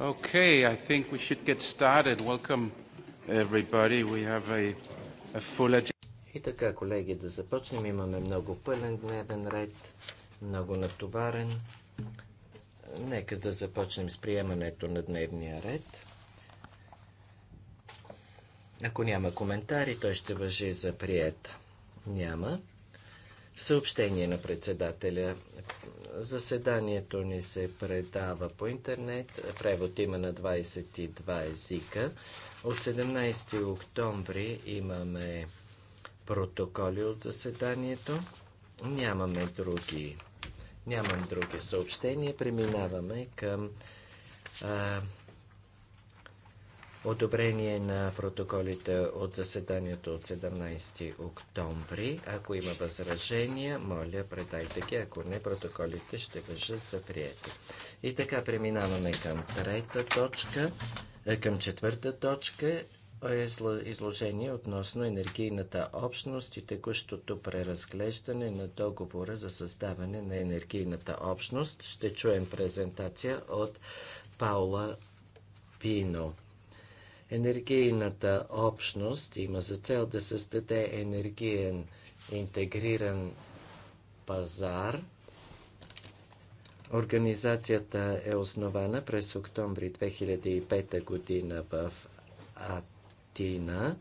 Okay, I think we should get started. Welcome everybody. We have a, a full agenda. И така, колеги, да започнем. Имаме много пълен дневен ред, много натоварен. Нека да започнем с приемането на дневния ред. Ако няма коментари, той ще въжи за приета. Няма. Съобщение на председателя. Заседанието ни се предава по интернет. Превод има на 22 езика. От 17 октомври имаме протоколи от заседанието. Нямаме други. Нямам други съобщения. Преминаваме към а, одобрение на протоколите от заседанието от 17 октомври. Ако има възражения, моля, предайте ги. Ако не, протоколите ще въжат за приети. И така преминаваме към трета точка, е, към четвърта точка е изложение относно енергийната общност и текущото преразглеждане на договора за създаване на енергийната общност. Ще чуем презентация от Паула Пино. Енергийната общност има за цел да създаде енергиен интегриран пазар. Организацията е основана през октомври 2005 година в Атина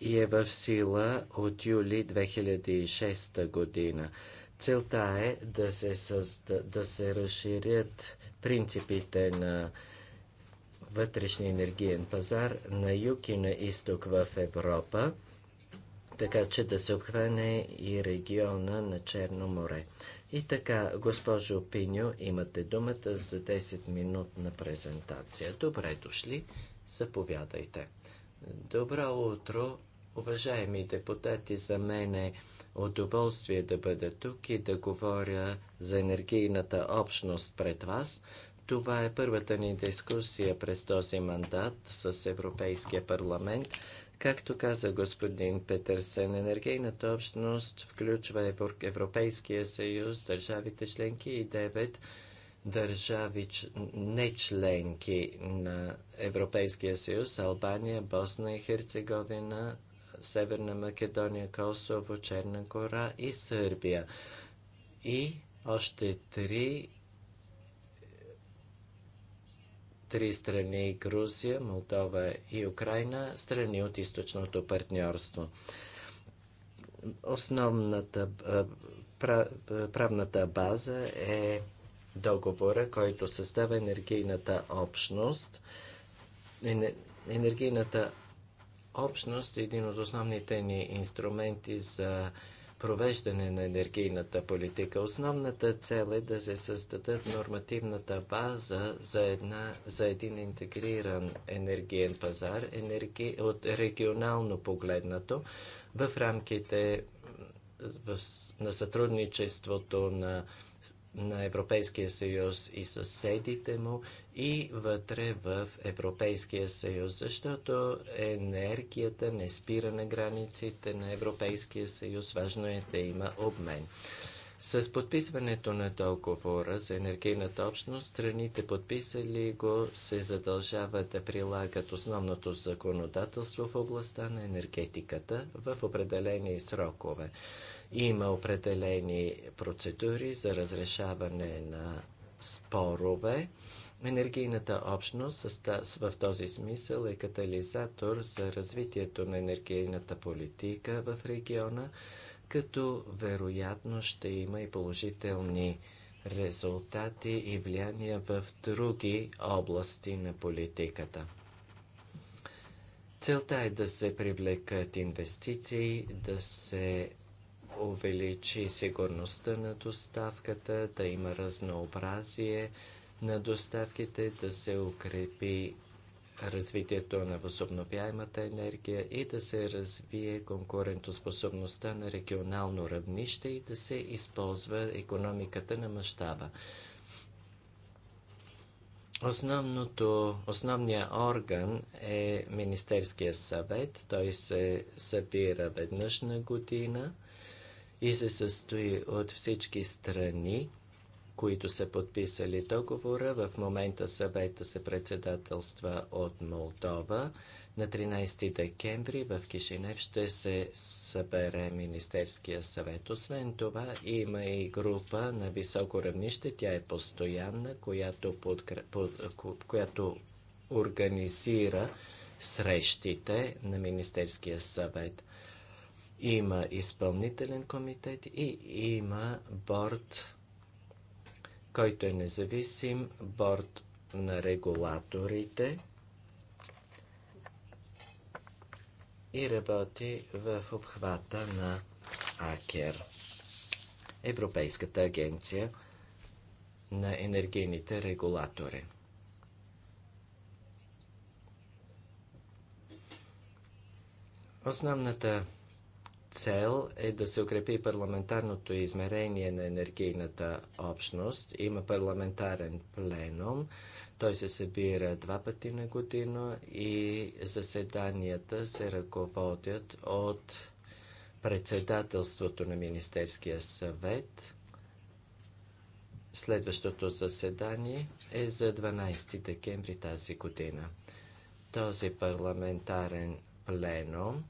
и е в сила от юли 2006 година. Целта е да се, създ... да се разширят принципите на вътрешния енергиен пазар на юг и на изток в Европа, така че да се обхване и региона на Черно море. И така, госпожо Пиньо, имате думата за 10-минутна презентация. Добре дошли, заповядайте. Добро утро, уважаеми депутати, за мен е удоволствие да бъда тук и да говоря за енергийната общност пред вас. Това е първата ни дискусия през този мандат с Европейския парламент. Както каза господин Петърсен, енергийната общност включва Европейския съюз, държавите членки и девет държави не членки на Европейския съюз Албания, Босна и Херцеговина, Северна Македония, Косово, Черна гора и Сърбия. И още три три страни Грузия, Молдова и Украина, страни от източното партньорство. Основната правната база е договора, който създава енергийната общност. Енергийната общност е един от основните ни инструменти за провеждане на енергийната политика. Основната цел е да се създадат нормативната база за, една, за един интегриран енергиен пазар енерги, от регионално погледнато в рамките в, на сътрудничеството на на Европейския съюз и съседите му и вътре в Европейския съюз, защото енергията не спира на границите на Европейския съюз. Важно е да има обмен. С подписването на договора за енергийната общност, страните подписали го се задължават да прилагат основното законодателство в областта на енергетиката в определени срокове. Има определени процедури за разрешаване на спорове. Енергийната общност в този смисъл е катализатор за развитието на енергийната политика в региона, като вероятно ще има и положителни резултати и влияния в други области на политиката. Целта е да се привлекат инвестиции, да се увеличи сигурността на доставката, да има разнообразие на доставките, да се укрепи развитието на възобновяемата енергия и да се развие конкурентоспособността на регионално равнище и да се използва економиката на мащаба. Основното, основният орган е Министерския съвет. Той се събира веднъж на година и се състои от всички страни, които са подписали договора. В момента съвета се председателства от Молдова. На 13 декември в Кишинев ще се събере Министерския съвет. Освен това има и група на високо равнище, тя е постоянна, която, подкр... под... която организира срещите на Министерския съвет. Има изпълнителен комитет и има борт, който е независим, борт на регулаторите и работи в обхвата на АКЕР, Европейската агенция на енергийните регулатори. Основната цел е да се укрепи парламентарното измерение на енергийната общност. Има парламентарен пленум. Той се събира два пъти на година и заседанията се ръководят от председателството на Министерския съвет. Следващото заседание е за 12 декември тази година. Този парламентарен пленум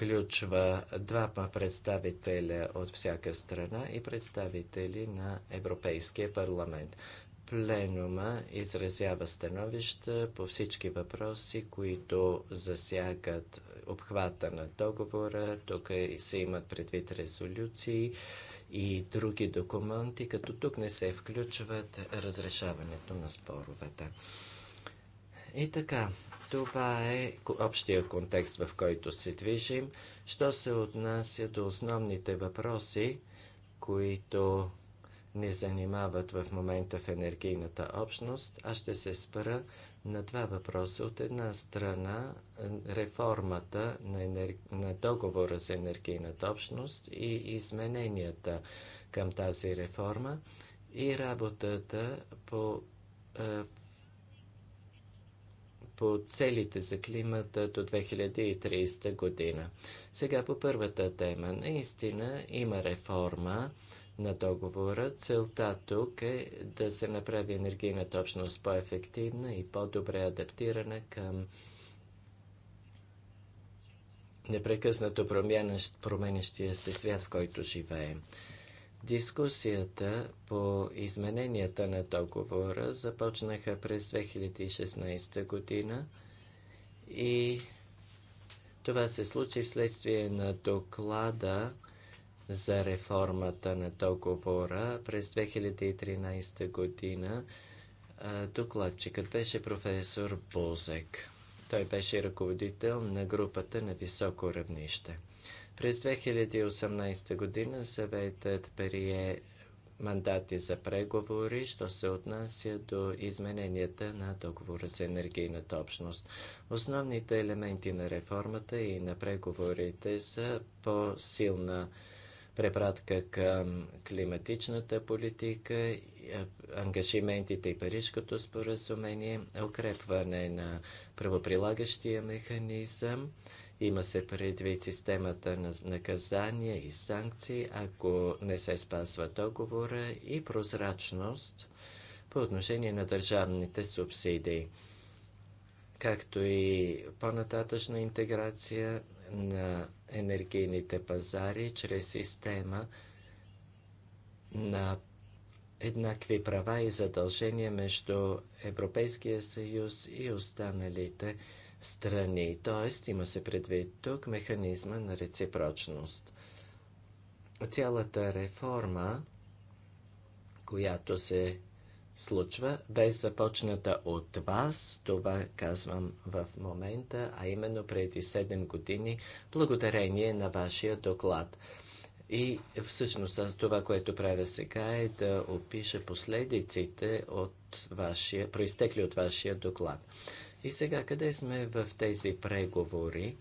включва двама представителя от всяка страна и представители на Европейския парламент. Пленума изразява становища по всички въпроси, които засягат обхвата на договора. Тук се имат предвид резолюции и други документи, като тук не се включват разрешаването на споровете. И така, това е общия контекст, в който се движим. Що се отнася до основните въпроси, които ни занимават в момента в енергийната общност, аз ще се спра на два въпроса. От една страна реформата на, енер... на договора за енергийната общност и измененията към тази реформа и работата по е, по целите за климата до 2030 година. Сега по първата тема. Наистина има реформа на договора. Целта тук е да се направи енергийна точност по-ефективна и по-добре адаптирана към непрекъснато променящия се свят, в който живеем. Дискусията по измененията на договора започнаха през 2016 година и това се случи вследствие на доклада за реформата на договора през 2013 година. Докладчикът беше професор Бозек Той беше ръководител на групата на високо равнище. През 2018 година съветът прие мандати за преговори, що се отнася до измененията на договора за енергийната общност. Основните елементи на реформата и на преговорите са по-силна препратка към климатичната политика, ангажиментите и Парижкото споразумение, укрепване на правоприлагащия механизъм има се предвид системата на наказания и санкции, ако не се спазва договора и прозрачност по отношение на държавните субсидии, както и по-нататъчна интеграция на енергийните пазари чрез система на еднакви права и задължения между Европейския съюз и останалите страни, т.е. има се предвид тук механизма на реципрочност. Цялата реформа, която се случва, бе започната от вас, това казвам в момента, а именно преди 7 години, благодарение на вашия доклад. И всъщност аз това, което правя сега е да опиша последиците от вашия, проистекли от вашия доклад. И сега къде сме в тези преговори?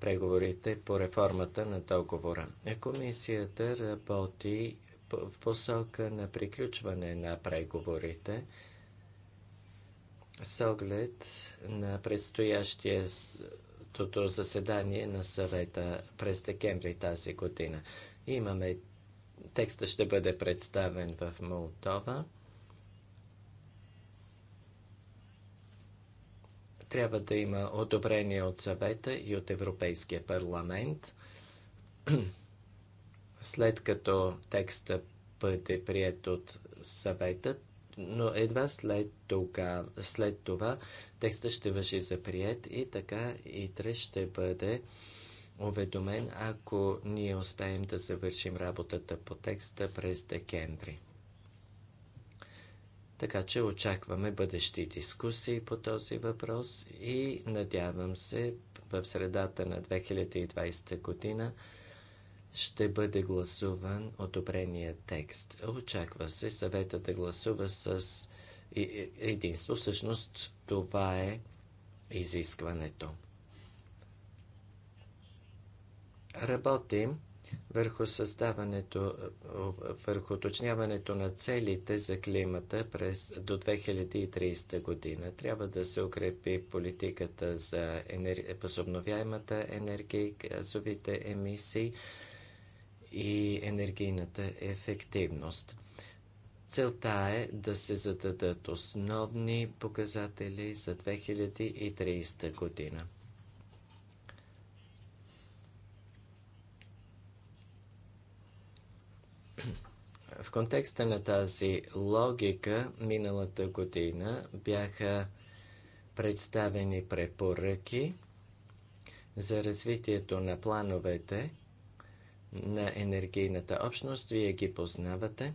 преговорите по реформата на договора. Комисията работи в посока на приключване на преговорите с оглед на предстоящото заседание на съвета през декември тази година. Имаме текста ще бъде представен в Молдова. Трябва да има одобрение от съвета и от Европейския парламент. След като текста бъде прият от съвета, но едва след, тога, след това текста ще въжи за прият и така и тре ще бъде уведомен, ако ние успеем да завършим работата по текста през декември. Така че очакваме бъдещи дискусии по този въпрос и надявам се в средата на 2020 година ще бъде гласуван одобрения текст. Очаква се съвета да гласува с единство. Всъщност това е изискването. Работим върху създаването, върху уточняването на целите за климата през, до 2030 година. Трябва да се укрепи политиката за възобновяемата енергия, газовите емисии и енергийната ефективност. Целта е да се зададат основни показатели за 2030 година. В контекста на тази логика, миналата година бяха представени препоръки за развитието на плановете на енергийната общност. Вие ги познавате,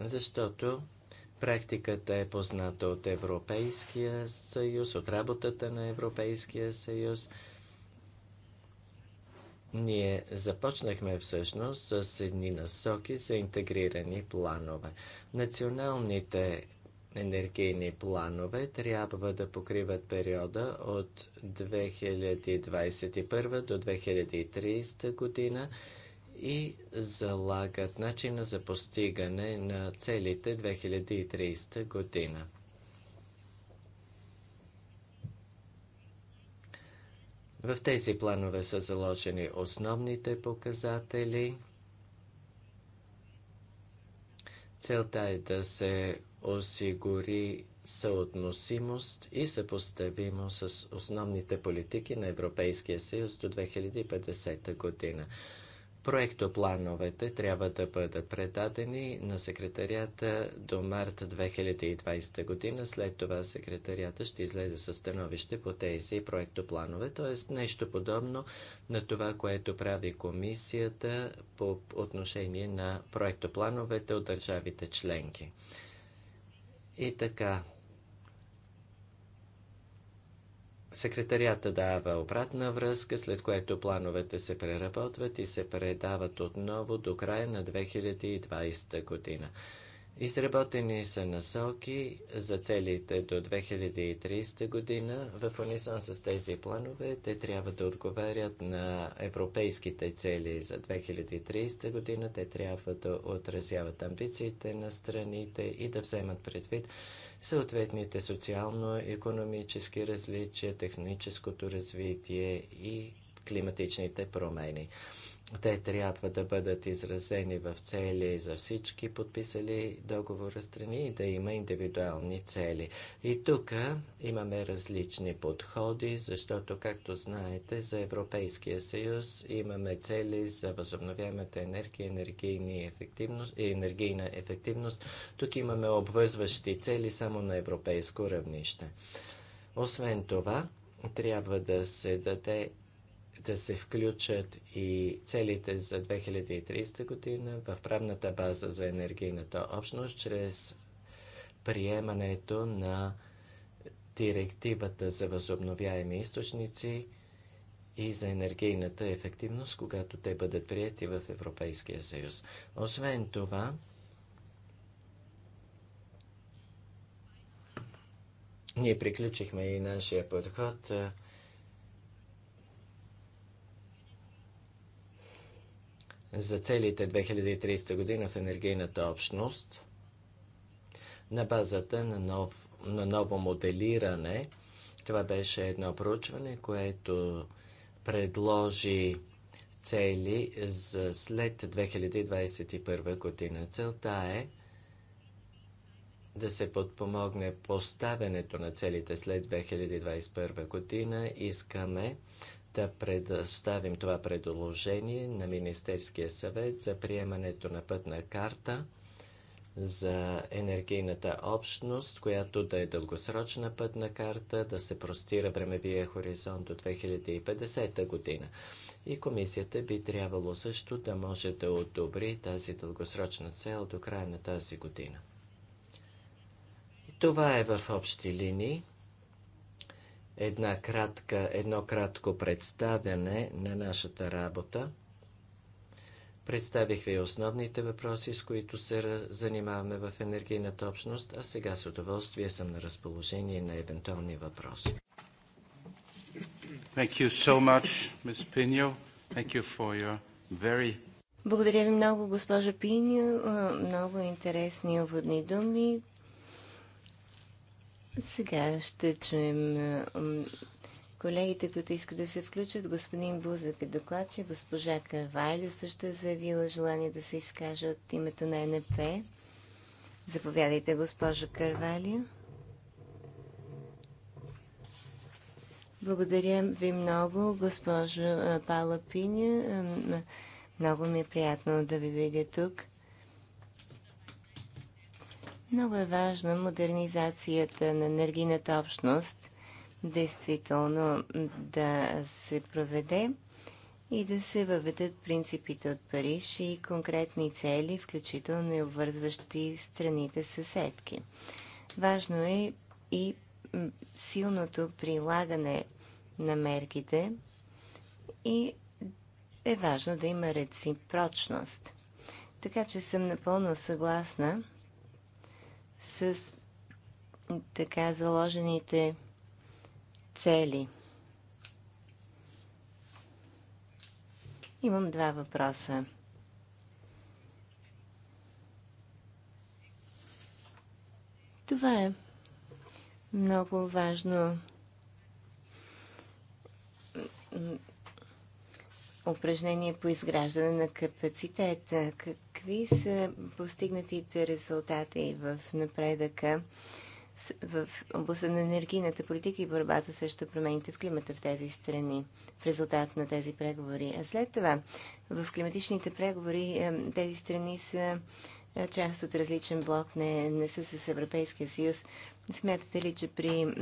защото практиката е позната от Европейския съюз, от работата на Европейския съюз. Ние започнахме всъщност с едни насоки за интегрирани планове. Националните енергийни планове трябва да покриват периода от 2021 до 2030 година и залагат начина за постигане на целите 2030 година. В тези планове са заложени основните показатели. Целта е да се осигури съотносимост и съпоставимо с основните политики на Европейския съюз до 2050 година. Проектоплановете трябва да бъдат предадени на секретарията до март 2020 година. След това секретарията ще излезе със становище по тези проектопланове, т.е. нещо подобно на това, което прави комисията по отношение на проектоплановете от държавите членки. И така, Секретарията дава обратна връзка, след което плановете се преработват и се предават отново до края на 2020 година. Изработени са насоки за целите до 2030 година. В унисон с тези планове те трябва да отговарят на европейските цели за 2030 година. Те трябва да отразяват амбициите на страните и да вземат предвид съответните социално-економически различия, техническото развитие и климатичните промени. Те трябва да бъдат изразени в цели за всички подписали договора страни и да има индивидуални цели. И тук имаме различни подходи, защото, както знаете, за Европейския съюз имаме цели за възобновяемата енергия, енергийна ефективност, и енергийна ефективност. Тук имаме обвързващи цели само на европейско равнище. Освен това, трябва да се даде да се включат и целите за 2030 година в правната база за енергийната общност чрез приемането на директивата за възобновяеми източници и за енергийната ефективност, когато те бъдат прияти в Европейския съюз. Освен това, ние приключихме и нашия подход за целите 2030 година в енергийната общност на базата на, нов, на ново моделиране. Това беше едно проучване, което предложи цели за след 2021 година. Целта е да се подпомогне поставянето на целите след 2021 година. Искаме да предоставим това предложение на Министерския съвет за приемането на пътна карта за енергийната общност, която да е дългосрочна пътна карта, да се простира времевия хоризонт до 2050 година. И комисията би трябвало също да може да одобри тази дългосрочна цел до края на тази година. И това е в общи линии една кратка, едно кратко представяне на нашата работа. Представих ви основните въпроси, с които се занимаваме в енергийната общност, а сега с удоволствие съм на разположение на евентуални въпроси. Thank you so much, Ms. Pino. Thank you for your very... Благодаря ви много, госпожа Пиньо. Много интересни уводни думи. Сега ще чуем колегите, които искат да се включат. Господин Бузък е докладчик, госпожа Карвайлю също е заявила желание да се изкаже от името на НП. Заповядайте, госпожо Карвалио. Благодаря ви много, госпожо Пала Пиня. Много ми е приятно да ви видя тук. Много е важно модернизацията на енергийната общност действително да се проведе и да се въведат принципите от Париж и конкретни цели, включително и обвързващи страните съседки. Важно е и силното прилагане на мерките и е важно да има реципрочност. Така че съм напълно съгласна с така заложените цели. Имам два въпроса. Това е много важно упражнение по изграждане на капацитета. Какви са постигнатите резултати в напредъка в областта на енергийната политика и борбата срещу промените в климата в тези страни в резултат на тези преговори? А след това, в климатичните преговори е, тези страни са е, част от различен блок, не, не са с Европейския съюз. Смятате ли, че при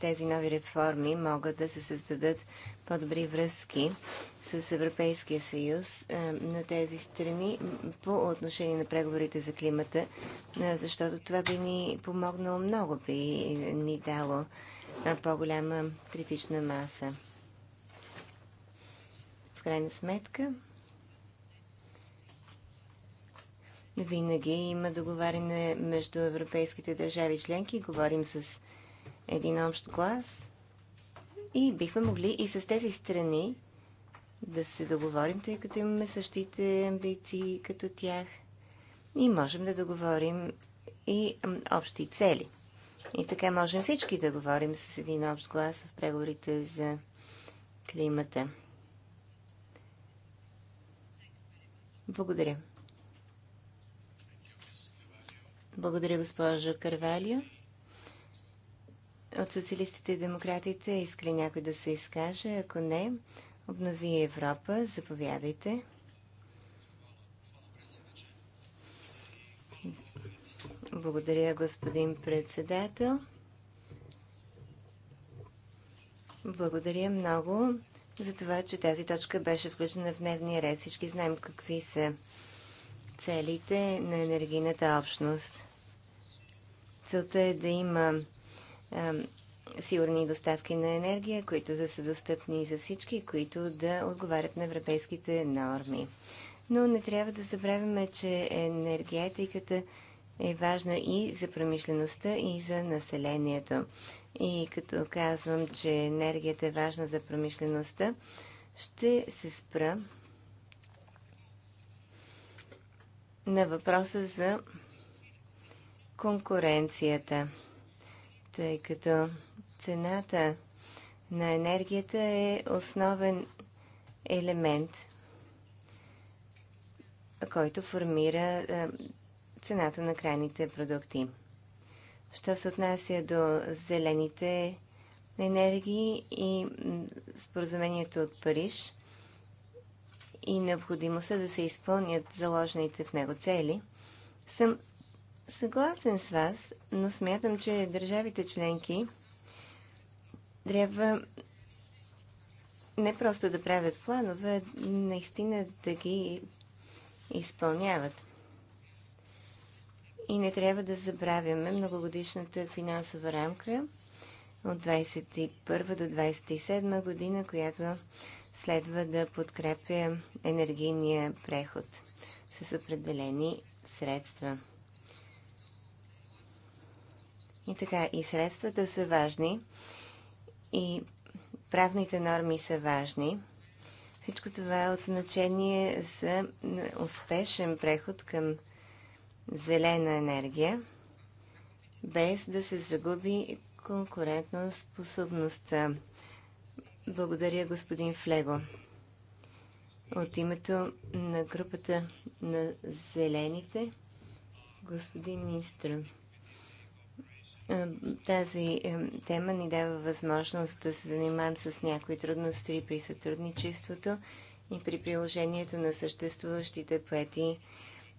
тези нови реформи могат да се създадат по-добри връзки с Европейския съюз е, на тези страни по отношение на преговорите за климата, е, защото това би ни помогнало много, би ни дало е, по-голяма критична маса. В крайна сметка, Винаги има договаряне между европейските държави членки. Говорим с един общ глас и бихме могли и с тези страни да се договорим, тъй като имаме същите амбиции като тях и можем да договорим и общи цели. И така можем всички да говорим с един общ глас в преговорите за климата. Благодаря. Благодаря, госпожо Карвалио. От социалистите и демократите иска ли някой да се изкаже? Ако не, обнови Европа. Заповядайте. Благодаря, господин председател. Благодаря много за това, че тази точка беше включена в дневния ред. Всички знаем какви са целите на енергийната общност. Целта е да има а, сигурни доставки на енергия, които да са достъпни за всички, които да отговарят на европейските норми. Но не трябва да забравяме, че енергетиката е важна и за промишлеността, и за населението. И като казвам, че енергията е важна за промишлеността, ще се спра на въпроса за конкуренцията, тъй като цената на енергията е основен елемент, който формира цената на крайните продукти. Що се отнася до зелените енергии и споразумението от Париж, и необходимостта да се изпълнят заложените в него цели, съм съгласен с вас, но смятам, че държавите членки трябва не просто да правят планове, наистина да ги изпълняват. И не трябва да забравяме многогодишната финансова рамка от 21 до 27 година, която следва да подкрепя енергийния преход с определени средства. И така, и средствата са важни, и правните норми са важни. Всичко това е от значение за успешен преход към зелена енергия, без да се загуби конкурентно способността благодаря, господин Флего. От името на групата на зелените, господин Министр, е, Тази е, тема ни дава възможност да се занимаем с някои трудности при сътрудничеството и при приложението на съществуващите поети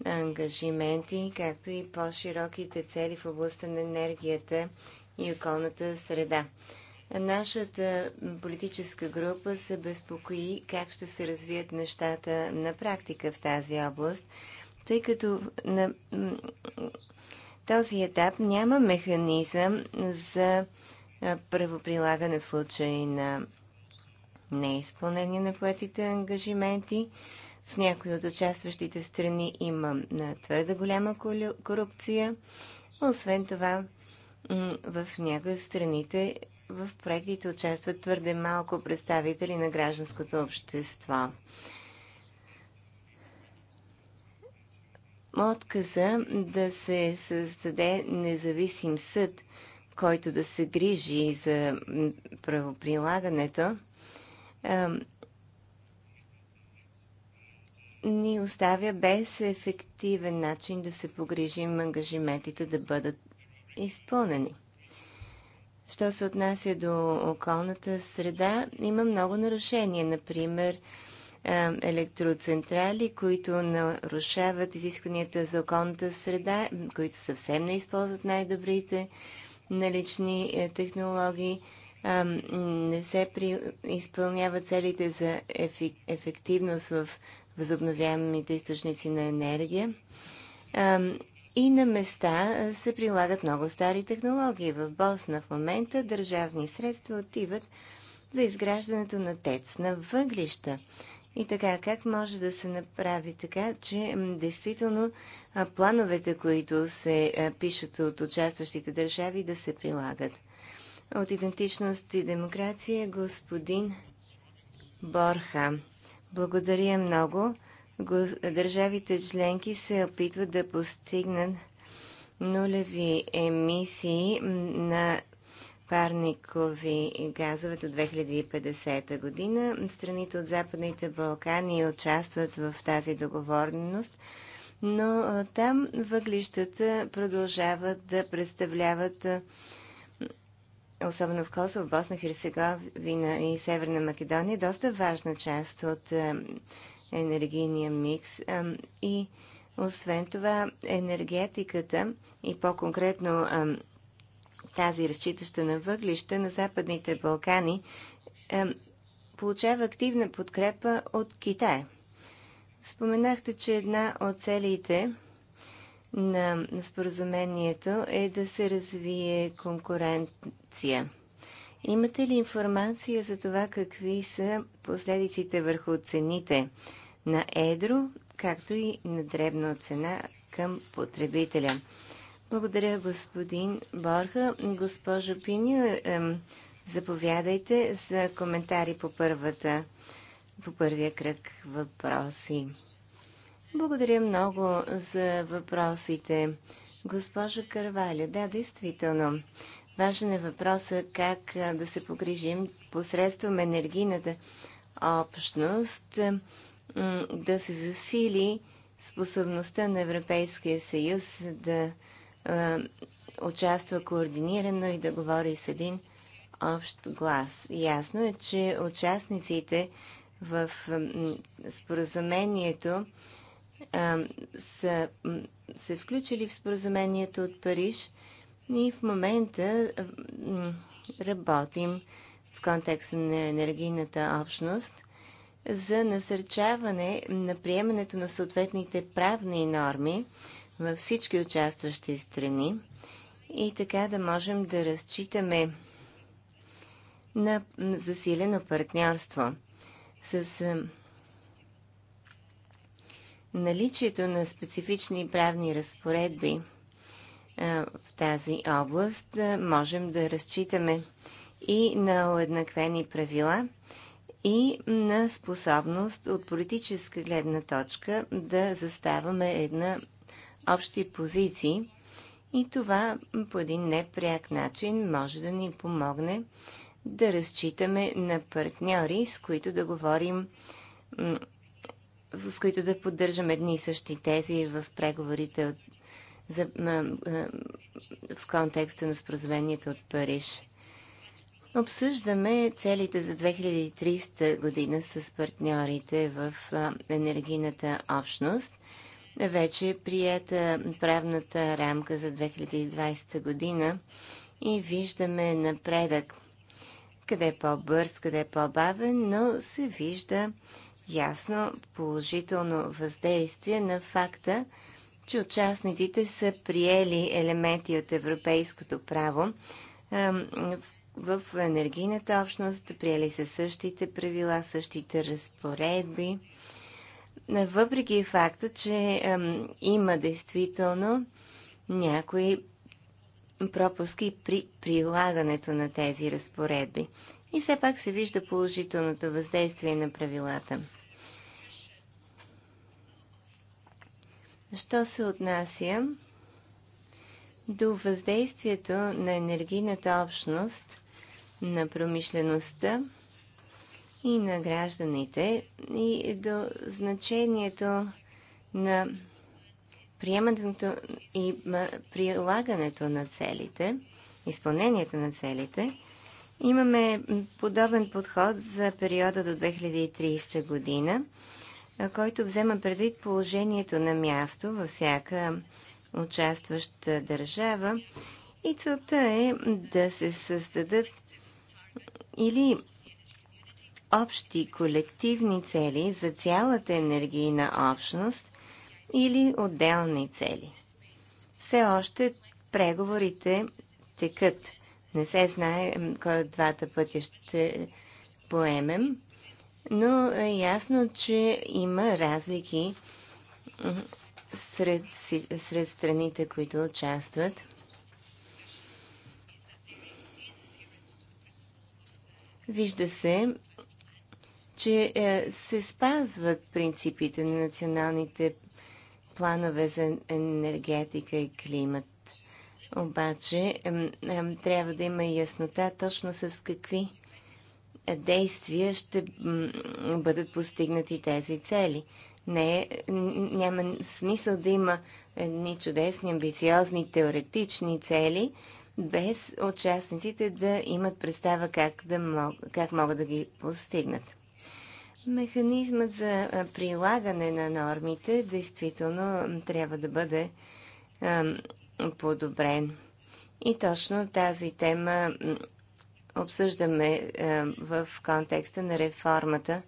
ангажименти, както и по-широките цели в областта на енергията и околната среда. Нашата политическа група се безпокои как ще се развият нещата на практика в тази област, тъй като на този етап няма механизъм за правоприлагане в случай на неизпълнение на поетите ангажименти. В някои от участващите страни има твърде голяма корупция. Освен това, в някои от страните в проектите участват твърде малко представители на гражданското общество. Отказа да се създаде независим съд, който да се грижи за правоприлагането, ни оставя без ефективен начин да се погрижим ангажиментите да бъдат изпълнени. Що се отнася до околната среда, има много нарушения. Например, е, електроцентрали, които нарушават изискванията за околната среда, които съвсем не използват най-добрите налични е, технологии, е, не се при... изпълняват целите за ефик... ефективност в възобновяемите източници на енергия. И на места се прилагат много стари технологии. В Босна в момента държавни средства отиват за изграждането на тец, на въглища. И така, как може да се направи така, че действително плановете, които се пишат от участващите държави, да се прилагат? От идентичност и демокрация господин Борха. Благодаря много държавите членки се опитват да постигнат нулеви емисии на парникови газове до 2050 година. Страните от Западните Балкани участват в тази договорност, но там въглищата продължават да представляват особено в Косово, Босна, Херсеговина и Северна Македония, доста важна част от енергийния микс. И освен това, енергетиката и по-конкретно тази разчитаща на въглища на Западните Балкани получава активна подкрепа от Китай. Споменахте, че една от целите на споразумението е да се развие конкуренция. Имате ли информация за това какви са последиците върху цените на едро, както и на дребна цена към потребителя. Благодаря, господин Борха. Госпожо Пиньо, заповядайте за коментари по, първата, по първия кръг въпроси. Благодаря много за въпросите. Госпожа Карвалю, да, действително. Важен е въпросът как е, да се погрижим посредством енергийната общност е, да се засили способността на Европейския съюз да а, участва координирано и да говори с един общ глас. Ясно е, че участниците в споразумението а, са се включили в споразумението от Париж и в момента работим в контекста на енергийната общност – за насърчаване на приемането на съответните правни норми във всички участващи страни и така да можем да разчитаме на засилено партньорство с наличието на специфични правни разпоредби в тази област можем да разчитаме и на уеднаквени правила – и на способност от политическа гледна точка да заставаме една общи позиции и това по един непряк начин може да ни помогне да разчитаме на партньори, с които да говорим, с които да поддържаме едни и същи тези в преговорите от, за, в контекста на споразумението от Париж. Обсъждаме целите за 2300 година с партньорите в енергийната общност. Вече е прията правната рамка за 2020 година и виждаме напредък. Къде е по-бърз, къде е по-бавен, но се вижда ясно положително въздействие на факта, че участниците са приели елементи от европейското право в в енергийната общност, приели се същите правила, същите разпоредби. Въпреки факта, че ем, има действително някои пропуски при прилагането на тези разпоредби. И все пак се вижда положителното въздействие на правилата. Що се отнася до въздействието на енергийната общност – на промишлеността и на гражданите и до значението на приемането и прилагането на целите, изпълнението на целите, имаме подобен подход за периода до 2030 година, който взема предвид положението на място във всяка участваща държава и целта е да се създадат или общи колективни цели за цялата енергийна общност или отделни цели. Все още преговорите текат. Не се знае кой от двата пътя ще поемем, но е ясно, че има разлики сред, сред страните, които участват – Вижда се, че е, се спазват принципите на националните планове за енергетика и климат. Обаче трябва да има яснота точно с какви действия ще бъдат постигнати тези цели. Не, е, няма смисъл да има едни чудесни, амбициозни, теоретични цели, без участниците да имат представа как, да мог, как могат да ги постигнат. Механизмът за прилагане на нормите действително трябва да бъде а, подобрен. И точно тази тема обсъждаме а, в контекста на реформата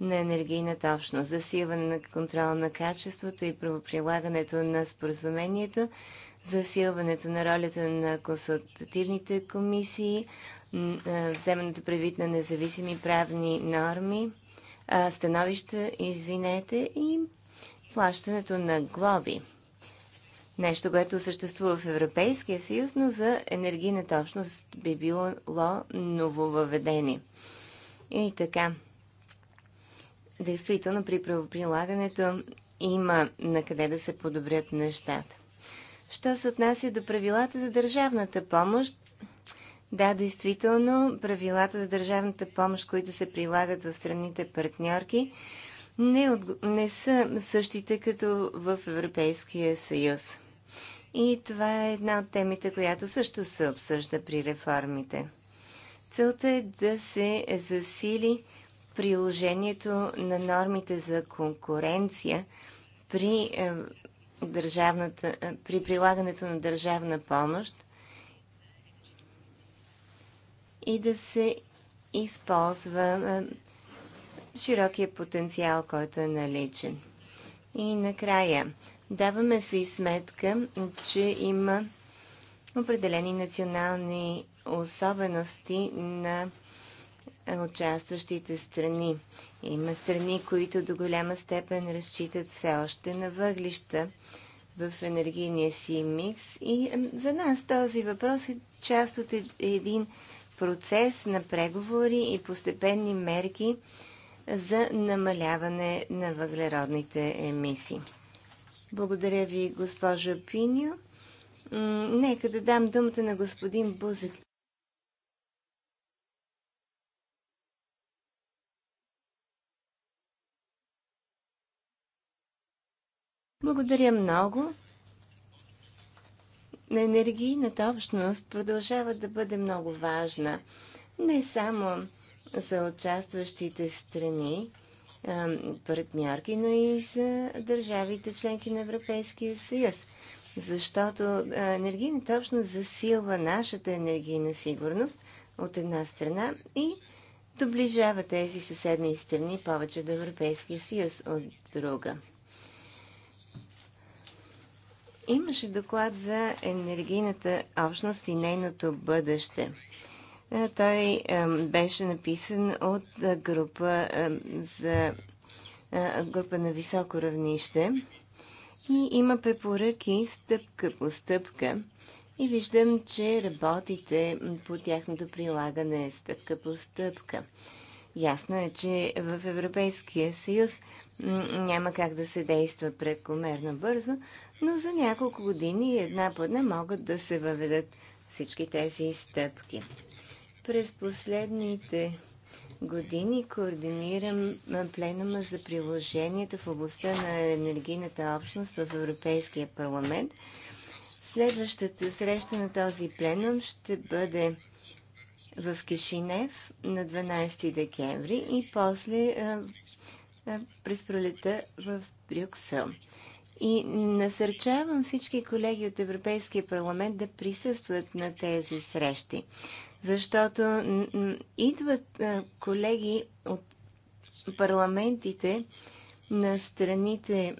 на енергийната общност, засилване на контрола на качеството и правоприлагането на споразумението засилването на ролята на консултативните комисии, вземането предвид на независими правни норми, становища, извинете, и плащането на глоби. Нещо, което съществува в Европейския съюз, но за енергийна точност би било нововъведение. И така, действително при правоприлагането има на къде да се подобрят нещата. Що се отнася до правилата за държавната помощ, да, действително, правилата за държавната помощ, които се прилагат в страните партньорки, не, от... не са същите като в Европейския съюз. И това е една от темите, която също се обсъжда при реформите. Целта е да се засили приложението на нормите за конкуренция при е, държавната, при прилагането на държавна помощ и да се използва широкия потенциал, който е наличен. И накрая, даваме се и сметка, че има определени национални особености на участващите страни. Има страни, които до голяма степен разчитат все още на въглища в енергийния си микс. И за нас този въпрос е част от един процес на преговори и постепенни мерки за намаляване на въглеродните емисии. Благодаря ви, госпожо Пиньо. Нека да дам думата на господин Бузък. Благодаря много. На енергийната общност продължава да бъде много важна. Не само за участващите страни, партньорки, но и за държавите членки на Европейския съюз. Защото енергийната общност засилва нашата енергийна сигурност от една страна и доближава тези съседни страни повече до Европейския съюз от друга. Имаше доклад за енергийната общност и нейното бъдеще. Е, той е, беше написан от е, група, за, група на високо равнище и има препоръки стъпка по стъпка. И виждам, че работите по тяхното прилагане стъпка по стъпка. Ясно е, че в Европейския съюз няма как да се действа прекомерно бързо, но за няколко години една по една могат да се въведат всички тези стъпки. През последните години координирам пленума за приложението в областта на енергийната общност в Европейския парламент. Следващата среща на този пленум ще бъде в Кишинев на 12 декември и после а, а, през пролета в Брюксел. И насърчавам всички колеги от Европейския парламент да присъстват на тези срещи, защото идват колеги от парламентите на страните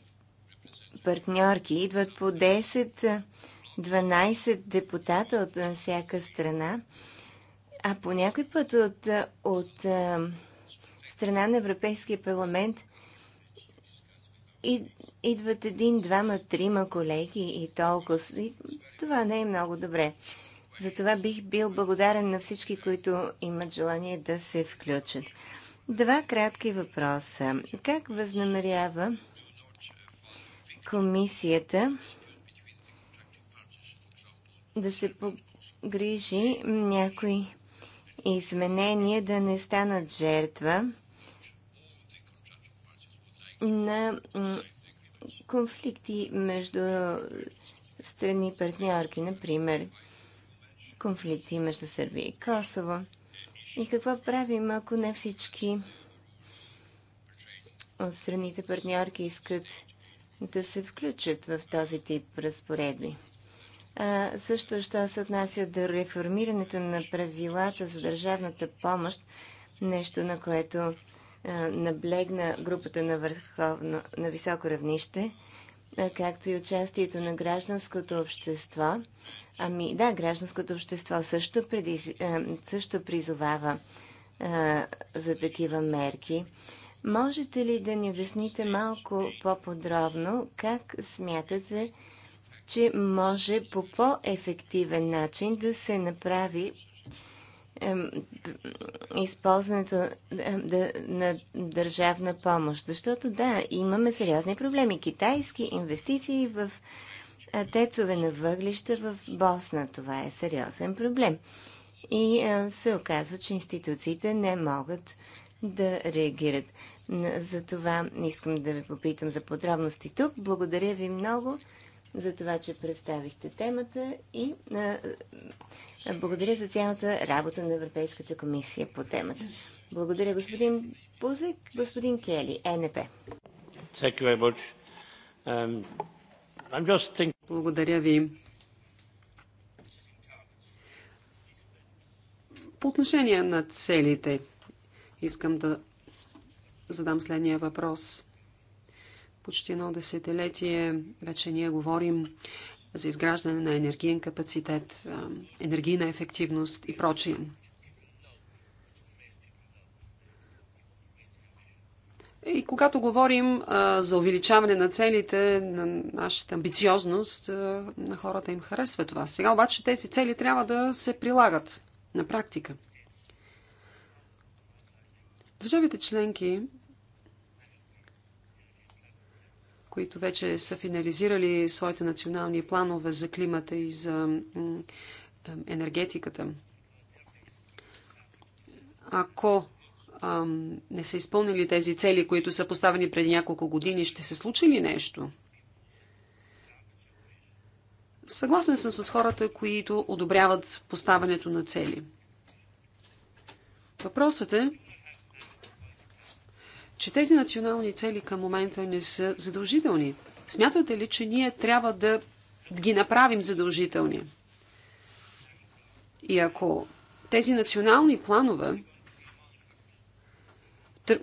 партньорки, идват по 10-12 депутата от всяка страна, а по някой път от, от страна на Европейския парламент – и, идват един, двама, трима колеги и толкова. И това не е много добре. Затова бих бил благодарен на всички, които имат желание да се включат. Два кратки въпроса. Как възнамерява комисията да се погрижи някои изменения да не станат жертва на конфликти между страни партньорки, например конфликти между Сърбия и Косово. И какво правим, ако не всички от страните партньорки искат да се включат в този тип разпоредби? А, също, що се отнася до реформирането на правилата за държавната помощ, нещо на което наблегна групата на, върховно, на високо равнище, както и участието на гражданското общество. Ами да, гражданското общество също, преди, също призовава за такива мерки. Можете ли да ни обясните малко по-подробно как смятате, че може по по-ефективен начин да се направи използването на държавна помощ. Защото да, имаме сериозни проблеми. Китайски инвестиции в е, тецове на въглища в Босна. Това е сериозен проблем. И е, се оказва, че институциите не могат да реагират. За това искам да ви попитам за подробности тук. Благодаря ви много за това, че представихте темата и а, благодаря за цялата работа на Европейската комисия по темата. Благодаря господин Пузик, господин Кели, е НП. Um, благодаря ви. По отношение на целите, искам да задам следния въпрос. Почти едно десетилетие вече ние говорим за изграждане на енергиен капацитет, енергийна ефективност и прочие. И когато говорим а, за увеличаване на целите, на нашата амбициозност, а, на хората им харесва това. Сега обаче тези цели трябва да се прилагат на практика. Държавите членки които вече са финализирали своите национални планове за климата и за енергетиката. Ако ам, не са изпълнили тези цели, които са поставени преди няколко години, ще се случи ли нещо? Съгласен съм с хората, които одобряват поставянето на цели. Въпросът е че тези национални цели към момента не са задължителни. Смятате ли, че ние трябва да ги направим задължителни? И ако тези национални планове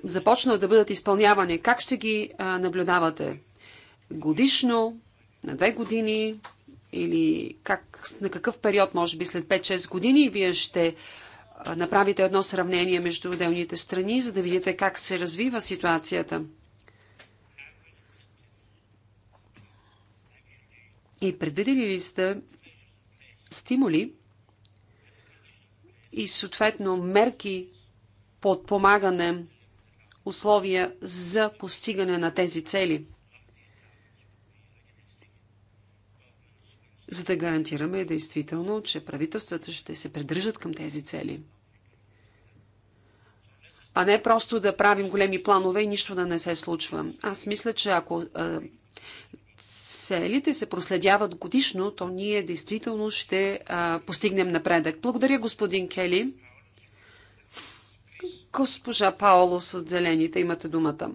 започнат да бъдат изпълнявани, как ще ги наблюдавате? Годишно, на две години или как, на какъв период, може би след 5-6 години, вие ще направите едно сравнение между отделните страни, за да видите как се развива ситуацията. И предвидели ли сте стимули и съответно мерки подпомагане условия за постигане на тези цели? за да гарантираме действително, че правителствата ще се придържат към тези цели. А не просто да правим големи планове и нищо да не се случва. Аз мисля, че ако целите се проследяват годишно, то ние действително ще а, постигнем напредък. Благодаря, господин Кели. Госпожа Паулос от Зелените, имате думата.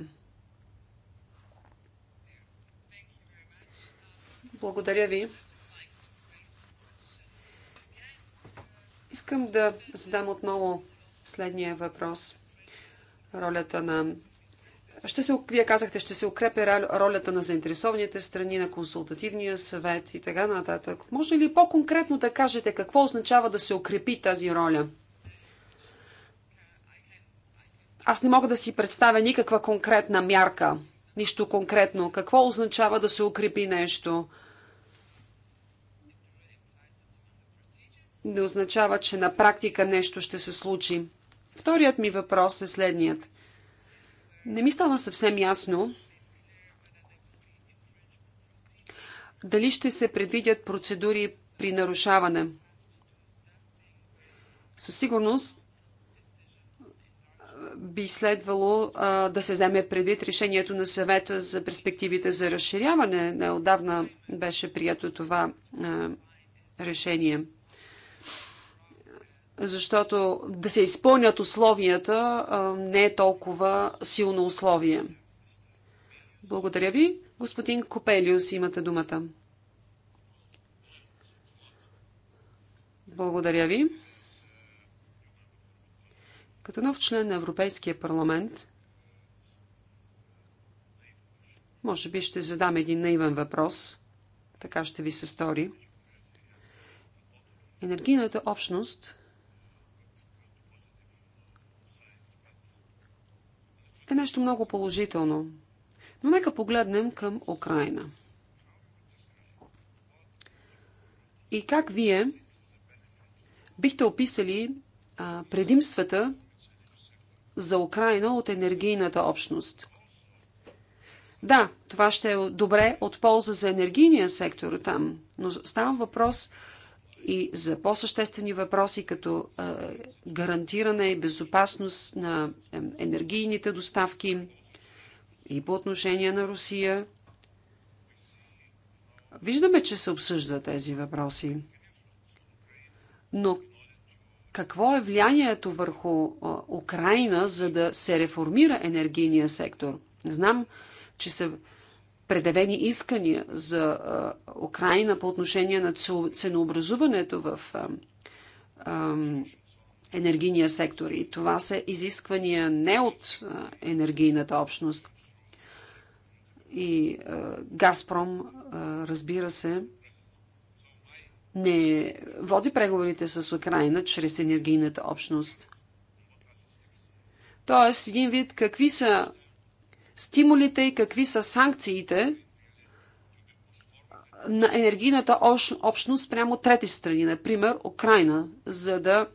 Благодаря ви. Искам да задам отново следния въпрос. Ролята на ще се, вие казахте, ще се укрепи ролята на заинтересованите страни, на консултативния съвет и така нататък. Може ли по-конкретно да кажете какво означава да се укрепи тази роля? Аз не мога да си представя никаква конкретна мярка, нищо конкретно. Какво означава да се укрепи нещо? не означава, че на практика нещо ще се случи. Вторият ми въпрос е следният. Не ми стана съвсем ясно дали ще се предвидят процедури при нарушаване. Със сигурност би следвало а, да се вземе предвид решението на съвета за перспективите за разширяване. Неодавна беше прието това а, решение защото да се изпълнят условията не е толкова силно условие. Благодаря ви. Господин Копелиус, имате думата. Благодаря ви. Като нов член на Европейския парламент, може би ще задам един наивен въпрос. Така ще ви се стори. Енергийната общност – е нещо много положително. Но нека погледнем към Украина. И как вие бихте описали а, предимствата за Украина от енергийната общност? Да, това ще е добре от полза за енергийния сектор там, но става въпрос и за по-съществени въпроси, като гарантиране и безопасност на енергийните доставки и по отношение на Русия. Виждаме, че се обсъжда тези въпроси. Но какво е влиянието върху Украина, за да се реформира енергийния сектор? Знам, че се предявени искания за Украина по отношение на ценообразуването в енергийния сектор. И това са изисквания не от енергийната общност. И Газпром, разбира се, не води преговорите с Украина чрез енергийната общност. Тоест, един вид, какви са стимулите и какви са санкциите на енергийната общност прямо трети страни, например Украина, за да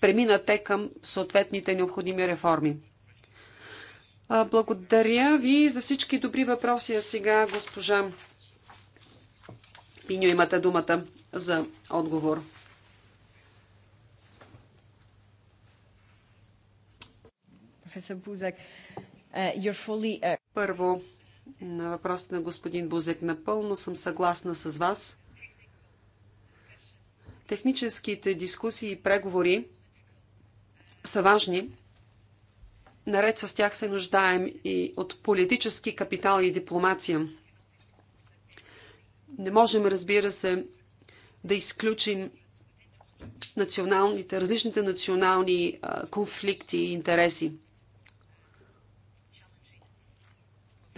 преминат те към съответните необходими реформи. Благодаря ви за всички добри въпроси. А сега, госпожа Пиньо, имате думата за отговор. Професор Бузак, Uh, uh, Първо, на въпросите на господин Бузек, напълно съм съгласна с вас. Техническите дискусии и преговори са важни. Наред с тях се нуждаем и от политически капитал и дипломация. Не можем, разбира се, да изключим националните, различните национални конфликти и интереси.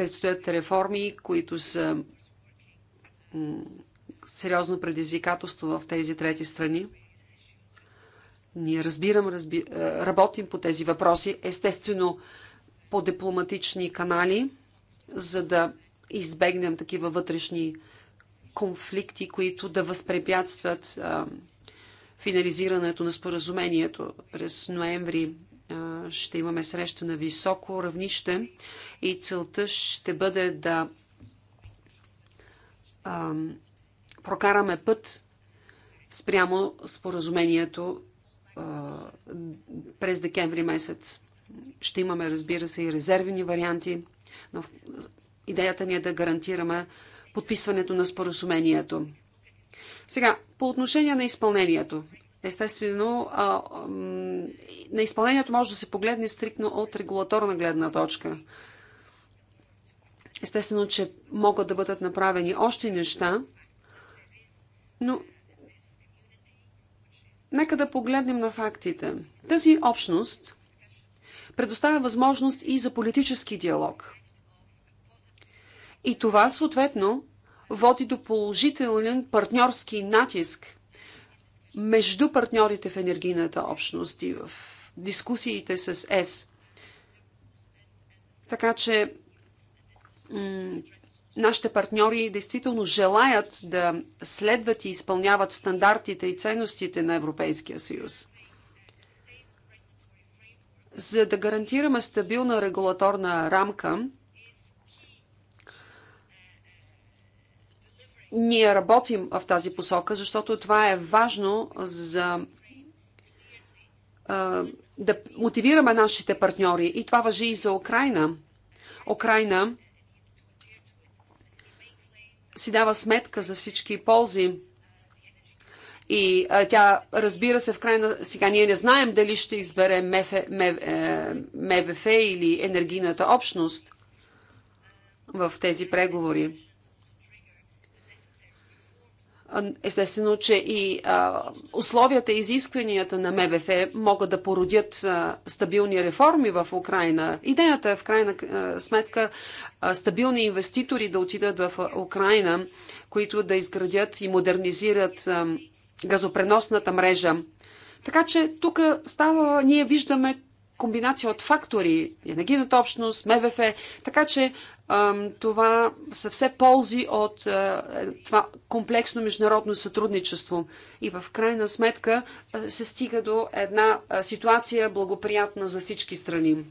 предстоят реформи, които са сериозно предизвикателство в тези трети страни. Ние разбирам, разби... Е, работим по тези въпроси, естествено по дипломатични канали, за да избегнем такива вътрешни конфликти, които да възпрепятстват а, финализирането на споразумението през ноември ще имаме среща на високо равнище и целта ще бъде да прокараме път спрямо споразумението през декември месец. Ще имаме, разбира се, и резервни варианти, но идеята ни е да гарантираме подписването на споразумението. Сега, по отношение на изпълнението естествено, а, на изпълнението може да се погледне стрикно от регулаторна гледна точка. Естествено, че могат да бъдат направени още неща, но нека да погледнем на фактите. Тази общност предоставя възможност и за политически диалог. И това, съответно, води до положителен партньорски натиск – между партньорите в енергийната общност и в дискусиите с ЕС. Така че нашите партньори действително желаят да следват и изпълняват стандартите и ценностите на Европейския съюз. За да гарантираме стабилна регулаторна рамка, Ние работим в тази посока, защото това е важно за да мотивираме нашите партньори. И това въжи и за Украина. Украина си дава сметка за всички ползи. И а, тя, разбира се, в крайна... Сега ние не знаем дали ще избере МФ, МФ, е, МВФ или енергийната общност в тези преговори. Естествено, че и а, условията и изискванията на МВФ могат да породят а, стабилни реформи в Украина. Идеята е в крайна а, сметка а, стабилни инвеститори да отидат в Украина, които да изградят и модернизират а, газопреносната мрежа. Така че тук става, ние виждаме комбинация от фактори, енергийната общност, МВФ, така че това са все ползи от това комплексно международно сътрудничество. И в крайна сметка се стига до една ситуация благоприятна за всички страни.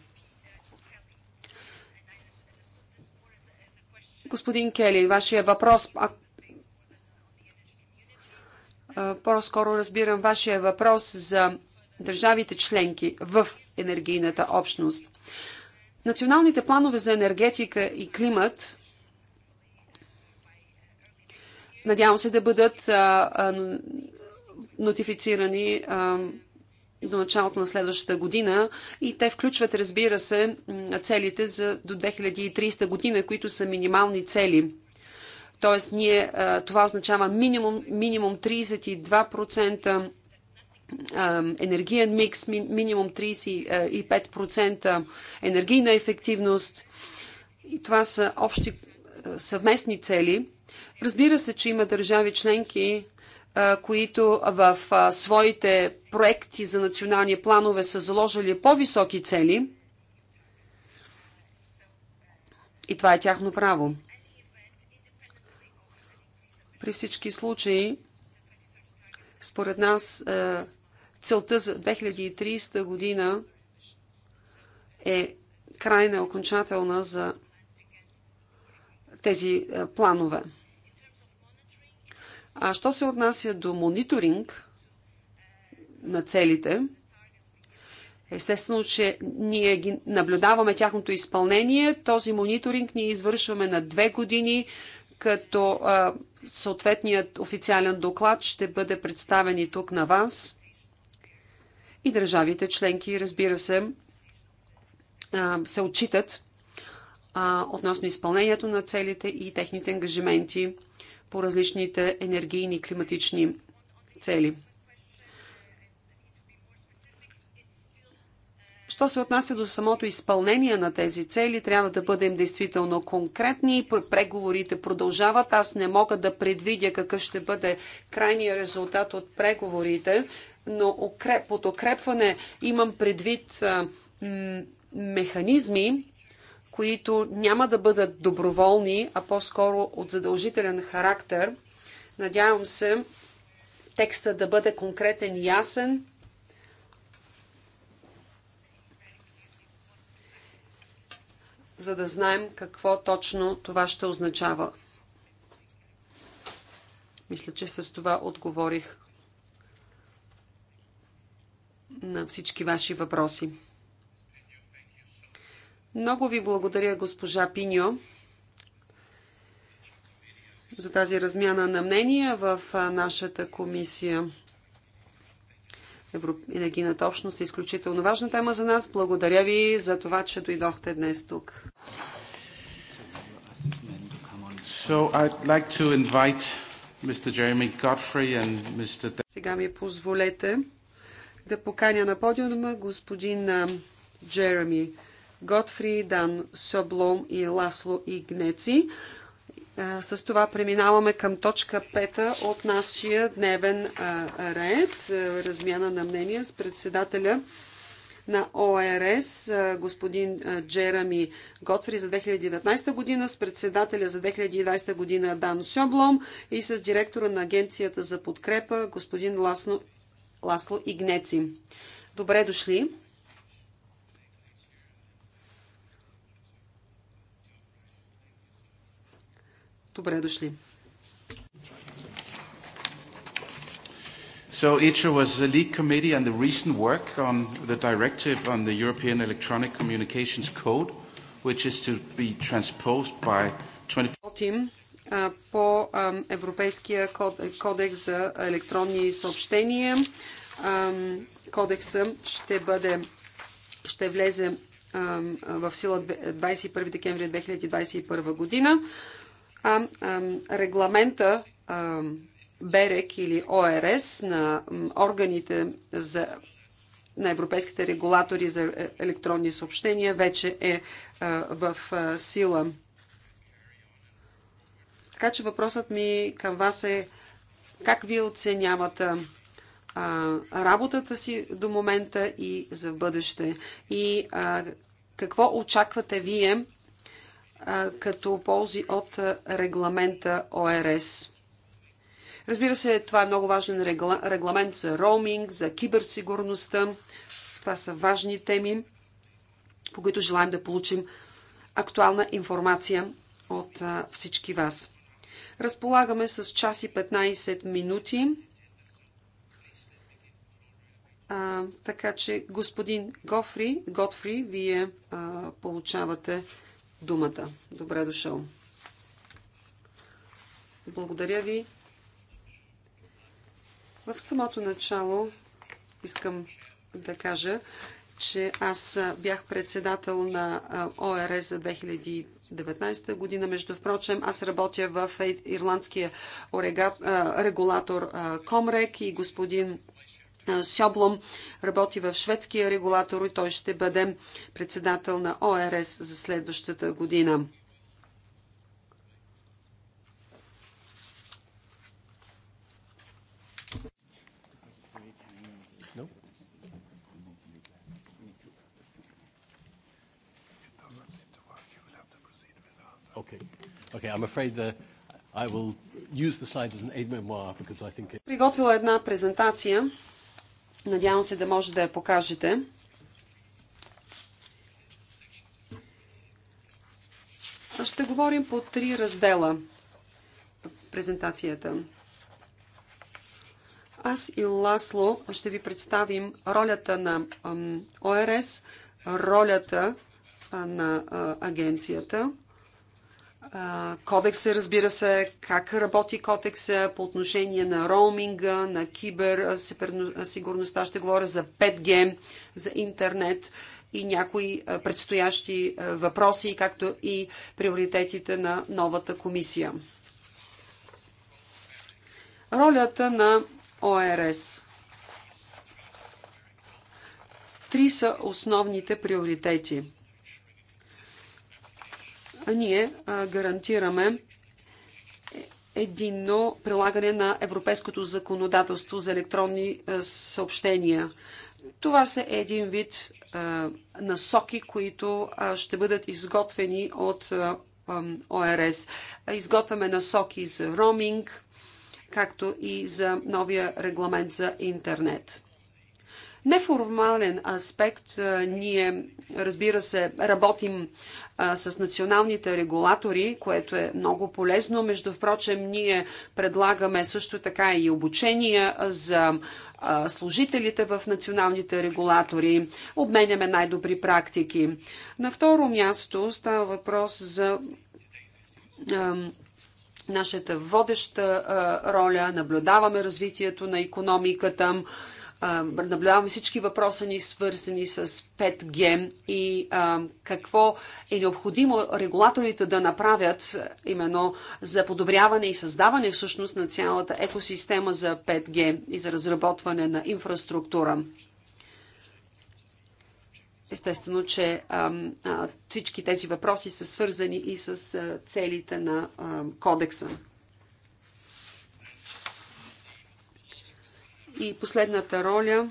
Господин Кели, вашия въпрос, по-скоро разбирам вашия въпрос за държавите членки в енергийната общност. Националните планове за енергетика и климат надявам се да бъдат а, а, нотифицирани а, до началото на следващата година и те включват, разбира се, целите за до 2030 година, които са минимални цели. Тоест, ние, това означава минимум, минимум 32% енергиен микс, минимум 35% енергийна ефективност. И това са общи съвместни цели. Разбира се, че има държави членки, които в своите проекти за национални планове са заложили по-високи цели. И това е тяхно право. При всички случаи, според нас, целта за 2030 година е крайна окончателна за тези е, планове. А що се отнася до мониторинг на целите, естествено, че ние ги наблюдаваме тяхното изпълнение. Този мониторинг ние извършваме на две години, като е, съответният официален доклад ще бъде представен и тук на вас и държавите членки, разбира се, се отчитат относно изпълнението на целите и техните ангажименти по различните енергийни и климатични цели. Що се отнася до самото изпълнение на тези цели, трябва да бъдем действително конкретни. Преговорите продължават. Аз не мога да предвидя какъв ще бъде крайният резултат от преговорите, но под укрепване имам предвид механизми, които няма да бъдат доброволни, а по-скоро от задължителен характер. Надявам се текста да бъде конкретен, и ясен за да знаем какво точно това ще означава. Мисля, че с това отговорих на всички ваши въпроси. Много ви благодаря, госпожа Пиньо, за тази размяна на мнения в нашата комисия. Енергийната общност е изключително важна тема за нас. Благодаря ви за това, че дойдохте днес тук. Сега ми позволете да поканя на подиума господин Джереми Готфри, Дан Соблом и Ласло Игнеци. С това преминаваме към точка 5 от нашия дневен ред. Размяна на мнения с председателя на ОРС господин Джерами Готфри за 2019 година, с председателя за 2020 година Дан Сьоблом и с директора на Агенцията за подкрепа господин Ласло, Ласло Игнеци. Добре дошли! Добре дошли! So ITRE was the lead committee on the recent work on the directive on the European Electronic Communications Code, which is to be transposed by 20... по Европейския кодекс за електронни съобщения. Кодексът ще бъде ще влезе в сила 21 декември 2021 година. А регламента БЕРЕК или ОРС на органите за, на европейските регулатори за е, електронни съобщения вече е, е в е, сила. Така че въпросът ми към вас е как вие оценявате работата си до момента и за бъдеще? И а, какво очаквате вие а, като ползи от регламента ОРС? Разбира се, това е много важен регламент за роуминг, за киберсигурността. Това са важни теми, по които желаем да получим актуална информация от всички вас. Разполагаме с час и 15 минути. А, така че, господин Гофри, Готфри, вие а, получавате думата. Добре дошъл. Благодаря ви. В самото начало искам да кажа, че аз бях председател на ОРС за 2019 година. Между впрочем, аз работя в е, ирландския регулатор Комрек и господин Сьоблом работи в шведския регулатор и той ще бъде председател на ОРС за следващата година. Okay. Okay, I'm afraid the, I will use the slides as an aid memoir because I think it... Приготвила една презентация. Надявам се да може да я покажете. Ще говорим по три раздела презентацията. Аз и Ласло ще ви представим ролята на ОРС, ролята на агенцията кодекса, разбира се, как работи кодекса по отношение на роуминга, на киберсигурността, ще говоря за 5G, за интернет и някои предстоящи въпроси, както и приоритетите на новата комисия. Ролята на ОРС. Три са основните приоритети ние гарантираме единно прилагане на европейското законодателство за електронни съобщения. Това са един вид насоки, които ще бъдат изготвени от ОРС. Изготвяме насоки за роуминг, както и за новия регламент за интернет. Неформален аспект. Ние, разбира се, работим а, с националните регулатори, което е много полезно. Между впрочем, ние предлагаме също така и обучения за а, служителите в националните регулатори, обменяме най-добри практики. На второ място става въпрос за а, нашата водеща роля, наблюдаваме развитието на економиката, наблюдаваме всички въпроса ни, свързани с 5G и какво е необходимо регулаторите да направят именно за подобряване и създаване всъщност на цялата екосистема за 5G и за разработване на инфраструктура. Естествено, че а, а, всички тези въпроси са свързани и с а, целите на а, кодекса. И последната роля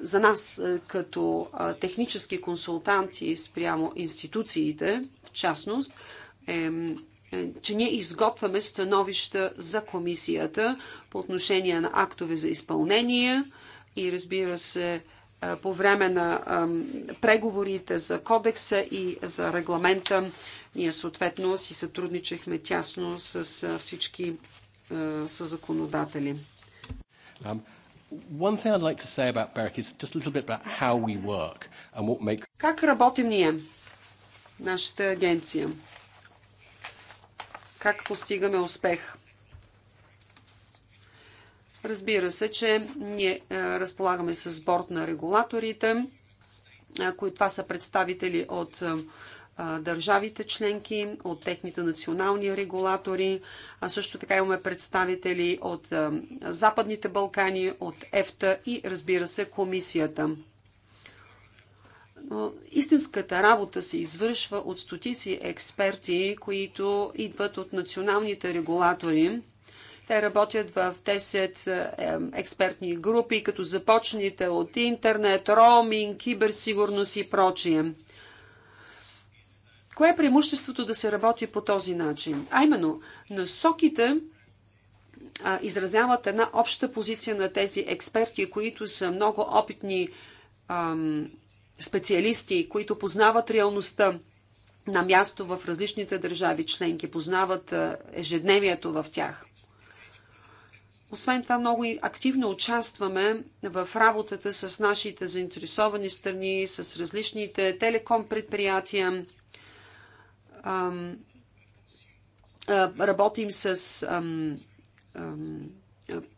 за нас като технически консултанти спрямо институциите, в частност, е, е, че ние изготвяме становища за комисията по отношение на актове за изпълнение и разбира се по време на преговорите за кодекса и за регламента ние съответно си сътрудничахме тясно с всички е, са законодатели. Um, как работим ние, нашата агенция? Как постигаме успех? Разбира се, че ние е, разполагаме с борт на регулаторите, е, които това са представители от държавите членки, от техните национални регулатори, а също така имаме представители от Западните Балкани, от ЕФТА и разбира се комисията. Но истинската работа се извършва от стотици експерти, които идват от националните регулатори. Те работят в 10 експертни групи, като започните от интернет, роуминг, киберсигурност и прочие. Кое е преимуществото да се работи по този начин? А именно, насоките а, изразяват една обща позиция на тези експерти, които са много опитни ам, специалисти, които познават реалността на място в различните държави членки, познават а, ежедневието в тях. Освен това, много активно участваме в работата с нашите заинтересовани страни, с различните телеком предприятия, работим с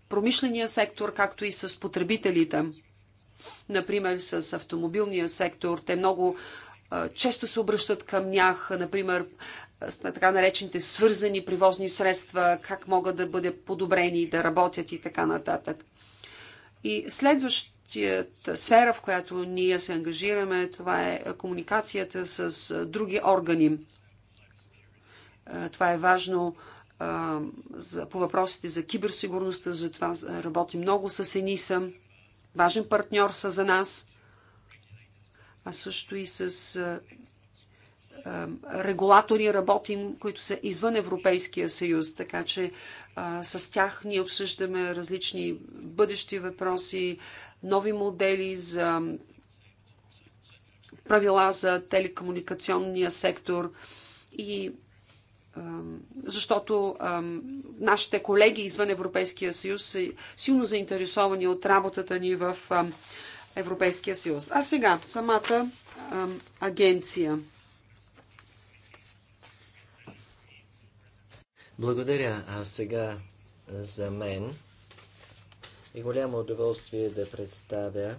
промишления сектор, както и с потребителите. Например, с автомобилния сектор. Те много често се обръщат към тях, например, с така наречените свързани привозни средства, как могат да бъдат подобрени, да работят и така нататък. И следващата сфера, в която ние се ангажираме, това е комуникацията с други органи. Е, това е важно е, за, по въпросите за киберсигурността, за това е, работи много с ЕНИСА. Важен партньор са за нас, а също и с регулатори работим, които са извън Европейския съюз, така че а, с тях ние обсъждаме различни бъдещи въпроси, нови модели за правила за телекомуникационния сектор и защото нашите колеги извън Европейския съюз са силно заинтересовани от работата ни в Европейския съюз. А сега самата агенция. Благодаря. А сега за мен и е голямо удоволствие да представя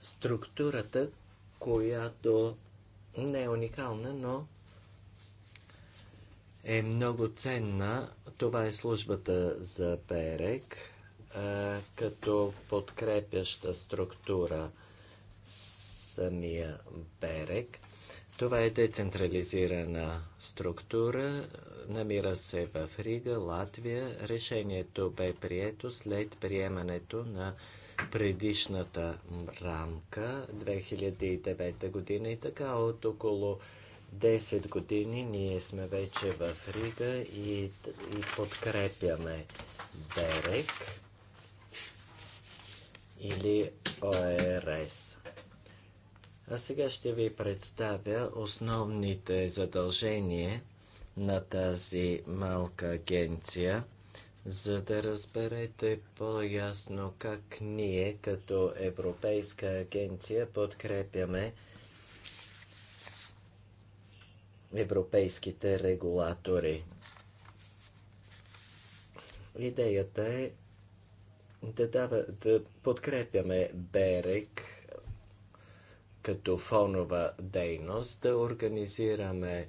структурата, която не е уникална, но е много ценна. Това е службата за Берег като подкрепяща структура самия Берег. Това е децентрализирана структура, намира се в Рига, Латвия. Решението бе прието след приемането на предишната рамка 2009 година и така от около 10 години ние сме вече в Рига и, и подкрепяме Берек или ОРС. Е а сега ще ви представя основните задължения на тази малка агенция – за да разберете по-ясно как ние като Европейска агенция подкрепяме европейските регулатори. Идеята е да, дава, да подкрепяме Берек като фонова дейност, да организираме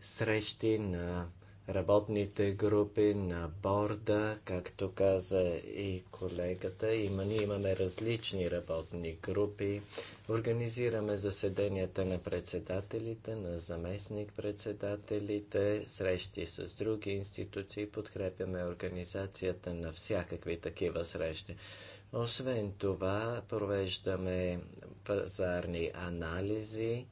срещи на работните групи, на борда, както каза и колегата. Има, ние имаме различни работни групи. Организираме заседенията на председателите, на заместник-председателите, срещи с други институции, подкрепяме организацията на всякакви такива срещи. Освен това, провеждаме пазарни анализи,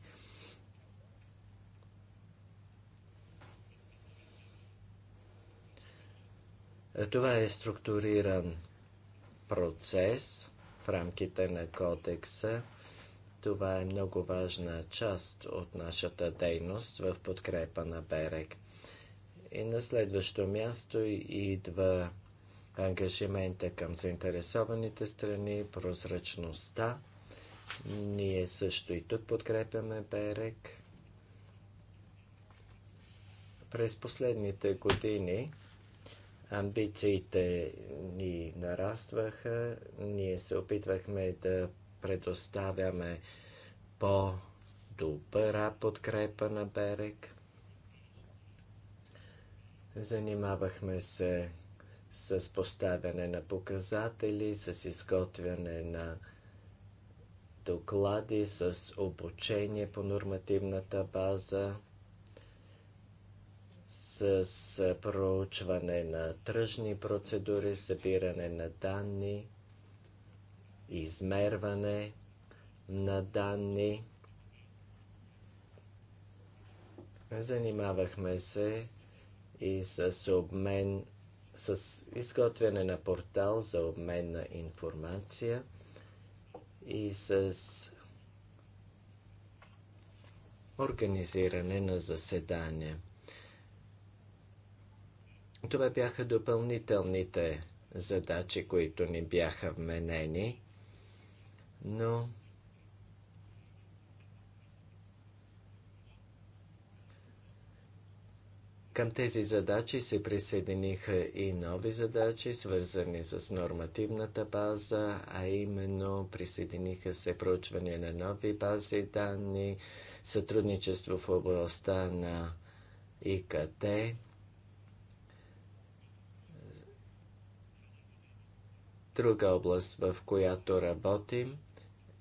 Е, това е структуриран процес в рамките на кодекса. Това е много важна част от нашата дейност в подкрепа на Берег. И на следващо място идва ангажимента към заинтересованите страни, прозрачността. Ние също и тук подкрепяме Берег. През последните години Амбициите ни нарастваха, ние се опитвахме да предоставяме по-добра подкрепа на Берег. Занимавахме се с поставяне на показатели, с изготвяне на доклади, с обучение по нормативната база с проучване на тръжни процедури, събиране на данни, измерване на данни. Занимавахме се и с обмен, с изготвяне на портал за обмен на информация и с организиране на заседания. Това бяха допълнителните задачи, които ни бяха вменени, но Към тези задачи се присъединиха и нови задачи, свързани с нормативната база, а именно присъединиха се проучване на нови бази данни, сътрудничество в областта на ИКТ, Друга област, в която работим,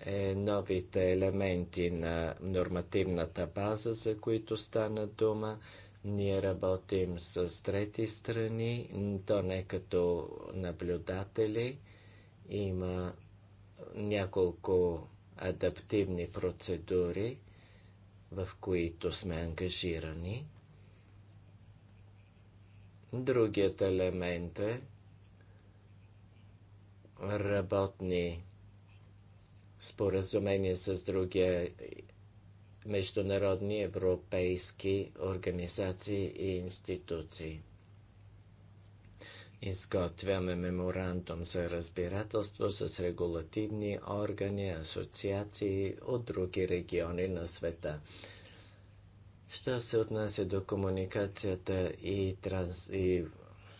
е новите елементи на нормативната база, за които стана дума. Ние работим с трети страни, то не като наблюдатели. Има няколко адаптивни процедури, в които сме ангажирани. Другият елемент е работни споразумения с други международни европейски организации и институции. Изготвяме меморандум за разбирателство с регулативни органи, асоциации от други региони на света. Що се отнася до комуникацията и, транс... и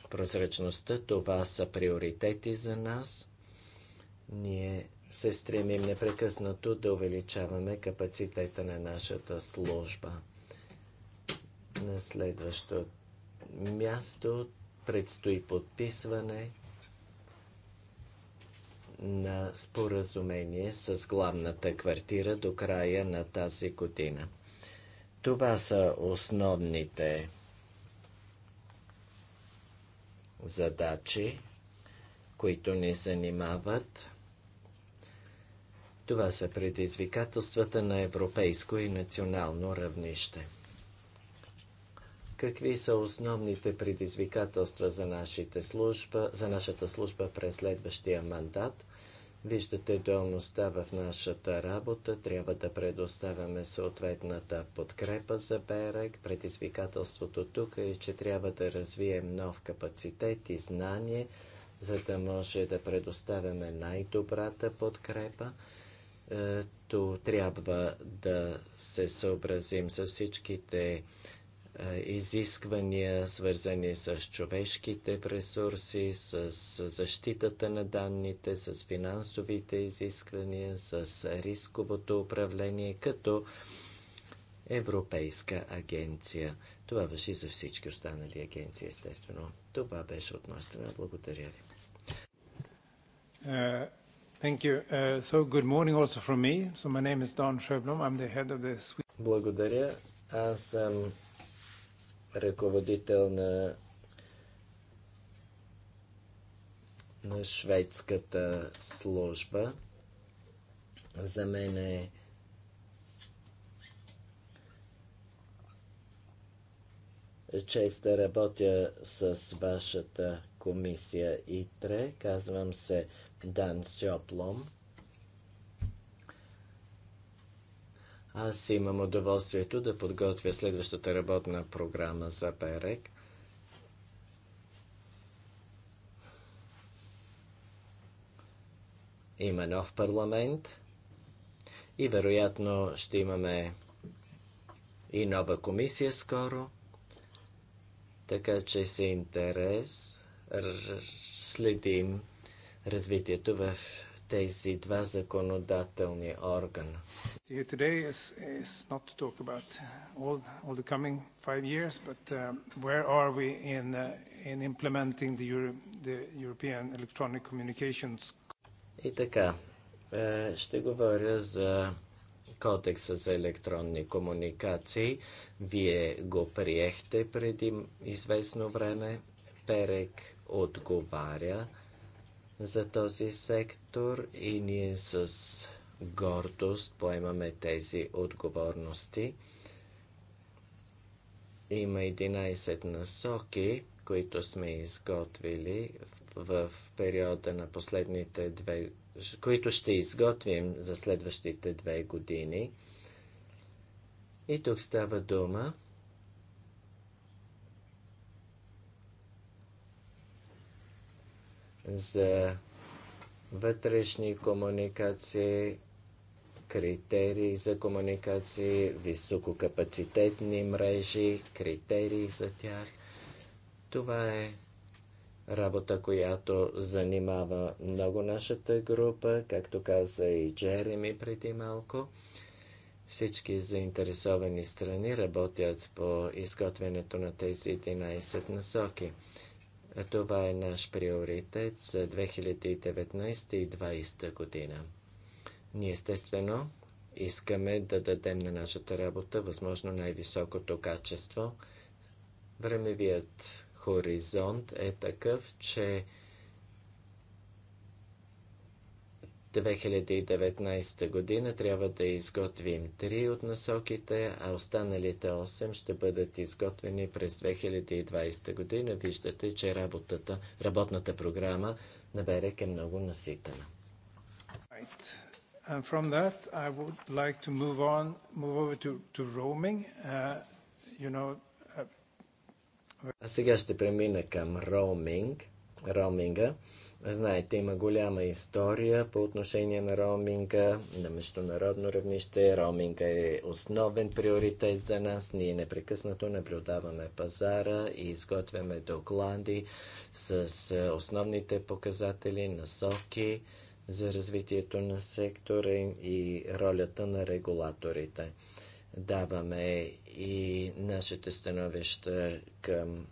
прозрачността. Това са приоритети за нас. Ние се стремим непрекъснато да увеличаваме капацитета на нашата служба. На следващо място предстои подписване на споразумение с главната квартира до края на тази година. Това са основните задачи, които ни занимават. Това са предизвикателствата на европейско и национално равнище. Какви са основните предизвикателства за, нашите служба, за нашата служба през следващия мандат – Виждате дуалността в нашата работа. Трябва да предоставяме съответната подкрепа за Берег. Предизвикателството тук е, че трябва да развием нов капацитет и знание, за да може да предоставяме най-добрата подкрепа. Е, то трябва да се съобразим с всичките изисквания, свързани с човешките ресурси, с защитата на данните, с финансовите изисквания, с рисковото управление, като Европейска агенция. Това въжи за всички останали агенции, естествено. Това беше от моя страна. Благодаря ви. Uh, uh, Благодаря. Аз съм ръководител на, на шведската служба. За мен е чест да работя с вашата комисия ИТРЕ. Казвам се Дан Сьоплом. Аз имам удоволствието да подготвя следващата работна програма за БЕРЕК. Има нов парламент и вероятно ще имаме и нова комисия скоро. Така че се интерес следим развитието в тези два законодателни органа. И така, е, ще говоря за кодекса за електронни комуникации. Вие го приехте преди известно време. Перек отговаря за този сектор и ние с гордост поемаме тези отговорности. Има 11 насоки, които сме изготвили в, в периода на последните две, които ще изготвим за следващите две години. И тук става дума за вътрешни комуникации, критерии за комуникации, висококапацитетни мрежи, критерии за тях. Това е работа, която занимава много нашата група, както каза и Джереми преди малко. Всички заинтересовани страни работят по изготвянето на тези 11 насоки. Това е наш приоритет за 2019 и 2020 година. Ние естествено искаме да дадем на нашата работа възможно най-високото качество. Времевият хоризонт е такъв, че 2019 година трябва да изготвим три от насоките, а останалите 8 ще бъдат изготвени през 2020 година. Виждате, че работата, работната програма на БЕРЕК е много наситена. And from that, I would like to move on, move over to, to roaming. Uh, you know, uh... А сега ще премина към роуминг, роуминга. Знаете, има голяма история по отношение на роуминга, на международно равнище. Роуминга е основен приоритет за нас. Ние непрекъснато наблюдаваме пазара и изготвяме доклади с е, основните показатели, насоки за развитието на сектора и ролята на регулаторите. Даваме и нашите становища към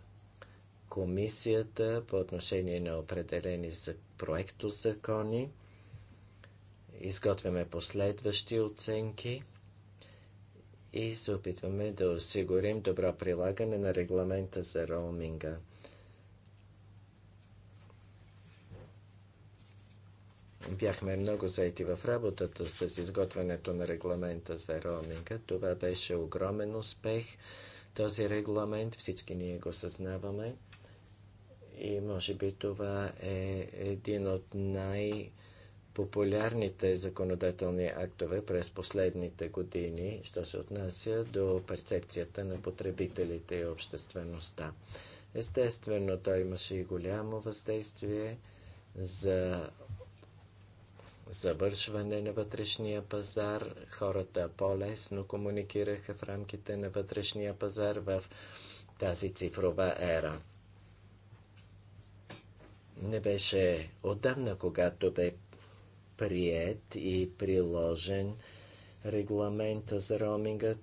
комисията по отношение на определени проектозакони. Изготвяме последващи оценки и се опитваме да осигурим добро прилагане на регламента за роуминга. Бяхме много заети в работата с изготвянето на регламента за роуминга. Това беше огромен успех. Този регламент всички ние го съзнаваме. И може би това е един от най- популярните законодателни актове през последните години, що се отнася до перцепцията на потребителите и обществеността. Естествено, той имаше и голямо въздействие за завършване на вътрешния пазар. Хората по-лесно комуникираха в рамките на вътрешния пазар в тази цифрова ера не беше отдавна, когато бе прият и приложен регламента за роуминга.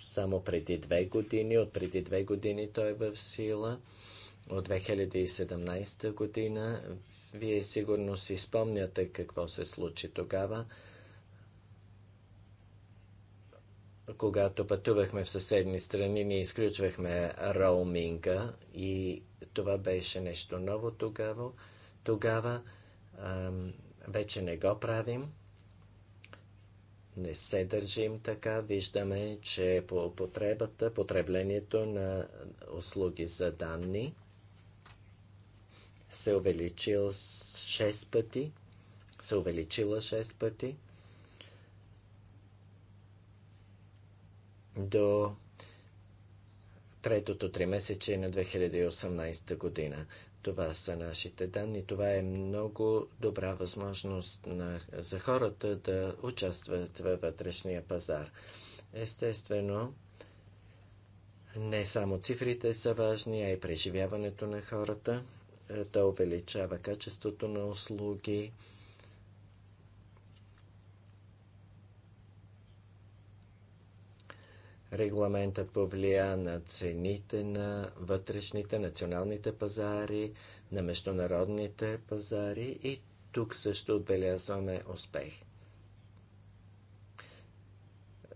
Само преди две години, от преди две години той е в сила. От 2017 година вие сигурно си спомняте какво се случи тогава. Когато пътувахме в съседни страни, ние изключвахме роуминга и това беше нещо ново тогава. Тогава ам, вече не го правим. Не се държим така. Виждаме, че по употребата, потреблението на услуги за данни се увеличил 6 пъти. Се увеличила 6 пъти. До третото три месече на 2018 година. Това са нашите данни. Това е много добра възможност на, за хората да участват във вътрешния пазар. Естествено, не само цифрите са важни, а и преживяването на хората. Е, то увеличава качеството на услуги, Регламентът повлия на цените на вътрешните, националните пазари, на международните пазари и тук също отбелязваме успех.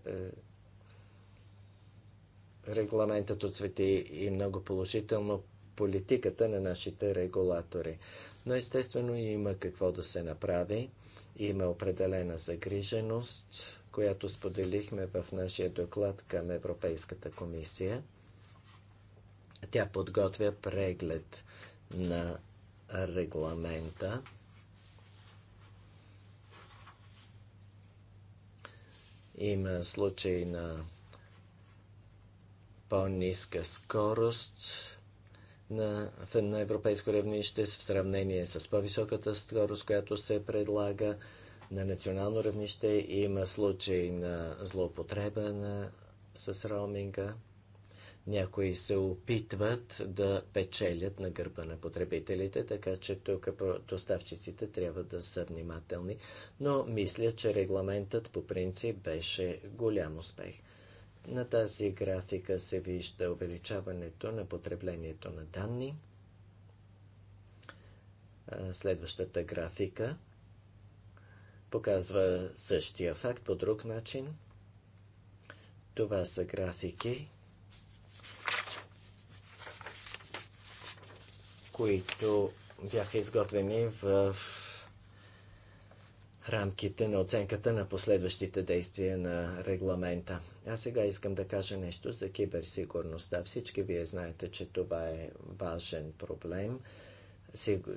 Е, регламентът отсвети и много положително политиката на нашите регулатори. Но естествено има какво да се направи. Има определена загриженост която споделихме в нашия доклад към Европейската комисия. Тя подготвя преглед на регламента. Има случаи на по-ниска скорост на, на европейско равнище в сравнение с по-високата скорост, която се предлага на национално равнище има случаи на злоупотреба на, с роуминга. Някои се опитват да печелят на гърба на потребителите, така че тук доставчиците трябва да са внимателни. Но мисля, че регламентът по принцип беше голям успех. На тази графика се вижда увеличаването на потреблението на данни. Следващата графика – показва същия факт по друг начин. Това са графики, които бяха изготвени в рамките на оценката на последващите действия на регламента. А сега искам да кажа нещо за киберсигурността. Всички вие знаете, че това е важен проблем.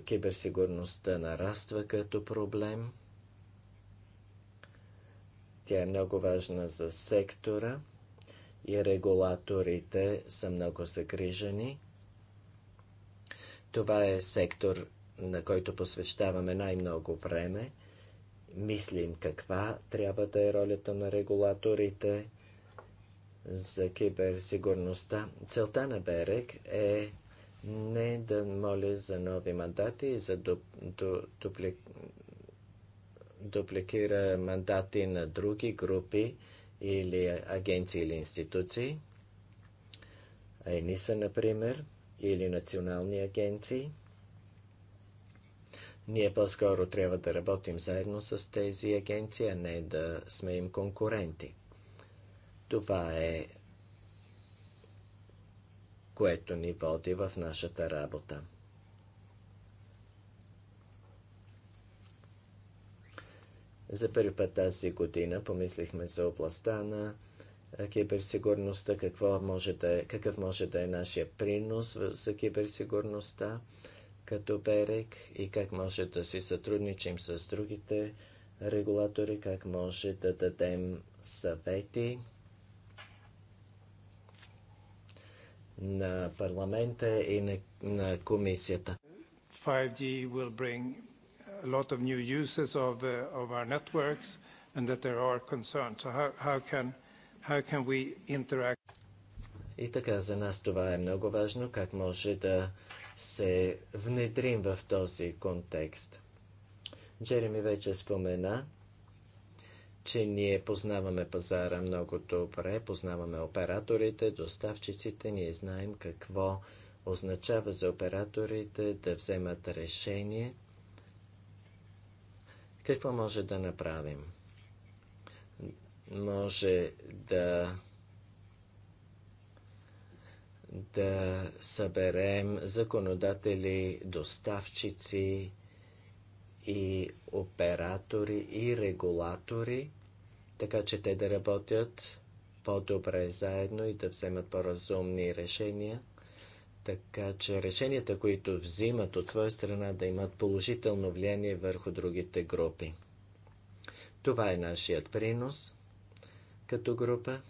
Киберсигурността нараства като проблем. Тя е много важна за сектора и регулаторите са много загрижени. Това е сектор, на който посвещаваме най-много време. Мислим каква трябва да е ролята на регулаторите за киберсигурността. Целта на Берег е не да моля за нови мандати и за ду, дупли, дупликира мандати на други групи или агенции или институции. ЕНИСА, например, или национални агенции. Ние по-скоро трябва да работим заедно с тези агенции, а не да сме им конкуренти. Това е което ни води в нашата работа. За първи път тази година помислихме за областта на киберсигурността, какво може да е, какъв може да е нашия принос за киберсигурността като Берег и как може да си сътрудничим с другите регулатори, как може да дадем съвети на парламента и на, на комисията. 5G will bring a lot of new users uh, of our networks and that there are concerns. How can we interact? И така, за нас това е много важно, как може да се внедрим в този контекст. Джереми вече спомена, че ние познаваме пазара много добре, познаваме операторите, доставчиците, ние знаем какво означава за операторите да вземат решение – какво може да направим? Може да да съберем законодатели, доставчици и оператори и регулатори, така че те да работят по-добре заедно и да вземат по-разумни решения – така че решенията, които взимат от своя страна, да имат положително влияние върху другите групи. Това е нашият принос като група.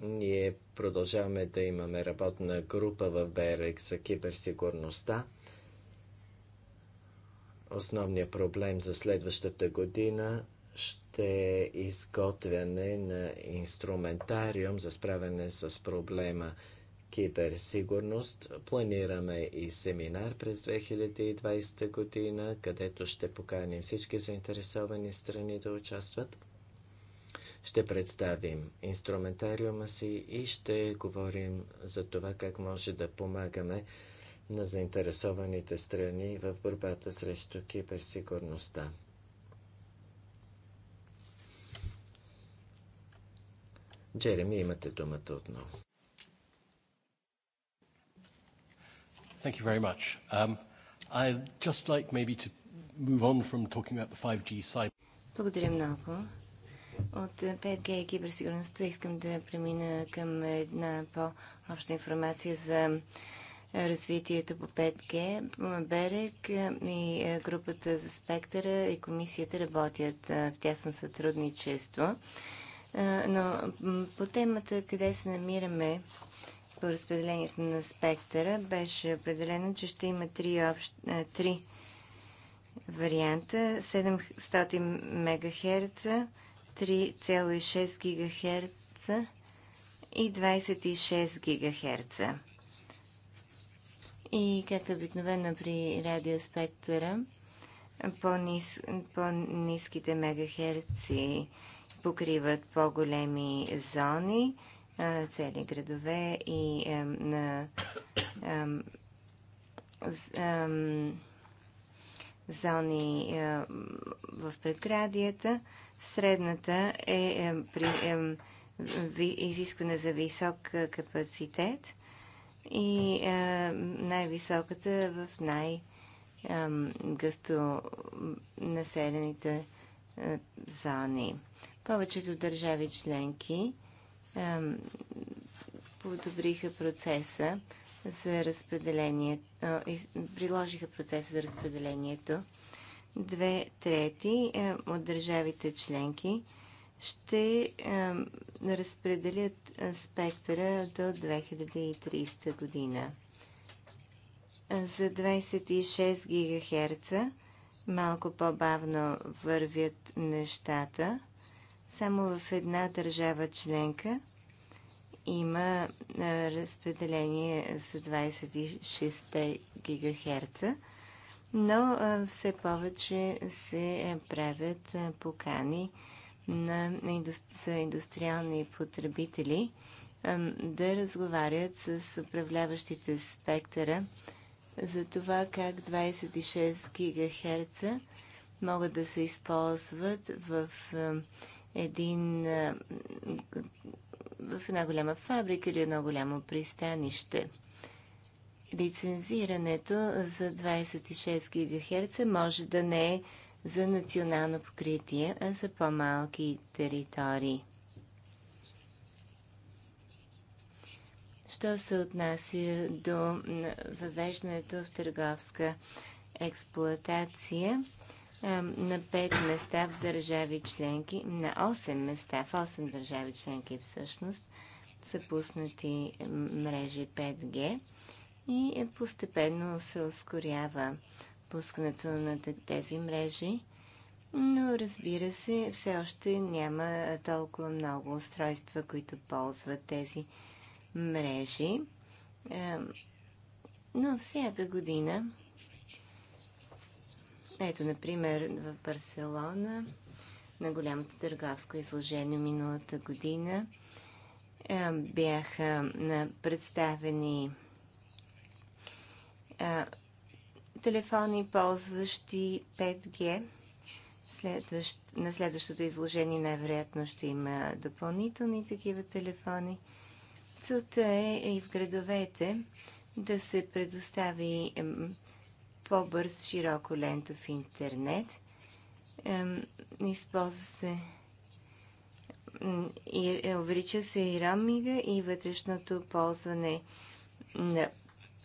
Ние продължаваме да имаме работна група в БРК за киберсигурността. Основният проблем за следващата година ще е изготвяне на инструментариум за справяне с проблема – киберсигурност. Планираме и семинар през 2020 година, където ще поканим всички заинтересовани страни да участват. Ще представим инструментариума си и ще говорим за това как може да помагаме на заинтересованите страни в борбата срещу киберсигурността. Джереми, имате думата отново. Thank you very much. Um, I'd just like maybe to move on from talking about the 5G side. Благодаря много. От 5G е, и киберсигурността искам да премина към една по-обща информация за развитието по 5G. Берег и е, групата за спектъра и комисията работят е, в тясно сътрудничество. Но по темата къде се намираме по разпределението на спектъра беше определено, че ще има три, общ, е, три варианта 700 МГц, 3,6 ГГц и 26 ГГц. И както е обикновено при радиоспектъра, по-низките по мегахерци покриват по-големи зони, цели градове и на зони в предградията. Средната е при изискване за висок е, капацитет и е, най-високата в най-гъсто населените е, зони. Повечето държави членки подобриха процеса за разпределение, приложиха процеса за разпределението. Две трети от държавите членки ще разпределят спектъра до 2030 година. За 26 ГГц малко по-бавно вървят нещата само в една държава членка има разпределение за 26 гигахерца, но все повече се правят покани на, за индустриални потребители да разговарят с управляващите спектъра за това как 26 гигахерца могат да се използват в един, в една голяма фабрика или едно голямо пристанище. Лицензирането за 26 ГГц може да не е за национално покритие, а за по-малки територии. Що се отнася до въвеждането в търговска експлоатация, на 5 места в държави членки, на 8 места, в 8 държави членки всъщност, са пуснати мрежи 5G и е, постепенно се ускорява пускането на тези мрежи, но разбира се, все още няма толкова много устройства, които ползват тези мрежи. Но всяка година ето, например, в Барселона на голямото търговско изложение миналата година е, бяха представени телефони, ползващи 5G. на следващото изложение най-вероятно ще има допълнителни такива телефони. Целта е, е и в градовете да се предостави по-бърз широко лентов интернет. Използва се и е, увеличил се и ромига и вътрешното ползване на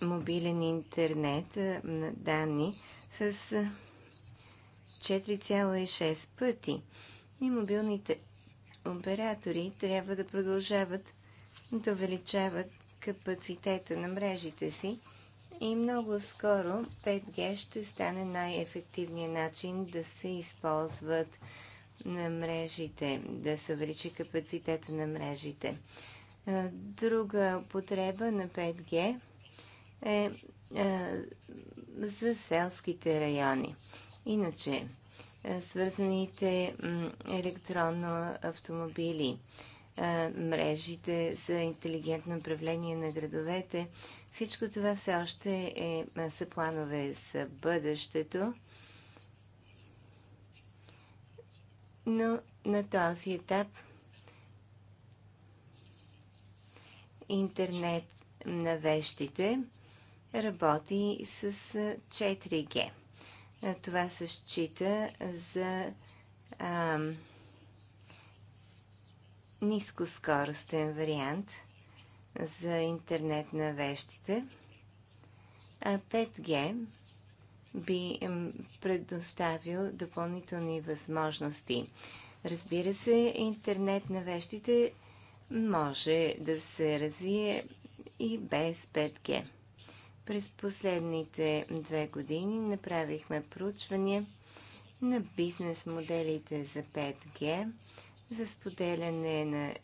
мобилен интернет е, на данни с 4,6 е, пъти. И мобилните оператори трябва да продължават да увеличават капацитета на мрежите си, и много скоро 5G ще стане най-ефективният начин да се използват на мрежите, да се увеличи капацитета на мрежите. Друга потреба на 5G е, е за селските райони. Иначе, свързаните електронно автомобили, мрежите за интелигентно управление на градовете. Всичко това все още е, са планове за бъдещето. Но на този етап интернет на вещите работи с 4G. Това се счита за ам, нискоскоростен вариант за интернет на вещите, а 5G би предоставил допълнителни възможности. Разбира се, интернет на вещите може да се развие и без 5G. През последните две години направихме проучвания на бизнес моделите за 5G за споделяне на е,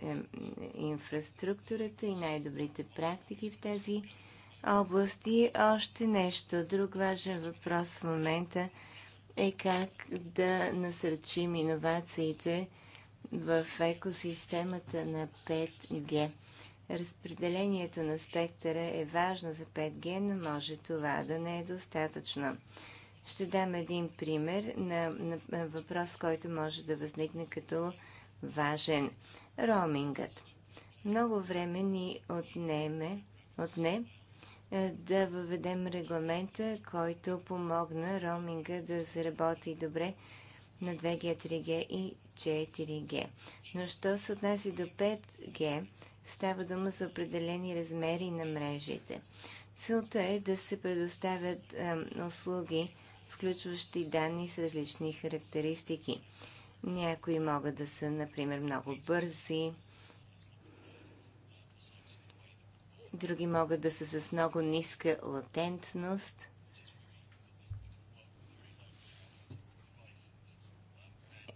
инфраструктурата и най-добрите практики в тези области. Още нещо, друг важен въпрос в момента е как да насърчим иновациите в екосистемата на 5G. Разпределението на спектъра е важно за 5G, но може това да не е достатъчно. Ще дам един пример на, на въпрос, който може да възникне като важен. Роумингът. Много време ни отнеме, отне е, да въведем регламента, който помогна роуминга да заработи добре на 2G, 3G и 4G. Но що се отнася до 5G, става дума за определени размери на мрежите. Целта е да се предоставят е, услуги, включващи данни с различни характеристики. Някои могат да са, например, много бързи. Други могат да са с много ниска латентност.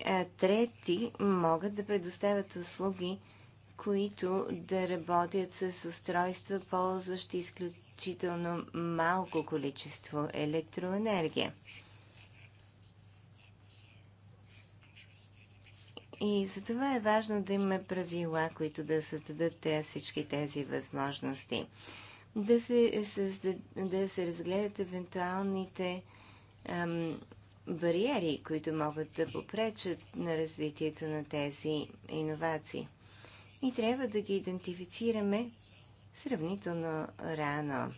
А трети могат да предоставят услуги, които да работят с устройства, ползващи изключително малко количество електроенергия. И за това е важно да имаме правила, които да създадат всички тези възможности. Да се, създад... да се разгледат евентуалните ам, бариери, които могат да попречат на развитието на тези иновации. И трябва да ги идентифицираме сравнително рано,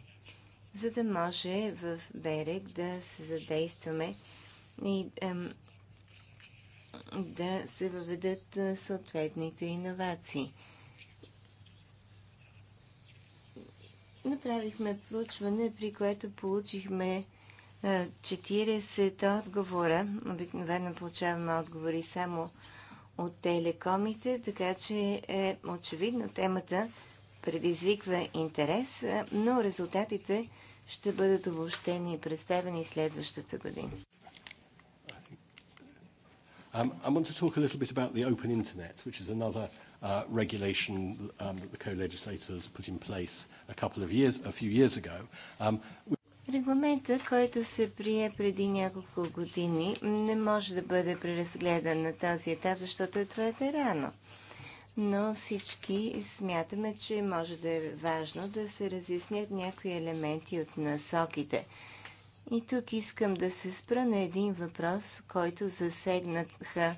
за да може в Берег да се задействаме и ам, да се въведат съответните иновации. Направихме проучване, при което получихме 40 отговора. Обикновено получаваме отговори само от телекомите, така че е очевидно темата предизвиква интерес, но резултатите ще бъдат обобщени и представени следващата година. Um, I want to talk a little bit about the open internet, which is another uh, regulation um, that the co-legislators put in place a couple of years, a few years ago. Um, Регламента, който се прие преди няколко години, не може да бъде преразгледан на този етап, защото е твърде рано. Но всички смятаме, че може да е важно да се разяснят някои елементи от насоките и тук искам да се спра на един въпрос, който засегнаха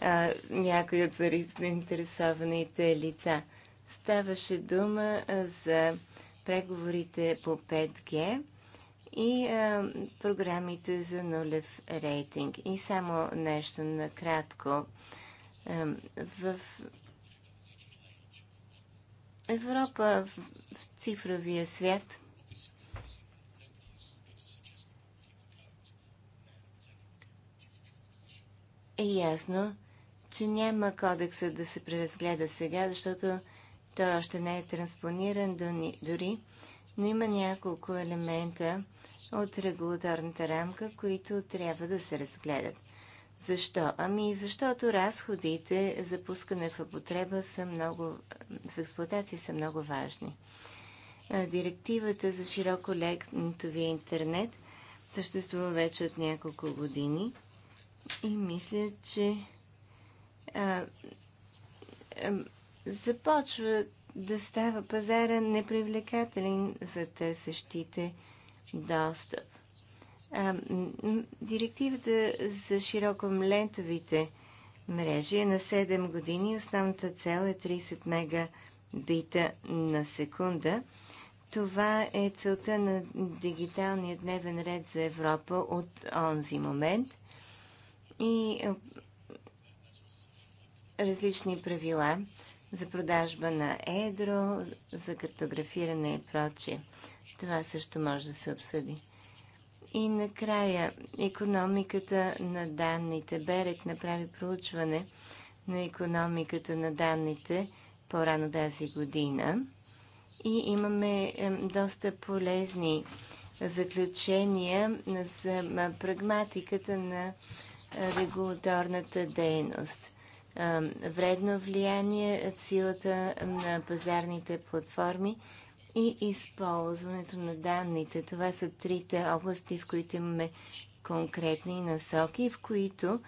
а, някои от заинтересованите лица. Ставаше дума а, за преговорите по 5G и а, програмите за нулев рейтинг. И само нещо накратко. А, в Европа, в цифровия свят, е ясно, че няма кодекса да се преразгледа сега, защото той още не е транспониран дори, но има няколко елемента от регулаторната рамка, които трябва да се разгледат. Защо? Ами защото разходите за пускане в употреба са много, в експлуатация са много важни. Директивата за широко лентовия интернет съществува вече от няколко години – и мисля, че а, а, започва да става пазара непривлекателен за търсещите достъп. А, директивата за широкомлентовите мрежи е на 7 години. Основната цел е 30 мегабита на секунда. Това е целта на дигиталния дневен ред за Европа от онзи момент – и е, различни правила за продажба на едро, за картографиране и прочие. Това също може да се обсъди. И накрая, економиката на данните. Берек направи проучване на економиката на данните по-рано тази година. И имаме е, доста полезни заключения за прагматиката на регулаторната дейност. Вредно влияние, силата на пазарните платформи и използването на данните. Това са трите области, в които имаме конкретни насоки, в които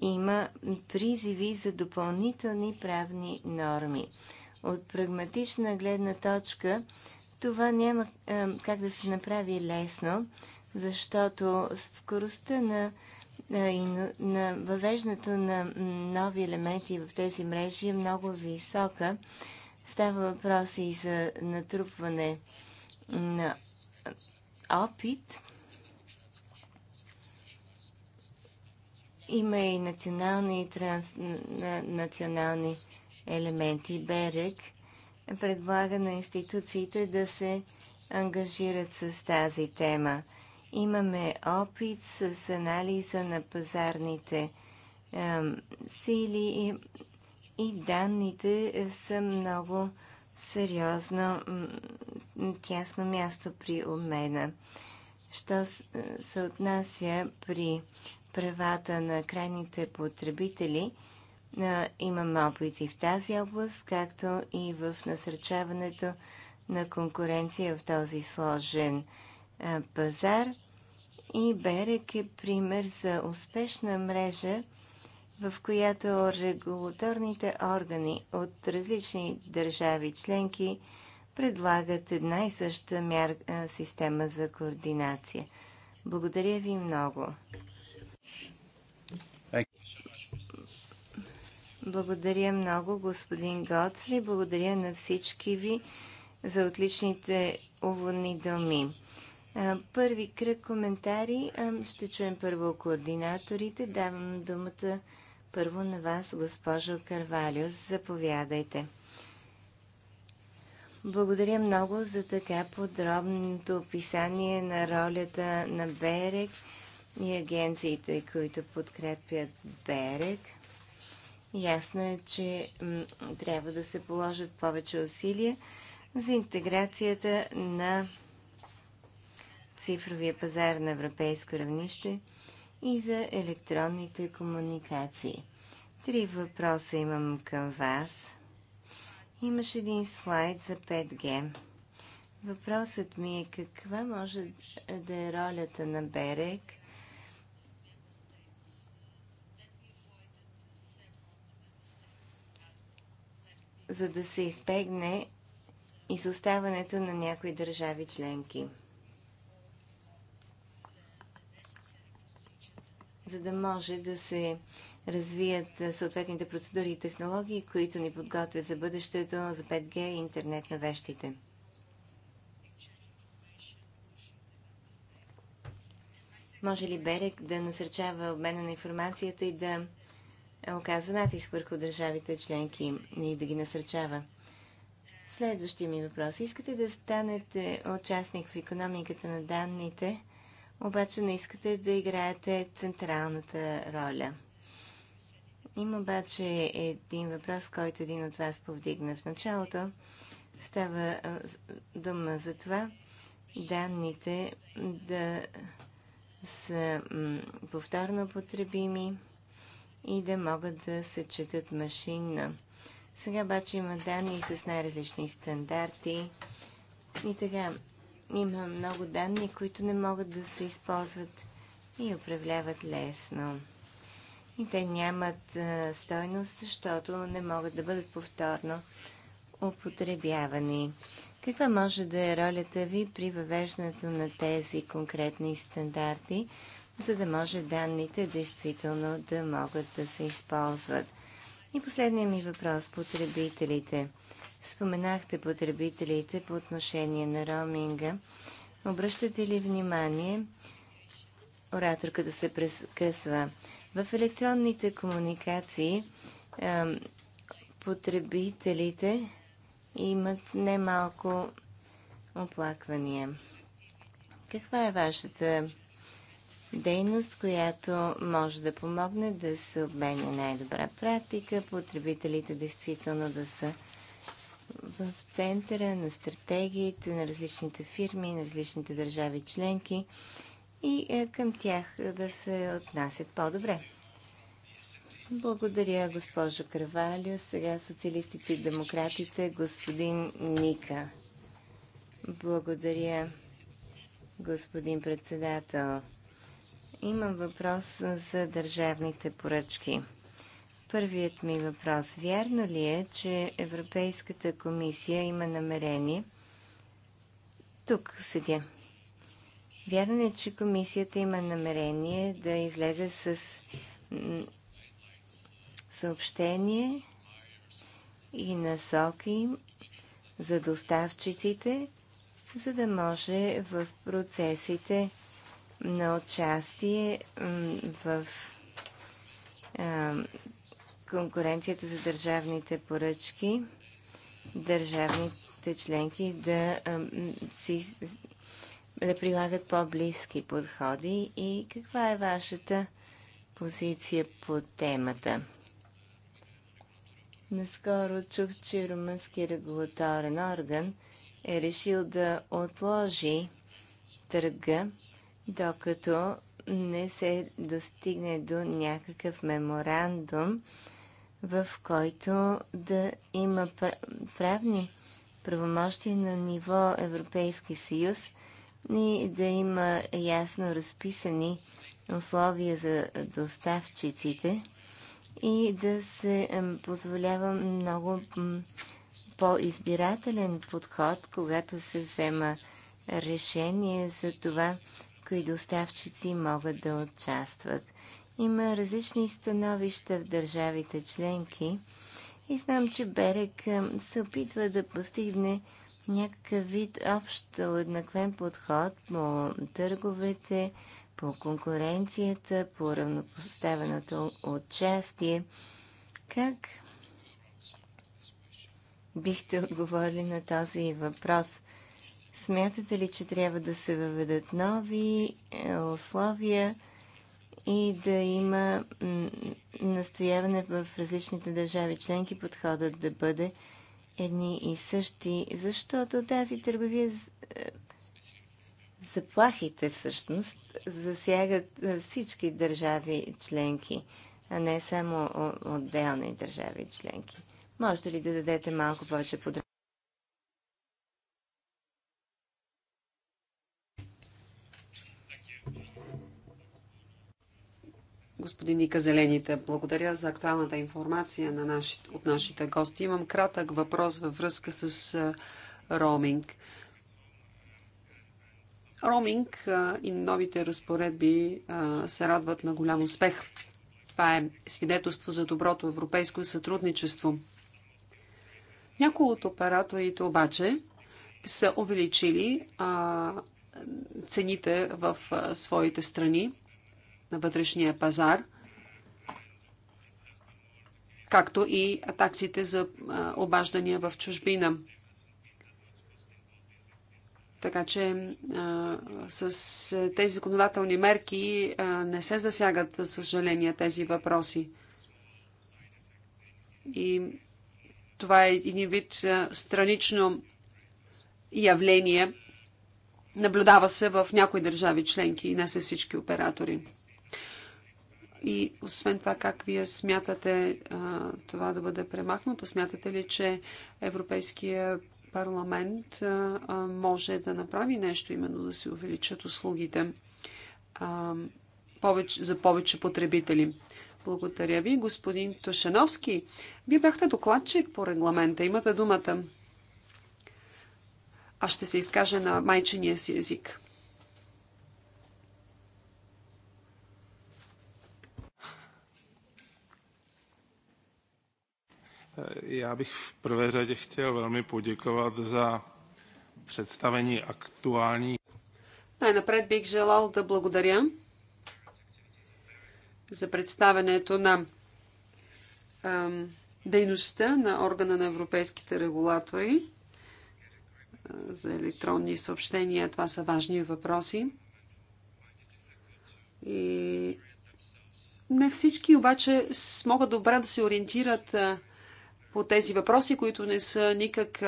има призиви за допълнителни правни норми. От прагматична гледна точка това няма как да се направи лесно, защото скоростта на и на въвеждането на нови елементи в тези мрежи е много висока. Става въпрос и за натрупване на опит. Има и национални и транснационални елементи. Берег предлага на институциите да се ангажират с тази тема. Имаме опит с анализа на пазарните е, сили и, и данните са много сериозно, тясно място при обмена. Що се отнася при правата на крайните потребители, имаме опити в тази област, както и в насърчаването на конкуренция в този сложен пазар. И Берек е пример за успешна мрежа, в която регулаторните органи от различни държави членки предлагат една и съща мяр... система за координация. Благодаря ви много. Благодаря много, господин Готфри. Благодаря на всички ви за отличните уводни думи. Първи кръг коментари. Ще чуем първо координаторите. Давам думата първо на вас, госпожо Карвалио. Заповядайте. Благодаря много за така подробното описание на ролята на Берег и агенциите, които подкрепят Берег. Ясно е, че трябва да се положат повече усилия за интеграцията на цифровия пазар на европейско равнище и за електронните комуникации. Три въпроса имам към вас. Имаш един слайд за 5G. Въпросът ми е каква може да е ролята на Берек за да се избегне изоставането на някои държави членки. за да може да се развият е, съответните процедури и технологии, които ни подготвят за бъдещето, за 5G и интернет на вещите. Може ли Берек да насърчава обмена на информацията и да е, оказва натиск върху държавите членки и да ги насърчава? Следващия ми въпрос. Искате да станете участник в економиката на данните – обаче не искате да играете централната роля. Има обаче един въпрос, който един от вас повдигна в началото. Става дума за това данните да са повторно потребими и да могат да се четат машинно. Сега обаче има данни с най-различни стандарти. И така, има много данни, които не могат да се използват и управляват лесно. И те нямат а, стойност, защото не могат да бъдат повторно употребявани. Каква може да е ролята ви при въвеждането на тези конкретни стандарти, за да може данните действително да могат да се използват? И последният ми въпрос – потребителите – Споменахте потребителите по отношение на роуминга. Обръщате ли внимание, ораторката се прекъсва, в електронните комуникации потребителите имат немалко оплаквания. Каква е вашата дейност, която може да помогне да се обменя най-добра практика, потребителите действително да са в центъра на стратегиите на различните фирми, на различните държави членки и е, към тях е, да се отнасят по-добре. Благодаря, госпожо Кравалио. Сега социалистите и демократите, господин Ника. Благодаря, господин председател. Имам въпрос за държавните поръчки. Първият ми въпрос. Вярно ли е, че Европейската комисия има намерение? Тук седя. Вярно ли е, че комисията има намерение да излезе с съобщение и насоки за доставчиците, за да може в процесите на участие в конкуренцията за държавните поръчки, държавните членки да, си, да прилагат по-близки подходи и каква е вашата позиция по темата? Наскоро чух, че румънски регулаторен орган е решил да отложи търга, докато не се достигне до някакъв меморандум в който да има правни правомощи на ниво Европейски съюз и да има ясно разписани условия за доставчиците и да се позволява много по-избирателен подход, когато се взема решение за това, кои доставчици могат да участват. Има различни становища в държавите членки и знам, че Берек се опитва да постигне някакъв вид общо еднаквен подход по търговете, по конкуренцията, по равнопоставеното участие. Как бихте отговорили на този въпрос? Смятате ли, че трябва да се въведат нови е, условия? и да има настояване в различните държави членки подходът да бъде едни и същи, защото тази търговия е, заплахите всъщност засягат е, всички държави членки, а не само отделни държави членки. Можете ли да дадете малко повече подробности? господин Ника Зелените. Благодаря за актуалната информация на наши, от нашите гости. Имам кратък въпрос във връзка с роуминг. Роуминг и новите разпоредби а, се радват на голям успех. Това е свидетелство за доброто европейско сътрудничество. Някои от операторите обаче са увеличили а, цените в а, своите страни на вътрешния пазар, както и таксите за обаждания в чужбина. Така че а, с тези законодателни мерки а, не се засягат, за съжаление, тези въпроси. И това е един вид а, странично явление. Наблюдава се в някои държави членки и не с всички оператори. И освен това, как вие смятате а, това да бъде премахнато? Смятате ли, че Европейския парламент а, а, може да направи нещо, именно да се увеличат услугите а, повече, за повече потребители? Благодаря ви, господин Тошановски. Вие бяхте докладчик по регламента. Имате думата. Аз ще се изкажа на майчения си език. Eh, já bych v prvé řadě chtěl velmi poděkovat za представени актуални. Най-напред бих желал да благодаря за представенето на дейността на органа на европейските регулатори за електронни съобщения. Това са важни въпроси. И не всички обаче могат добре да се ориентират а, по тези въпроси, които не са никак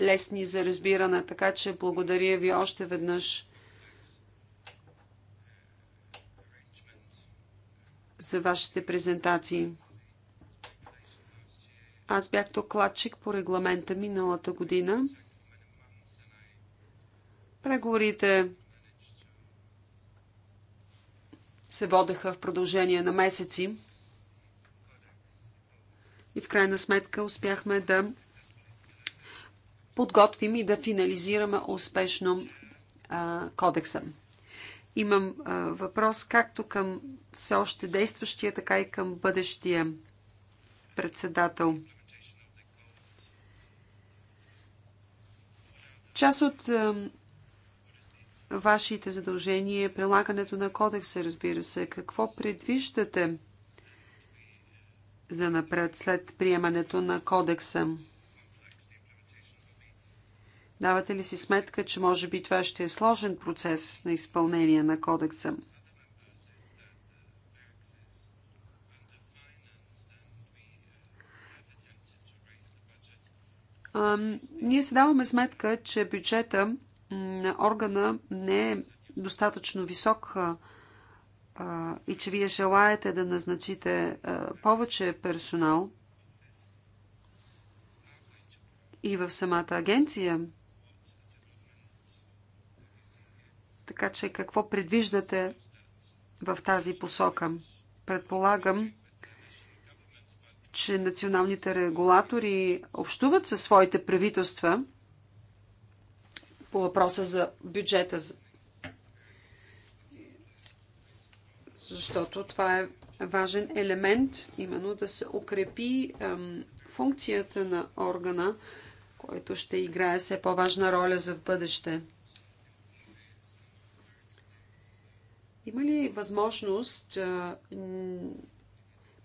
лесни за разбиране. Така че благодаря ви още веднъж за вашите презентации. Аз бях докладчик по регламента миналата година. Преговорите се водеха в продължение на месеци и в крайна сметка успяхме да подготвим и да финализираме успешно а, кодекса. Имам а, въпрос както към все още действащия, така и към бъдещия председател. Част от а, вашите задължения е прилагането на кодекса, разбира се. Какво предвиждате? за напред след приемането на кодекса? Давате ли си сметка, че може би това ще е сложен процес на изпълнение на кодекса? ние си даваме сметка, че бюджета на органа не е достатъчно висок и че вие желаете да назначите повече персонал и в самата агенция. Така че какво предвиждате в тази посока? Предполагам, че националните регулатори общуват със своите правителства по въпроса за бюджета защото това е важен елемент, именно да се укрепи ем, функцията на органа, който ще играе все по-важна роля за в бъдеще. Има ли възможност е,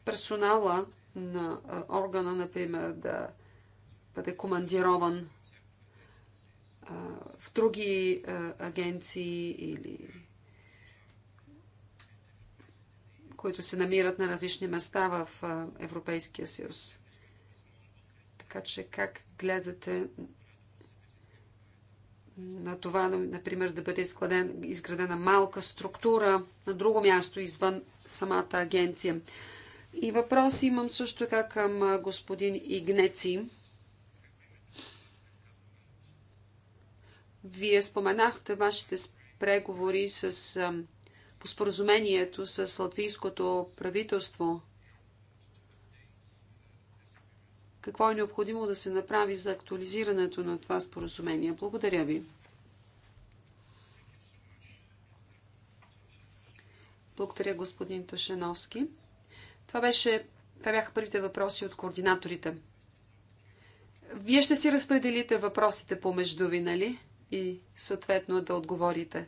персонала на е, органа, например, да бъде командирован е, в други агенции или които се намират на различни места в Европейския съюз. Така че как гледате на това, например, да бъде изграден, изградена малка структура на друго място извън самата агенция. И въпрос имам също така към господин Игнеци. Вие споменахте вашите преговори с по споразумението с латвийското правителство. Какво е необходимо да се направи за актуализирането на това споразумение? Благодаря ви. Благодаря, господин Тошеновски. Това, беше, това бяха първите въпроси от координаторите. Вие ще си разпределите въпросите помежду ви, нали? И съответно да отговорите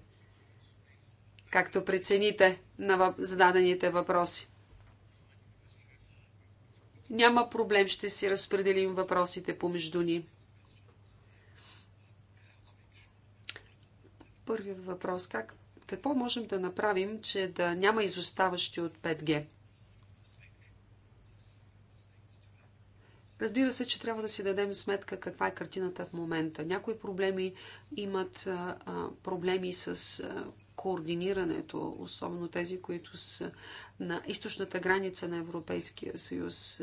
както прецените на зададените въпроси. Няма проблем, ще си разпределим въпросите помежду ни. Първият въпрос. Как, какво можем да направим, че да няма изоставащи от 5G? Разбира се, че трябва да си дадем сметка каква е картината в момента. Някои проблеми имат а, проблеми с а, координирането, особено тези, които са на източната граница на Европейския съюз.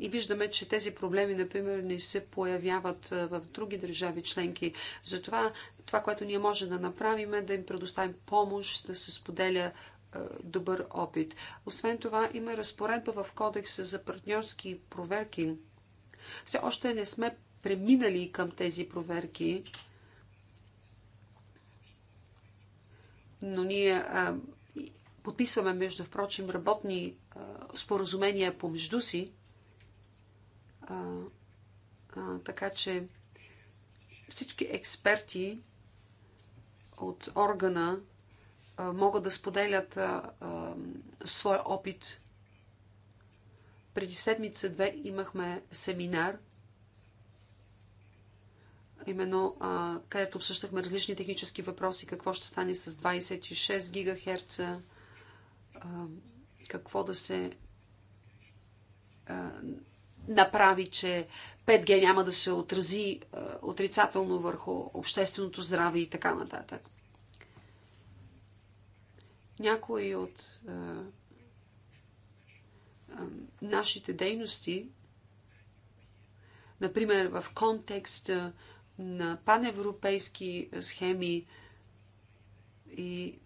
И виждаме, че тези проблеми, например, не се появяват в други държави членки. Затова това, което ние можем да направим е да им предоставим помощ, да се споделя добър опит. Освен това, има разпоредба в кодекса за партньорски проверки. Все още не сме преминали към тези проверки, но ние подписваме, между впрочем, работни споразумения помежду си, така че всички експерти от органа могат да споделят своя опит. Преди седмица-две имахме семинар – именно където обсъщахме различни технически въпроси, какво ще стане с 26 ГГц, какво да се направи, че 5G няма да се отрази отрицателно върху общественото здраве и така нататък. Някои от нашите дейности, например в контекст на паневропейски схеми и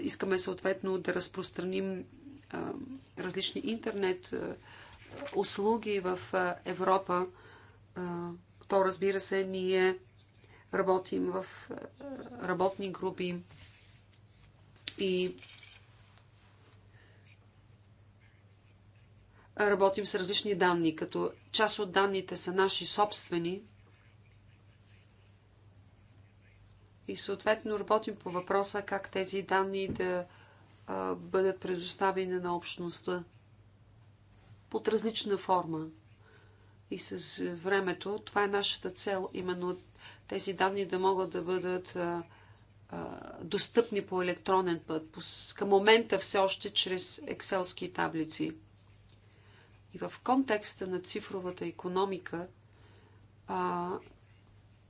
искаме съответно да разпространим различни интернет услуги в Европа, то разбира се, ние работим в работни групи и работим с различни данни, като част от данните са наши собствени и съответно работим по въпроса как тези данни да бъдат предоставени на общността под различна форма. И с времето това е нашата цел, именно тези данни да могат да бъдат а, а, достъпни по електронен път. Към момента все още чрез екселски таблици. И в контекста на цифровата економика а,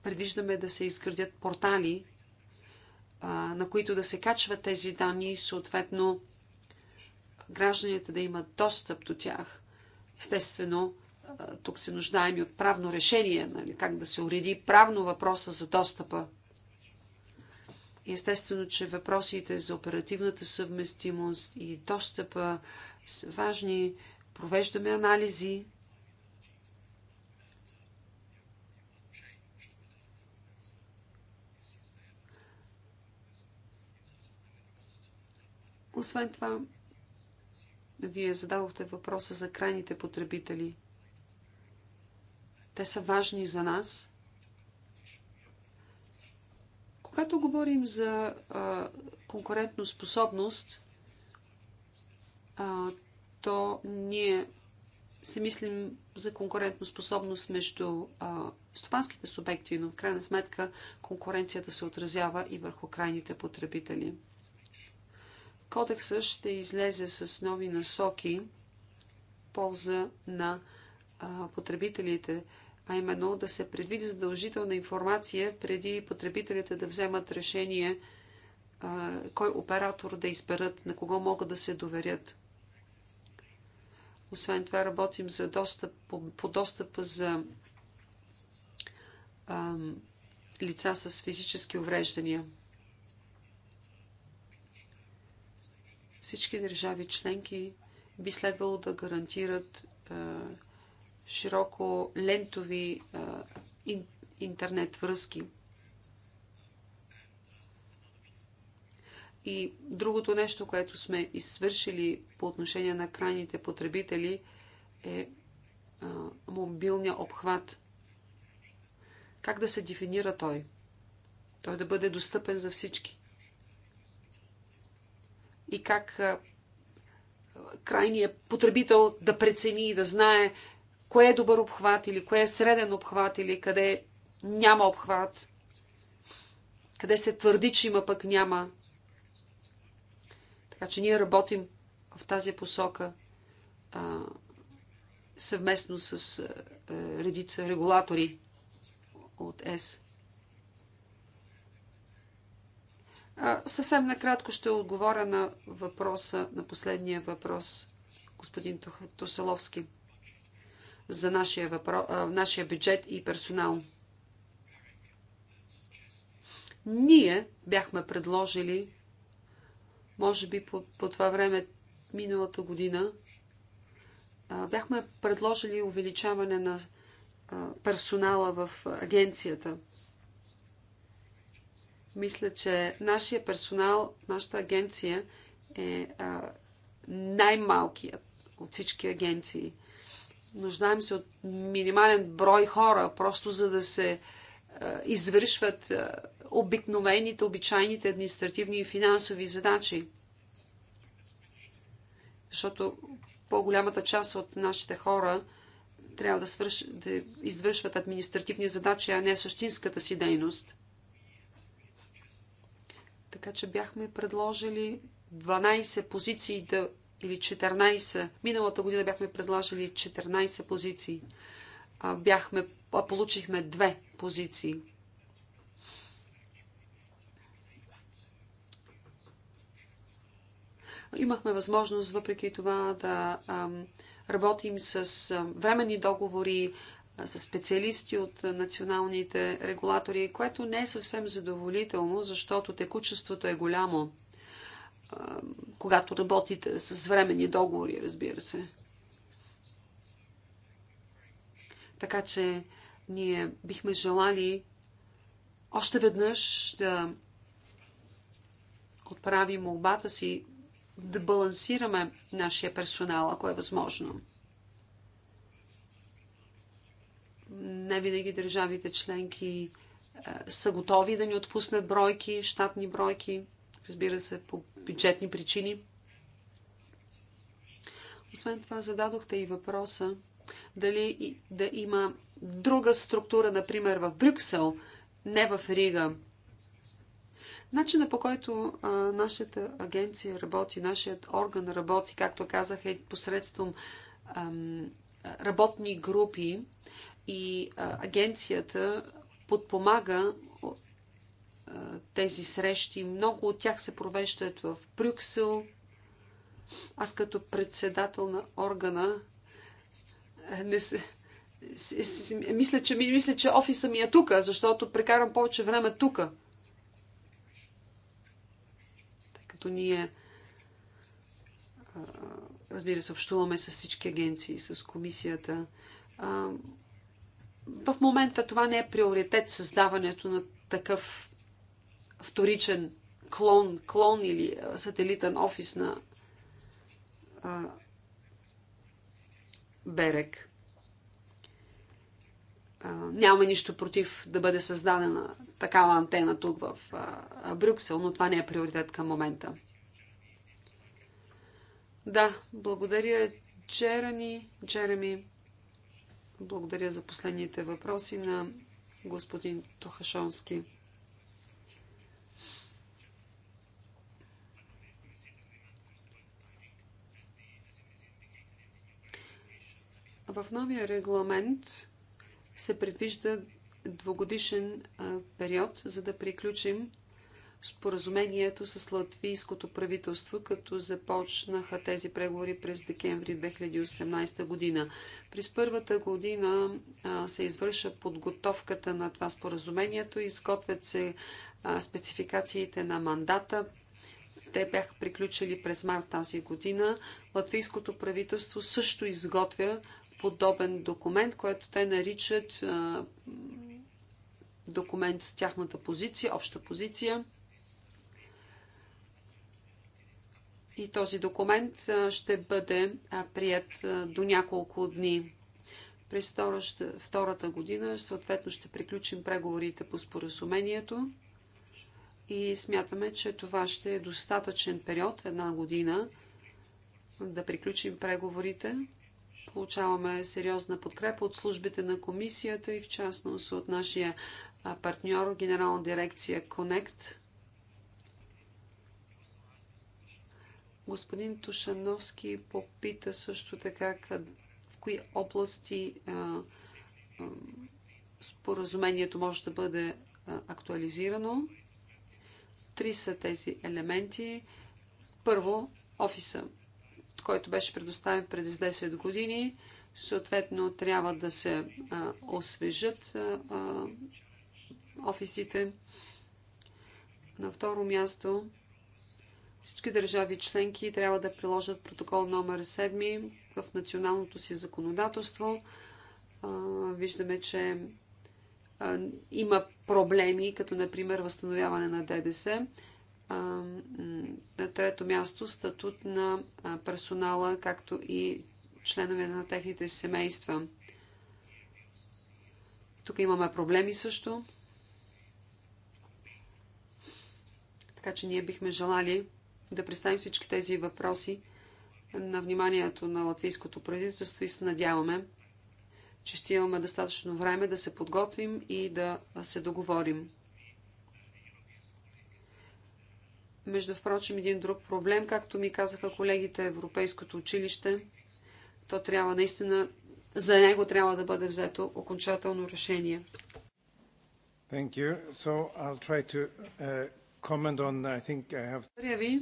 предвиждаме да се изградят портали, а, на които да се качват тези данни и съответно гражданите да имат достъп до тях. Естествено, а, тук се нуждаем и от правно решение, нали, как да се уреди правно въпроса за достъпа. естествено, че въпросите за оперативната съвместимост и достъпа са важни провеждаме анализи. Освен това, вие зададохте въпроса за крайните потребители. Те са важни за нас. Когато говорим за а, конкурентно способност, а, то ние се мислим за конкурентоспособност между а, стопанските субекти, но в крайна сметка конкуренцията се отразява и върху крайните потребители. Кодексът ще излезе с нови насоки в полза на а, потребителите, а именно да се предвиди задължителна информация преди потребителите да вземат решение а, кой оператор да изберат, на кого могат да се доверят. Освен това работим за достъп, по, по достъпа за а, лица с физически увреждания. Всички държави членки би следвало да гарантират а, широко лентови а, интернет връзки – И другото нещо, което сме извършили по отношение на крайните потребители е а, мобилния обхват. Как да се дефинира той? Той да бъде достъпен за всички. И как а, крайният потребител да прецени и да знае кое е добър обхват или кое е среден обхват или къде няма обхват, къде се твърди, че има пък няма така че ние работим в тази посока а, съвместно с а, редица регулатори от ЕС. А, съвсем накратко ще отговоря на въпроса, на последния въпрос, господин Тоселовски, за нашия, въпро... а, нашия бюджет и персонал. Ние бяхме предложили може би по, по това време, миналата година, а, бяхме предложили увеличаване на а, персонала в агенцията. Мисля, че нашия персонал, нашата агенция е най-малкият от всички агенции. Нуждаем се от минимален брой хора, просто за да се извършват обикновените, обичайните административни и финансови задачи. Защото по-голямата част от нашите хора трябва да, свърш... да извършват административни задачи, а не същинската си дейност. Така че бяхме предложили 12 позиции да... или 14. Миналата година бяхме предложили 14 позиции. бяхме... Получихме две позиции. Имахме възможност, въпреки това, да работим с временни договори, с специалисти от националните регулатори, което не е съвсем задоволително, защото текучеството е голямо, когато работите с временни договори, разбира се. Така че ние бихме желали още веднъж да отправим молбата си да балансираме нашия персонал, ако е възможно. Не винаги държавите членки е, са готови да ни отпуснат бройки, щатни бройки, разбира се, по бюджетни причини. Освен това, зададохте и въпроса дали да има друга структура, например в Брюксел, не в Рига, Начина по който а, нашата агенция работи, нашият орган работи, както казах, е посредством ам, работни групи и а, агенцията подпомага а, тези срещи. Много от тях се провеждат в Брюксел. Аз като председател на органа не се, мисля, че, мисля, че офиса ми е тук, защото прекарам повече време тук. като ние разбира се, общуваме с всички агенции, с комисията. В момента това не е приоритет създаването на такъв вторичен клон, клон или сателитен офис на Берег. Няма нищо против да бъде създадена такава антена тук в Брюксел, но това не е приоритет към момента. Да, благодаря Джерани, Джереми. Благодаря за последните въпроси на господин Тохашонски. В новия регламент се предвижда двогодишен период, за да приключим споразумението с латвийското правителство, като започнаха тези преговори през декември 2018 година. През първата година се извърша подготовката на това споразумението, изготвят се спецификациите на мандата. Те бяха приключили през март тази година. Латвийското правителство също изготвя подобен документ, който те наричат документ с тяхната позиция, обща позиция. И този документ ще бъде прият до няколко дни. През втората година съответно ще приключим преговорите по споразумението и смятаме, че това ще е достатъчен период, една година, да приключим преговорите Получаваме сериозна подкрепа от службите на комисията и в частност от нашия партньор, генерална дирекция Connect. Господин Тушановски попита също така в кои области споразумението може да бъде актуализирано. Три са тези елементи. Първо, офиса който беше предоставен преди 10 години. Съответно, трябва да се а, освежат а, а, офисите. На второ място, всички държави членки трябва да приложат протокол номер 7 в националното си законодателство. виждаме, че има проблеми, като например възстановяване на ДДС. На трето място статут на персонала, както и членове на техните семейства. Тук имаме проблеми също. Така че ние бихме желали да представим всички тези въпроси на вниманието на латвийското правителство и се надяваме, че ще имаме достатъчно време да се подготвим и да се договорим. Между впрочем, един друг проблем, както ми казаха колегите Европейското училище, то трябва наистина, за него трябва да бъде взето окончателно решение. Thank you. So I'll try to uh, comment on, I think I have... Благодаря ви.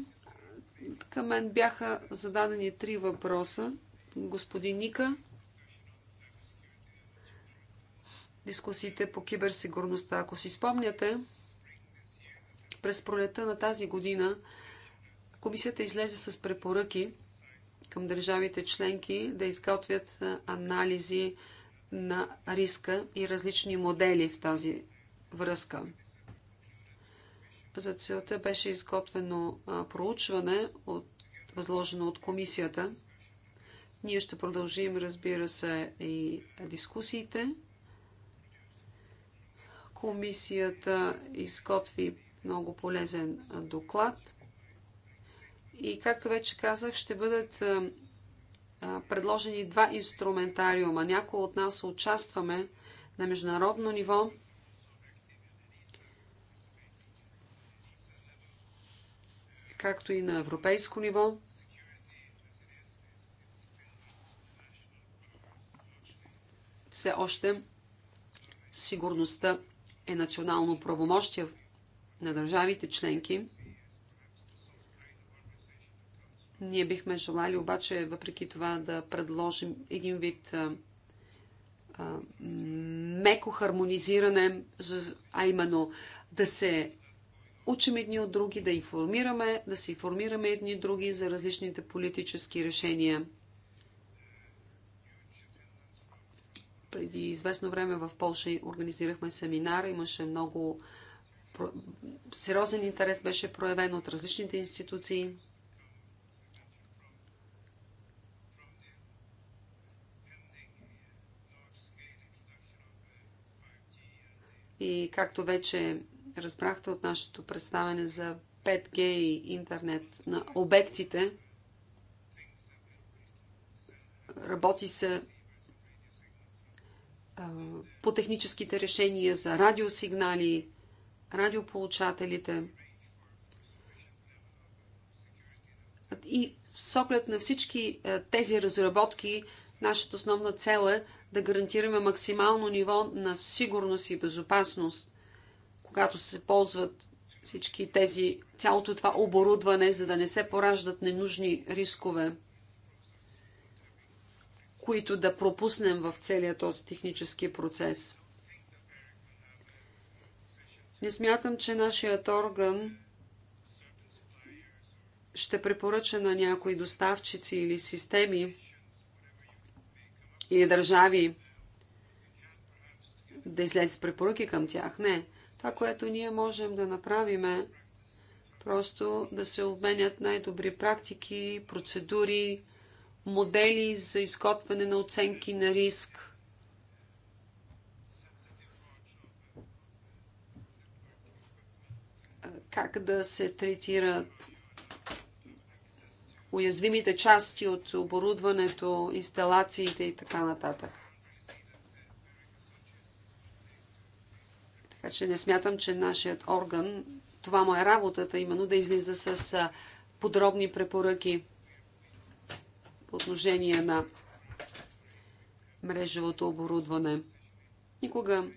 Към мен бяха зададени три въпроса. Господин Ника, дискусиите по киберсигурността. Ако си спомняте, през пролета на тази година комисията излезе с препоръки към държавите членки да изготвят анализи на риска и различни модели в тази връзка. За целта беше изготвено проучване, от, възложено от комисията. Ние ще продължим, разбира се, и дискусиите. Комисията изготви много полезен доклад. И както вече казах, ще бъдат предложени два инструментариума. Някои от нас участваме на международно ниво. както и на европейско ниво. Все още сигурността е национално правомощие на държавите членки. Ние бихме желали обаче, въпреки това, да предложим един вид а, а, меко хармонизиране, а именно да се учим едни от други, да информираме, да се информираме едни от други за различните политически решения. Преди известно време в Польша организирахме семинар, имаше много сериозен интерес беше проявен от различните институции. И както вече разбрахте от нашето представяне за 5G и интернет на обектите, работи се по техническите решения за радиосигнали, радиополучателите. И с оглед на всички е, тези разработки, нашата основна цел е да гарантираме максимално ниво на сигурност и безопасност, когато се ползват всички тези, цялото това оборудване, за да не се пораждат ненужни рискове, които да пропуснем в целия този технически процес. Не смятам, че нашият орган ще препоръча на някои доставчици или системи или държави да излезе с препоръки към тях. Не. Това, което ние можем да направим е просто да се обменят най-добри практики, процедури, модели за изготвяне на оценки на риск, как да се третират уязвимите части от оборудването, инсталациите и така нататък. Така че не смятам, че нашият орган, това му е работата, именно да излиза с подробни препоръки по отношение на мрежевото оборудване. Никога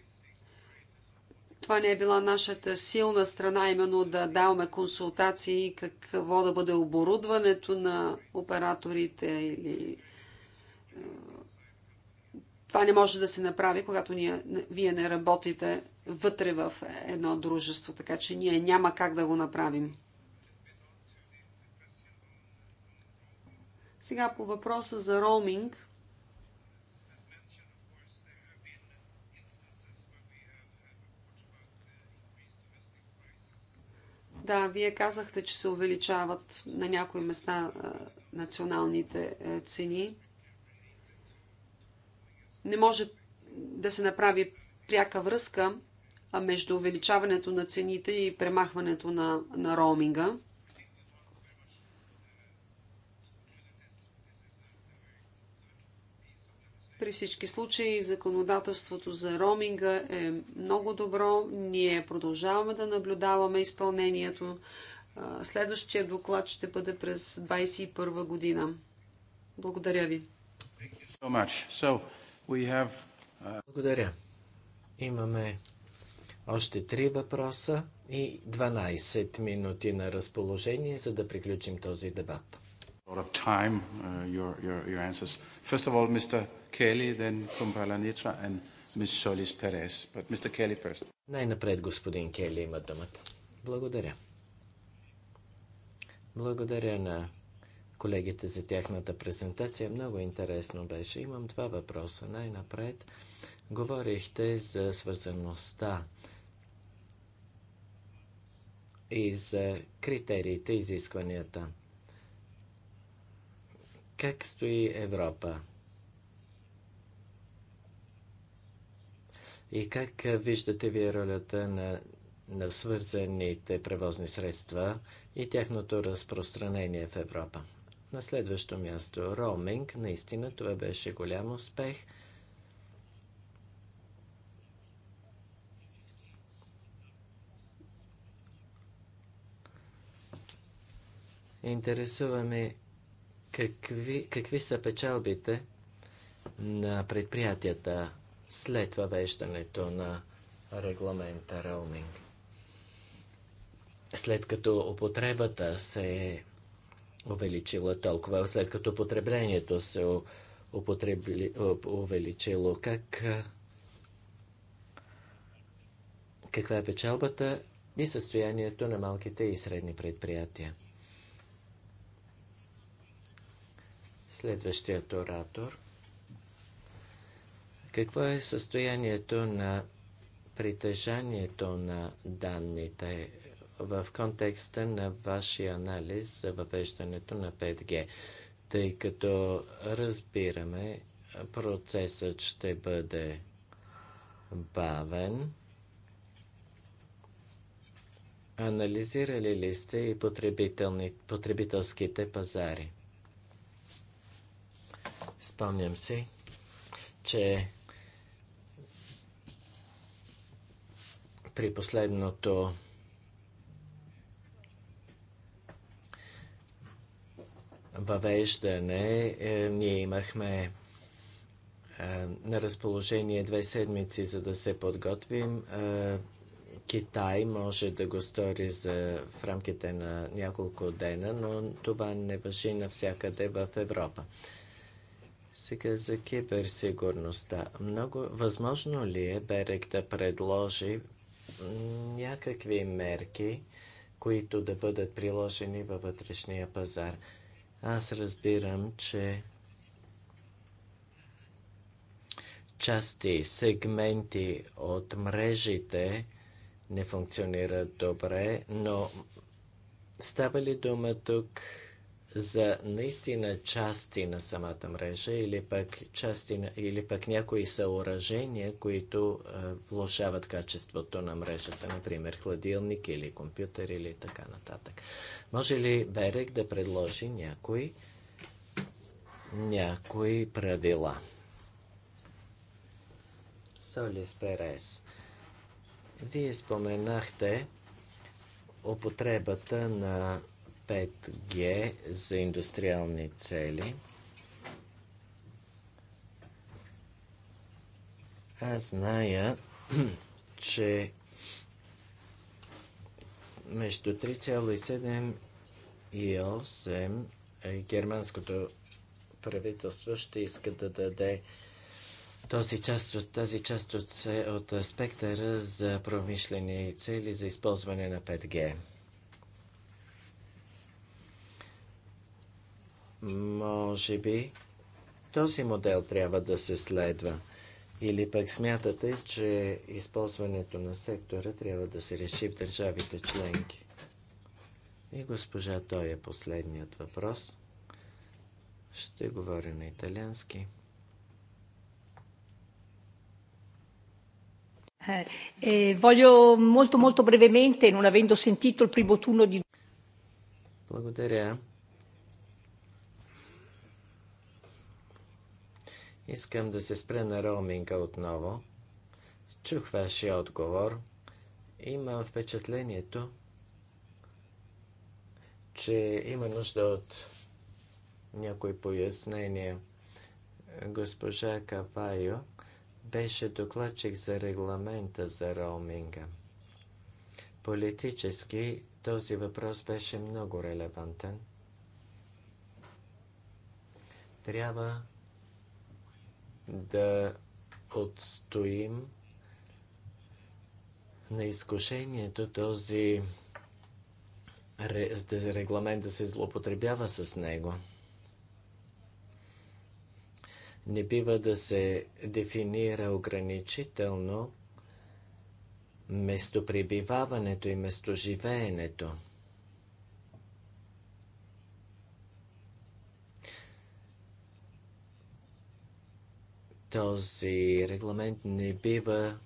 това не е била нашата силна страна, именно да даваме консултации какво да бъде оборудването на операторите или е, това не може да се направи, когато ние, вие не работите вътре в едно дружество, така че ние няма как да го направим. Сега по въпроса за роуминг. Да, вие казахте, че се увеличават на някои места националните е, цени. Не може да се направи пряка връзка между увеличаването на цените и премахването на, на роуминга. При всички случаи законодателството за роминга е много добро. Ние продължаваме да наблюдаваме изпълнението. Следващия доклад ще бъде през 2021 година. Благодаря ви. Uh, Благодаря. Имаме още три въпроса и 12 минути на разположение, за да приключим този дебат. Uh, your, your, your Kelly, then Kumbhala Nitra and Ms. Solis Perez. But Mr. Kelly first. Най-напред господин Кели има думата. Благодаря. Благодаря на колегите за тяхната презентация. Много интересно беше. Имам два въпроса. Най-напред говорихте за свързаността и за критериите, изискванията. Как стои Европа? И как виждате вие ролята на, на свързаните превозни средства и тяхното разпространение в Европа? На следващо място, роуминг. Наистина това беше голям успех. Интересуваме какви, какви са печалбите на предприятията след въвеждането на регламента роуминг. След като употребата се е увеличила толкова, след като потреблението се употребли, увеличило, как, каква е печалбата и състоянието на малките и средни предприятия. Следващият оратор – какво е състоянието на притежанието на данните в контекста на вашия анализ за въвеждането на 5G, тъй като разбираме, процесът ще бъде бавен. Анализирали ли сте и потребителските пазари? Спомням си, че при последното въвеждане е, ние имахме е, на разположение две седмици, за да се подготвим. Е, Китай може да го стори за, в рамките на няколко дена, но това не въжи навсякъде в Европа. Сега за киберсигурността. Много възможно ли е Берек да предложи някакви мерки, които да бъдат приложени във вътрешния пазар. Аз разбирам, че части, сегменти от мрежите не функционират добре, но става ли дума тук за наистина части на самата мрежа или пък, части, или пък някои съоръжения, които е, влушават качеството на мрежата, например хладилник или компютър или така нататък. Може ли Берек да предложи някои, някои правила? Солис Перес, вие споменахте употребата на 5G за индустриални цели. Аз зная, че между 3,7 и 8 германското правителство ще иска да даде този част от, тази част от, от спектъра за промишлени цели за използване на 5G. Може би този модел трябва да се следва. Или пък смятате, че използването на сектора трябва да се реши в държавите членки? И госпожа, той е последният въпрос. Ще говоря на италиански. Е, е, Благодаря. Искам да се спра на роуминга отново. Чух вашия отговор. Има впечатлението, че има нужда от някои пояснения. Госпожа Кавайо беше докладчик за регламента за роуминга. Политически този въпрос беше много релевантен. Трябва да отстоим на изкушението този регламент да се злоупотребява с него. Не бива да се дефинира ограничително местопребиваването и местоживеенето. Този регламент не бива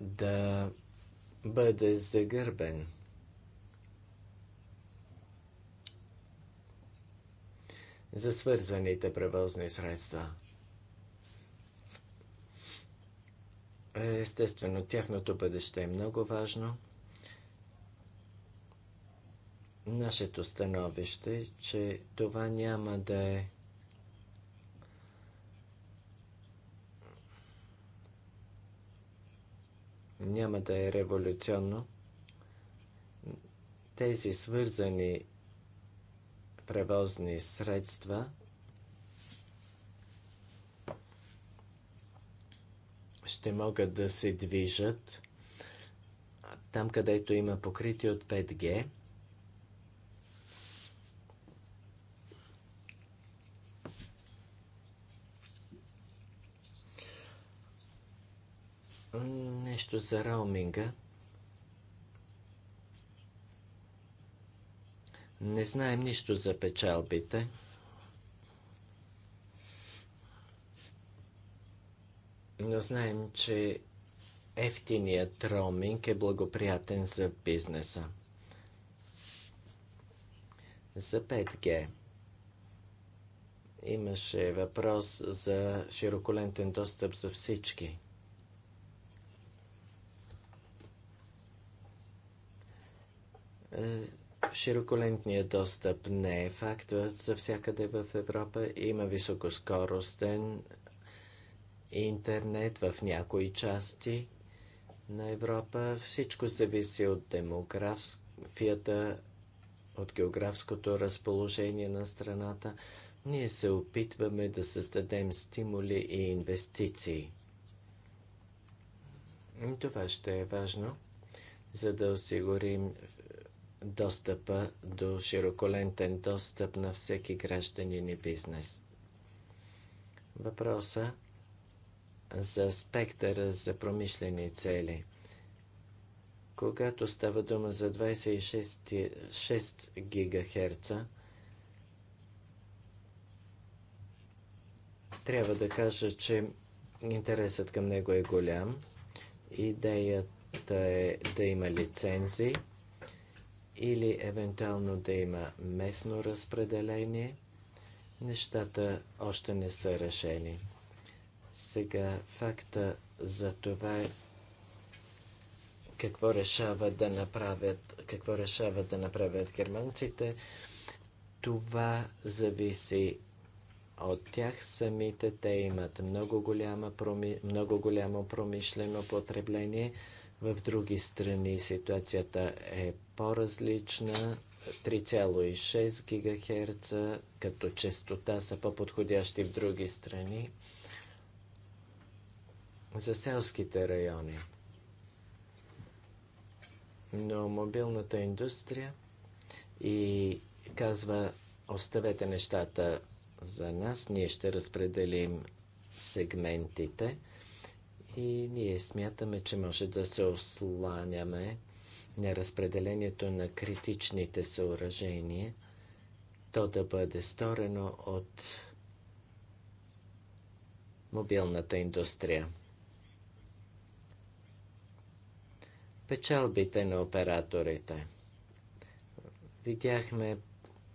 да бъде загърбен. за свързаните превозни средства. Естествено, тяхното бъдеще е много важно – Нашето становище че това няма да е няма да е революционно. Тези свързани превозни средства ще могат да се движат там, където има покритие от 5G – нещо за роуминга. Не знаем нищо за печалбите. Но знаем, че ефтиният роуминг е благоприятен за бизнеса. За 5G имаше въпрос за широколентен достъп за всички – Е, широколентният достъп не е факт. Завсякъде в Европа има високоскоростен интернет в някои части на Европа. Всичко зависи от демографията, от географското разположение на страната. Ние се опитваме да създадем стимули и инвестиции. Това ще е важно, за да осигурим достъпа до широколентен достъп на всеки гражданин и бизнес. Въпроса за спектъра за промишлени цели. Когато става дума за 26 ГГц, трябва да кажа, че интересът към него е голям. Идеята е да има лицензии – или евентуално да има местно разпределение. Нещата още не са решени. Сега факта за това какво решават да направят, какво решават да направят германците, това зависи от тях самите. Те имат много, голяма, много голямо промишлено потребление – в други страни ситуацията е по-различна. 3,6 ГГц като частота са по-подходящи в други страни. За селските райони. Но мобилната индустрия и казва оставете нещата за нас, ние ще разпределим сегментите – и ние смятаме, че може да се осланяме на разпределението на критичните съоръжения, то да бъде сторено от мобилната индустрия. Печалбите на операторите. Видяхме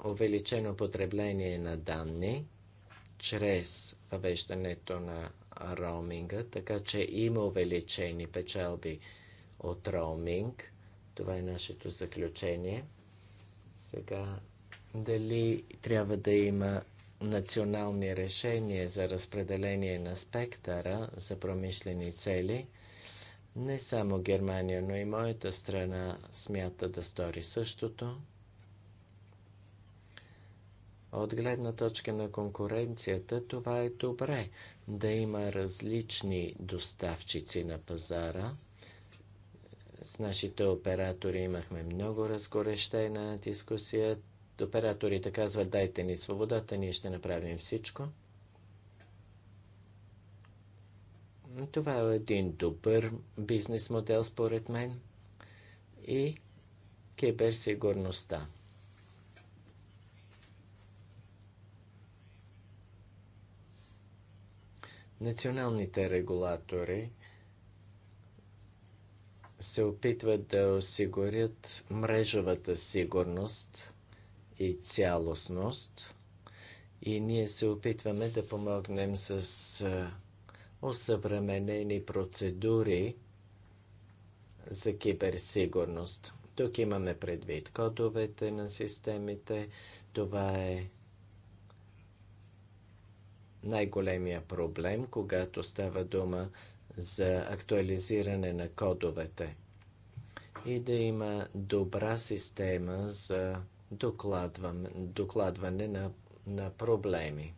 увеличено потребление на данни чрез въвеждането на роуминга, така че има увеличени печалби от роуминг. Това е нашето заключение. Сега, дали трябва да има национални решения за разпределение на спектъра за промишлени цели, не само Германия, но и моята страна смята да стори същото. От гледна точка на конкуренцията, това е добре, да има различни доставчици на пазара. С нашите оператори имахме много разгорещена дискусия. Операторите казват, дайте ни свободата, ние ще направим всичко. Това е един добър бизнес модел, според мен. И киберсигурността. Националните регулатори се опитват да осигурят мрежовата сигурност и цялостност и ние се опитваме да помогнем с осъвременени процедури за киберсигурност. Тук имаме предвид кодовете на системите, това е най-големия проблем, когато става дума за актуализиране на кодовете и да има добра система за докладване, докладване на, на проблеми.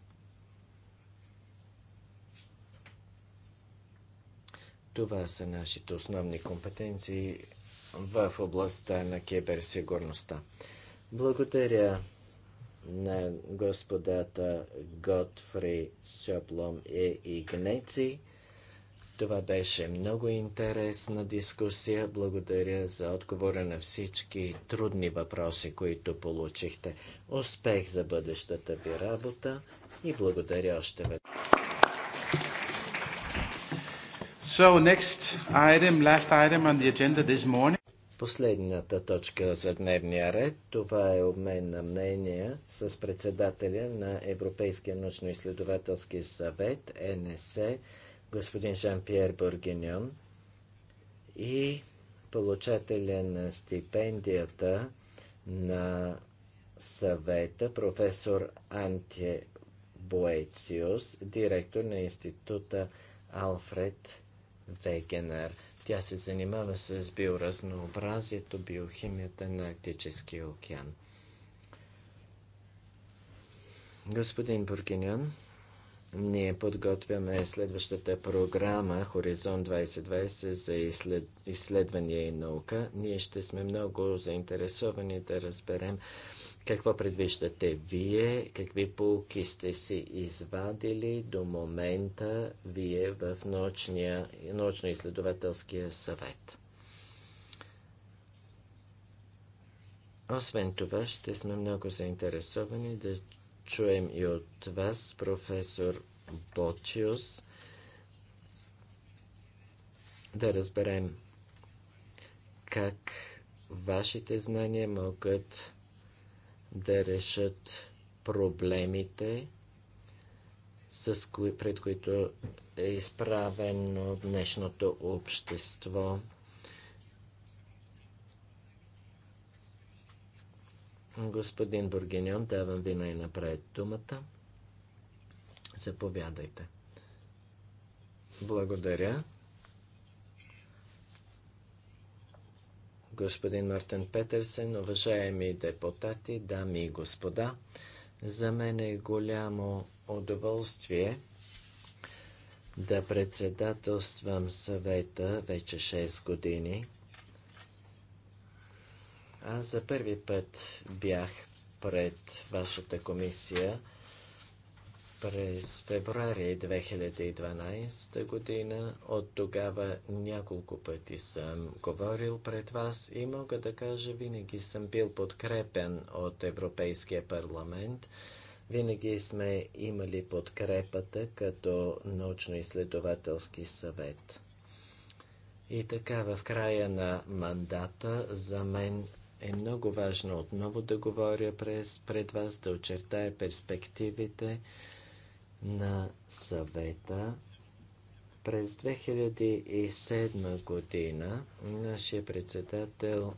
Това са нашите основни компетенции в областта на киберсигурността. Благодаря на господата Готфри Шоплом и Игнеци. Това беше много интересна дискусия. Благодаря за отговора на всички трудни въпроси, които получихте. Успех за бъдещата ви работа и благодаря още веднъж. So next item, last item on the agenda this morning. Последната точка за дневния ред, това е обмен на мнения с председателя на Европейския научно-изследователски съвет, НС, господин Жан-Пьер Бургиньон и получателя на стипендията на съвета, професор Анте Боециус, директор на института Алфред Вегенер. Тя се занимава с биоразнообразието, биохимията на Арктическия океан. Господин Бургиньон, ние подготвяме следващата програма Хоризонт 2020 за изследвания и наука. Ние ще сме много заинтересовани да разберем какво предвиждате вие? Какви полки сте си извадили до момента вие в научно-изследователския съвет? Освен това, ще сме много заинтересовани да чуем и от вас, професор Бочиус, да разберем как вашите знания могат да решат проблемите, с кои, пред които е изправено днешното общество. Господин Бургиньон, давам ви най-напред думата. Заповядайте. Благодаря. господин Мартин Петерсен, уважаеми депутати, дами и господа. За мен е голямо удоволствие да председателствам съвета вече 6 години. Аз за първи път бях пред вашата комисия – през февруари 2012 година от тогава няколко пъти съм говорил пред вас и мога да кажа, винаги съм бил подкрепен от Европейския парламент. Винаги сме имали подкрепата като научно-изследователски съвет. И така, в края на мандата за мен е много важно отново да говоря през, пред вас, да очертая перспективите, на съвета през 2007 година нашия председател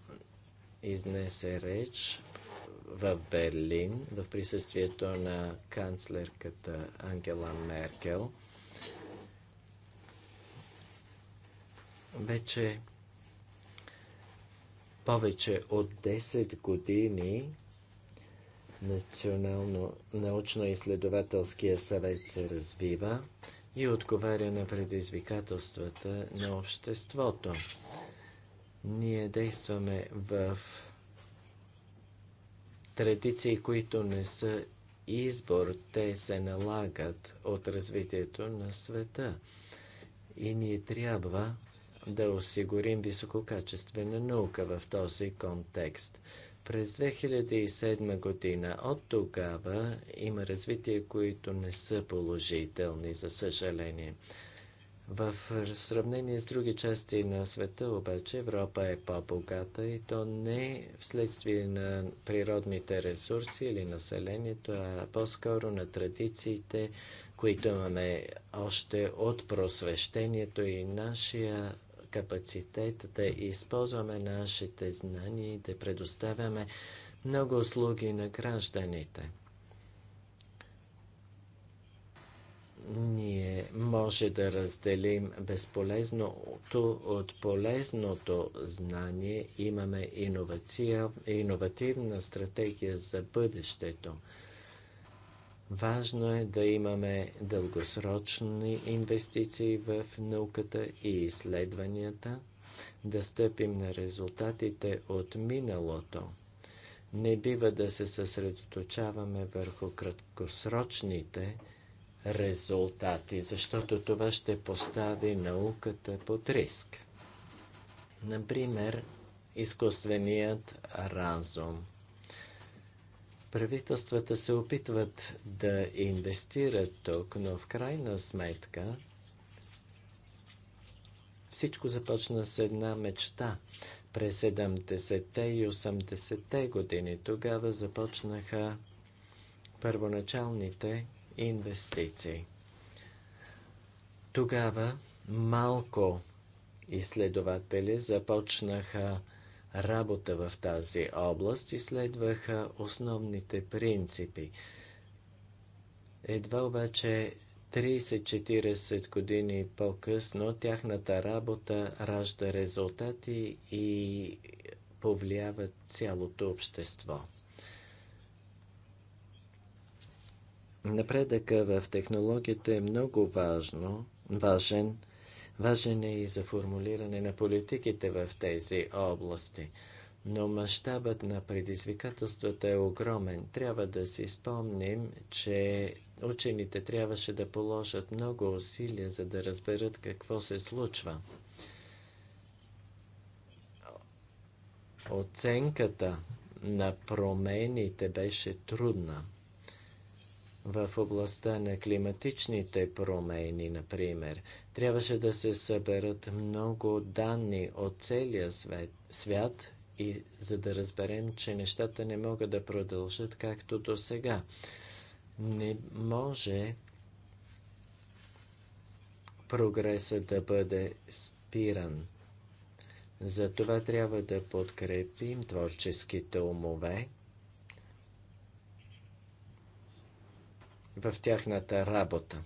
изнесе реч в Берлин в присъствието на канцлерката Ангела Меркел. Вече повече от 10 години Национално научно-изследователския съвет се развива и отговаря на предизвикателствата на обществото. Ние действаме в традиции, които не са избор, те се налагат от развитието на света. И ние трябва да осигурим висококачествена наука в този контекст. През 2007 година от тогава има развитие, които не са положителни, за съжаление. В сравнение с други части на света, обаче, Европа е по-богата и то не вследствие на природните ресурси или населението, а по-скоро на традициите, които имаме още от просвещението и нашия капацитет да използваме нашите знания и да предоставяме много услуги на гражданите. Ние може да разделим безполезното от полезното знание. Имаме иновативна стратегия за бъдещето. Важно е да имаме дългосрочни инвестиции в науката и изследванията, да стъпим на резултатите от миналото. Не бива да се съсредоточаваме върху краткосрочните резултати, защото това ще постави науката под риск. Например, изкуственият разум – Правителствата се опитват да инвестират тук, но в крайна сметка всичко започна с една мечта. През 70-те и 80-те години тогава започнаха първоначалните инвестиции. Тогава малко изследователи започнаха работа в тази област и следваха основните принципи. Едва обаче 30-40 години по-късно тяхната работа ражда резултати и повлиява цялото общество. Напредъка в технологията е много важно, важен – Важен е и за формулиране на политиките в тези области. Но мащабът на предизвикателствата е огромен. Трябва да си спомним, че учените трябваше да положат много усилия, за да разберат какво се случва. Оценката на промените беше трудна в областта на климатичните промени, например. Трябваше да се съберат много данни от целия свет, свят и за да разберем, че нещата не могат да продължат както до сега. Не може прогресът да бъде спиран. Затова трябва да подкрепим творческите умове, в тяхната работа.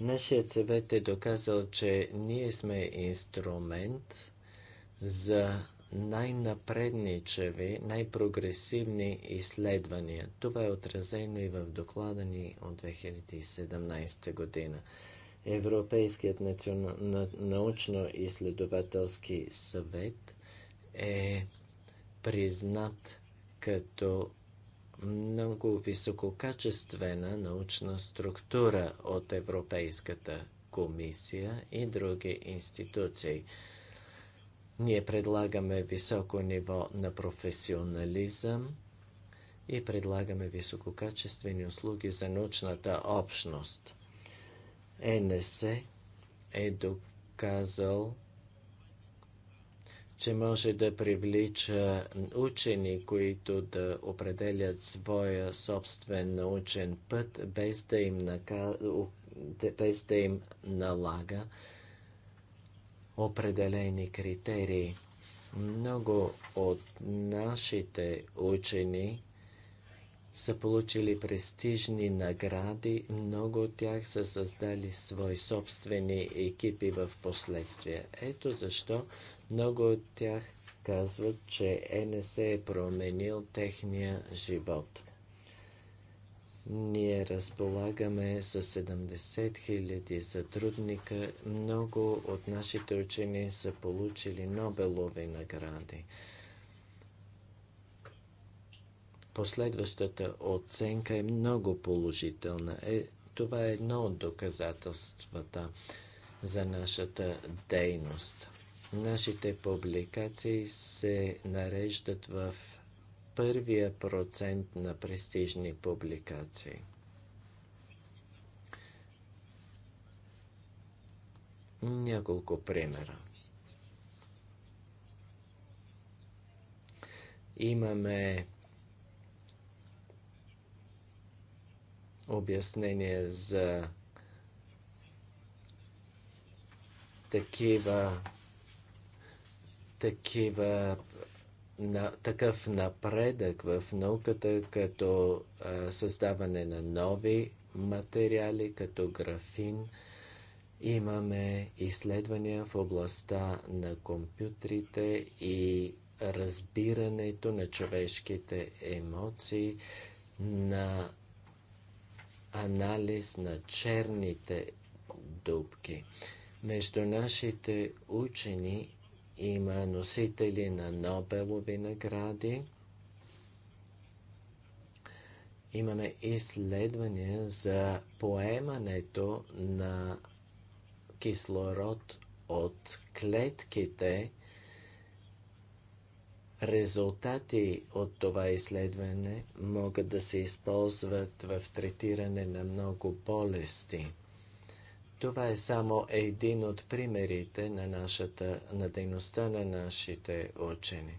Нашият съвет е доказал, че ние сме инструмент за най-напредничеви, най-прогресивни изследвания. Това е отразено и в доклада ни от 2017 година. Европейският национ... научно-изследователски съвет е признат като много висококачествена научна структура от Европейската комисия и други институции. Ние предлагаме високо ниво на професионализъм и предлагаме висококачествени услуги за научната общност. ЕНС е доказал че може да привлича учени, които да определят своя собствен научен път, без да им, нака... без да им налага определени критерии. Много от нашите учени са получили престижни награди, много от тях са създали свои собствени екипи в последствие. Ето защо много от тях казват, че НС е променил техния живот. Ние разполагаме с 70 000 сътрудника. Много от нашите учени са получили Нобелови награди. Последващата оценка е много положителна. Е, това е едно от доказателствата за нашата дейност. Нашите публикации се нареждат в първия процент на престижни публикации. Няколко примера. Имаме обяснение за такива такива на такъв напредък в науката, като а, създаване на нови материали, като графин. Имаме изследвания в областта на компютрите и разбирането на човешките емоции, на анализ на черните дубки. Между нашите учени има носители на Нобелови награди. Имаме изследвания за поемането на кислород от клетките. Резултати от това изследване могат да се използват в третиране на много болести. Това е само един от примерите на, нашата, на дейността на нашите учени.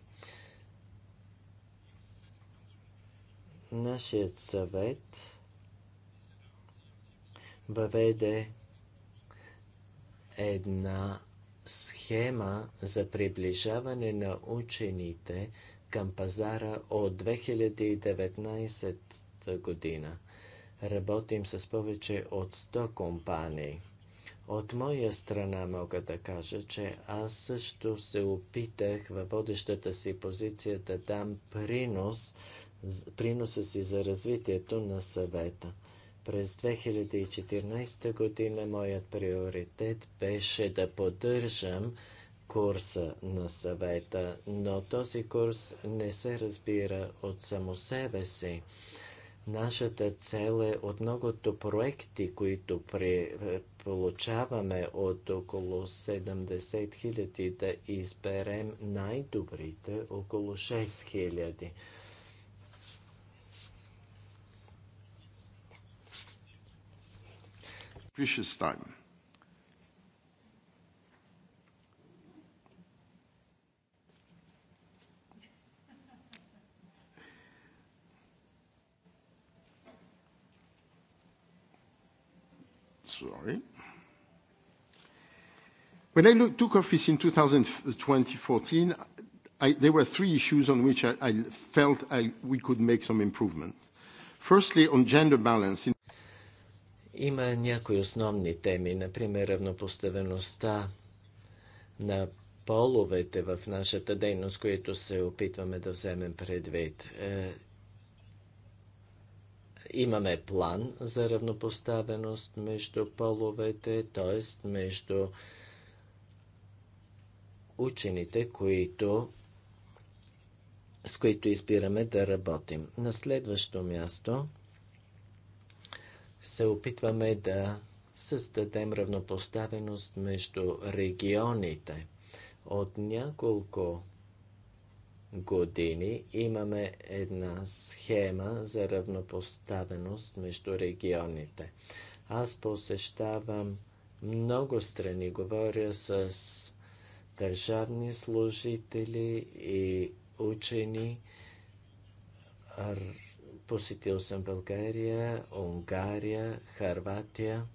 Нашият съвет въведе една схема за приближаване на учените към пазара от 2019 година. Работим с повече от 100 компании. От моя страна мога да кажа, че аз също се опитах във водещата си позиция да дам принос, приноса си за развитието на съвета. През 2014 година моят приоритет беше да поддържам курса на съвета, но този курс не се разбира от само себе си. Нашата цел е от многото проекти, които при, е, получаваме от около 70 хиляди, да изберем най-добрите около 6 хиляди. precious time. sorry. When I look, took office in 2014, I, there were three issues on which I, felt we could make some improvement. Firstly, on gender balance. Има някои основни теми, например равнопоставеността на половете в нашата дейност, които се опитваме да вземем предвид имаме план за равнопоставеност между половете, т.е. между учените, които, с които избираме да работим. На следващо място се опитваме да създадем равнопоставеност между регионите. От няколко години имаме една схема за равнопоставеност между регионите. Аз посещавам много страни, говоря с държавни служители и учени. Посетил съм България, Унгария, Харватия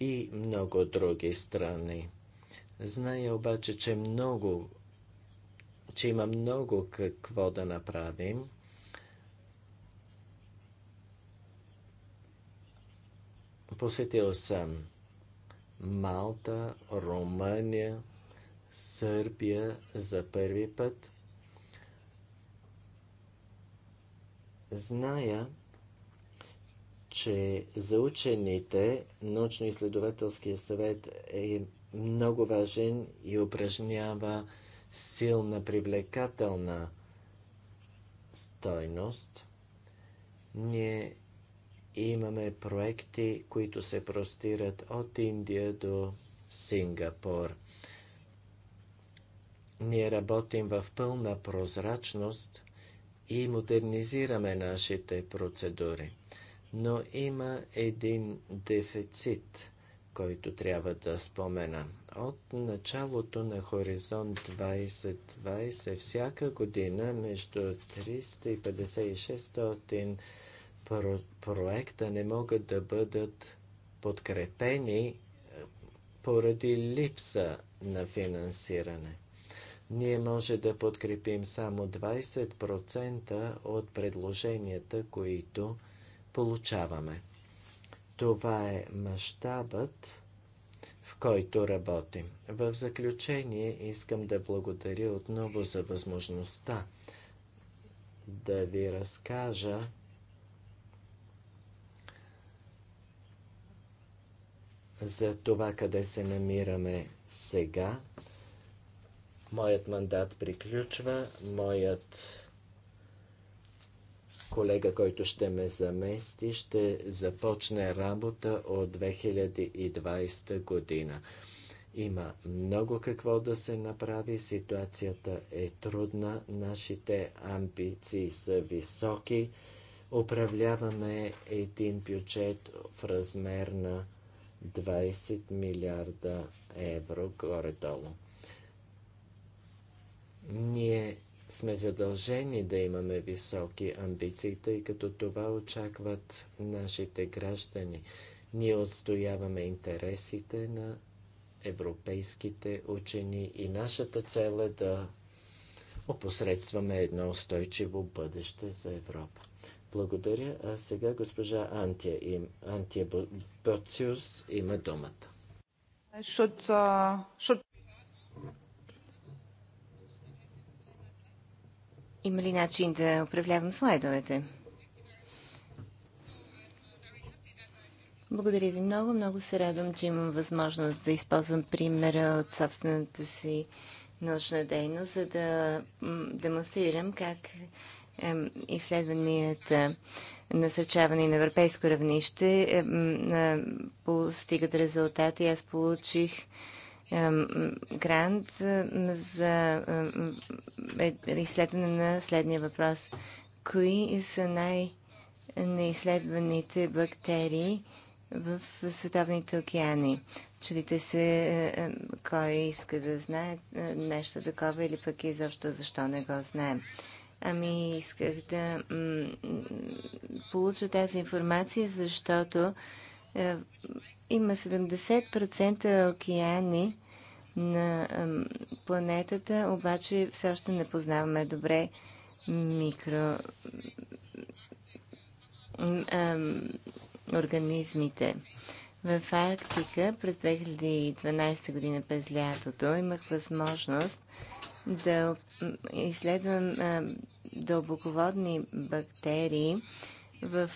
и много други страни. Зная обаче, че много, че има много какво да направим. Посетил съм Малта, Румъния, Сърбия за първи път. Зная, че за учените научно-изследователския съвет е много важен и упражнява силна привлекателна стойност. Ние имаме проекти, които се простират от Индия до Сингапур. Ние работим в пълна прозрачност и модернизираме нашите процедури. Но има един дефицит който трябва да спомена. От началото на Хоризонт 2020 всяка година между 350 и 600 проекта не могат да бъдат подкрепени е, поради липса на финансиране. Ние може да подкрепим само 20% от предложенията, които получаваме. Това е мащабът, в който работим. В заключение искам да благодаря отново за възможността да ви разкажа за това къде се намираме сега. Моят мандат приключва, моят колега, който ще ме замести, ще започне работа от 2020 година. Има много какво да се направи, ситуацията е трудна, нашите амбиции са високи. Управляваме един бюджет в размер на 20 милиарда евро горе-долу. Ние сме задължени да имаме високи амбиции, тъй като това очакват нашите граждани. Ние отстояваме интересите на европейските учени и нашата цел е да опосредстваме едно устойчиво бъдеще за Европа. Благодаря. А сега госпожа Антия, им, Антия Боциус има думата. Should, uh, should... Има ли начин да управлявам слайдовете? Благодаря ви много. Много се радвам, че имам възможност да използвам примера от собствената си научна дейност, за да демонстрирам как изследванията насърчаване на европейско равнище е, постигат резултати. Аз получих грант за е, изследване на следния въпрос. Кои са най-неизследваните бактерии в световните океани? Чудите се е, е, кой иска да знае нещо такова или пък изобщо защо не го знаем. Ами исках да получа тази информация, защото е, има 70% океани на планетата, обаче все още не познаваме добре микро организмите. В Арктика през 2012 година през лятото имах възможност да изследвам дълбоководни бактерии, в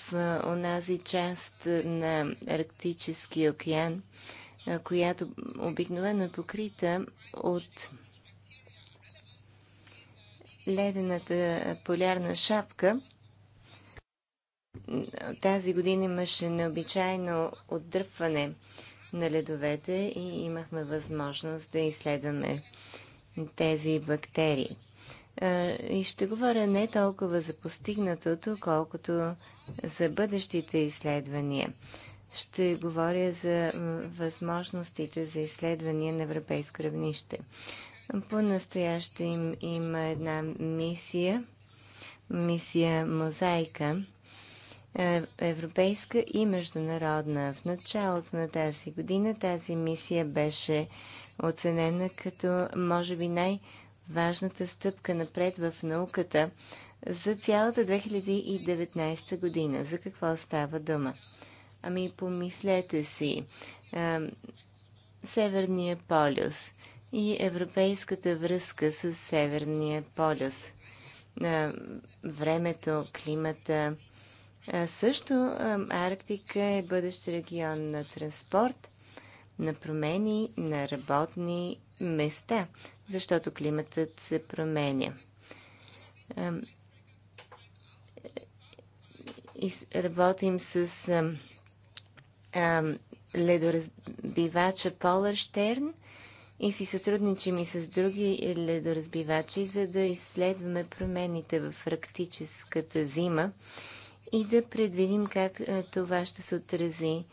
онази част на Арктическия океан, която обикновено е покрита от ледената полярна шапка. Тази година имаше необичайно отдръпване на ледовете и имахме възможност да изследваме тези бактерии. И ще говоря не толкова за постигнатото, колкото за бъдещите изследвания. Ще говоря за възможностите за изследвания на европейско равнище. По-настояще им има една мисия, мисия Мозайка, е, европейска и международна. В началото на тази година тази мисия беше оценена като, може би, най- важната стъпка напред в науката за цялата 2019 година. За какво става дума? Ами помислете си. А, Северния полюс и европейската връзка с Северния полюс. А, времето, климата. А, също Арктика е бъдещ регион на транспорт, на промени, на работни места, защото климатът се променя работим с а, а, ледоразбивача Полар Штерн и си сътрудничим и с други ледоразбивачи, за да изследваме промените в арктическата зима и да предвидим как това ще се отрази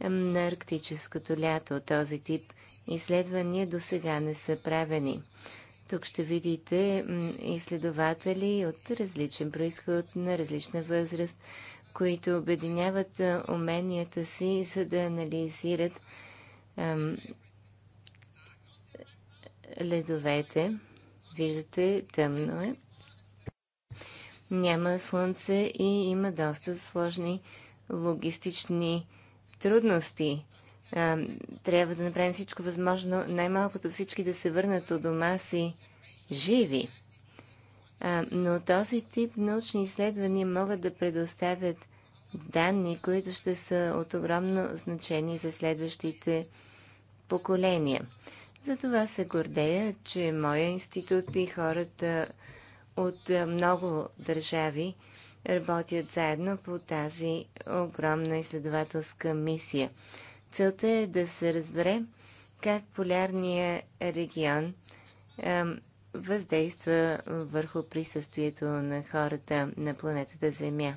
на арктическото лято. Този тип изследвания до сега не са правени. Тук ще видите изследователи от различен происход, на различна възраст, които обединяват уменията си, за да анализират ам, ледовете. Виждате, тъмно е. Няма слънце и има доста сложни логистични трудности трябва да направим всичко възможно, най-малкото всички да се върнат от дома си живи. но този тип научни изследвания могат да предоставят данни, които ще са от огромно значение за следващите поколения. Затова се гордея, че моя институт и хората от много държави работят заедно по тази огромна изследователска мисия. Целта е да се разбере как полярния регион е, въздейства върху присъствието на хората на планетата Земя.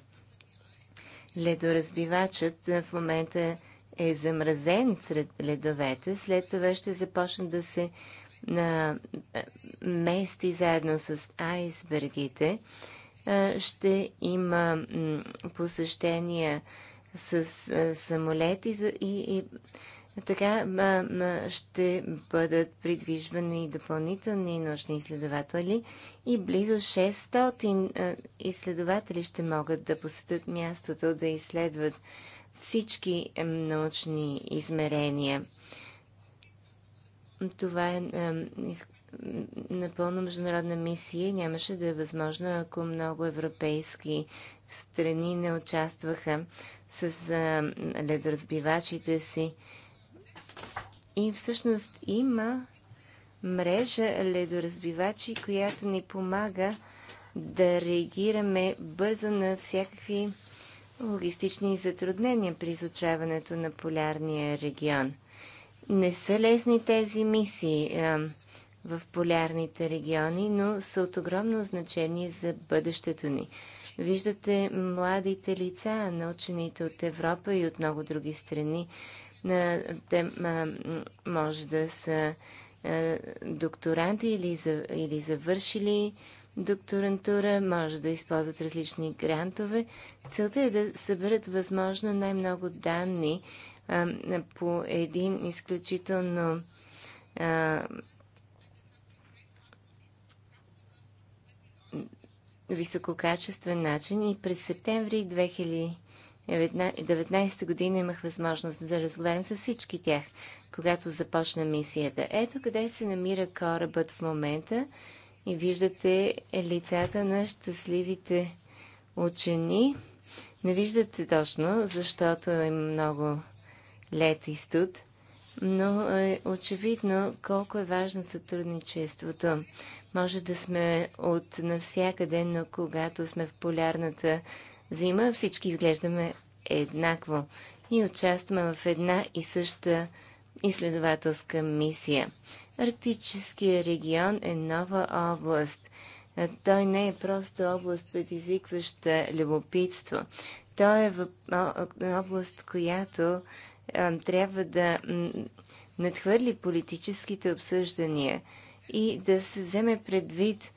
Ледоразбивачът в момента е замразен сред ледовете, след това ще започне да се на, мести заедно с айсбергите. Ще има посещения с самолет и, и, и така ще бъдат придвижвани допълнителни научни изследователи и близо 600 изследователи ще могат да посетят мястото да изследват всички научни измерения. Това е напълно международна мисия и нямаше да е възможно, ако много европейски страни не участваха с а, ледоразбивачите си. И всъщност има мрежа ледоразбивачи, която ни помага да реагираме бързо на всякакви логистични затруднения при изучаването на полярния регион. Не са лесни тези мисии а, в полярните региони, но са от огромно значение за бъдещето ни. Виждате младите лица на учените от Европа и от много други страни. Те може да са докторанти или, завършили докторантура, може да използват различни грантове. Целта е да съберат възможно най-много данни по един изключително висококачествен начин и през септември 2019 година имах възможност да разговарям с всички тях, когато започна мисията. Ето къде се намира корабът в момента и виждате лицата на щастливите учени. Не виждате точно, защото е много лед и студ, но е очевидно колко е важно сътрудничеството. Може да сме от навсякъде, но когато сме в полярната зима, всички изглеждаме еднакво и участваме в една и съща изследователска мисия. Арктическия регион е нова област. Той не е просто област, предизвикваща любопитство. Той е в област, която трябва да надхвърли политическите обсъждания и да се вземе предвид,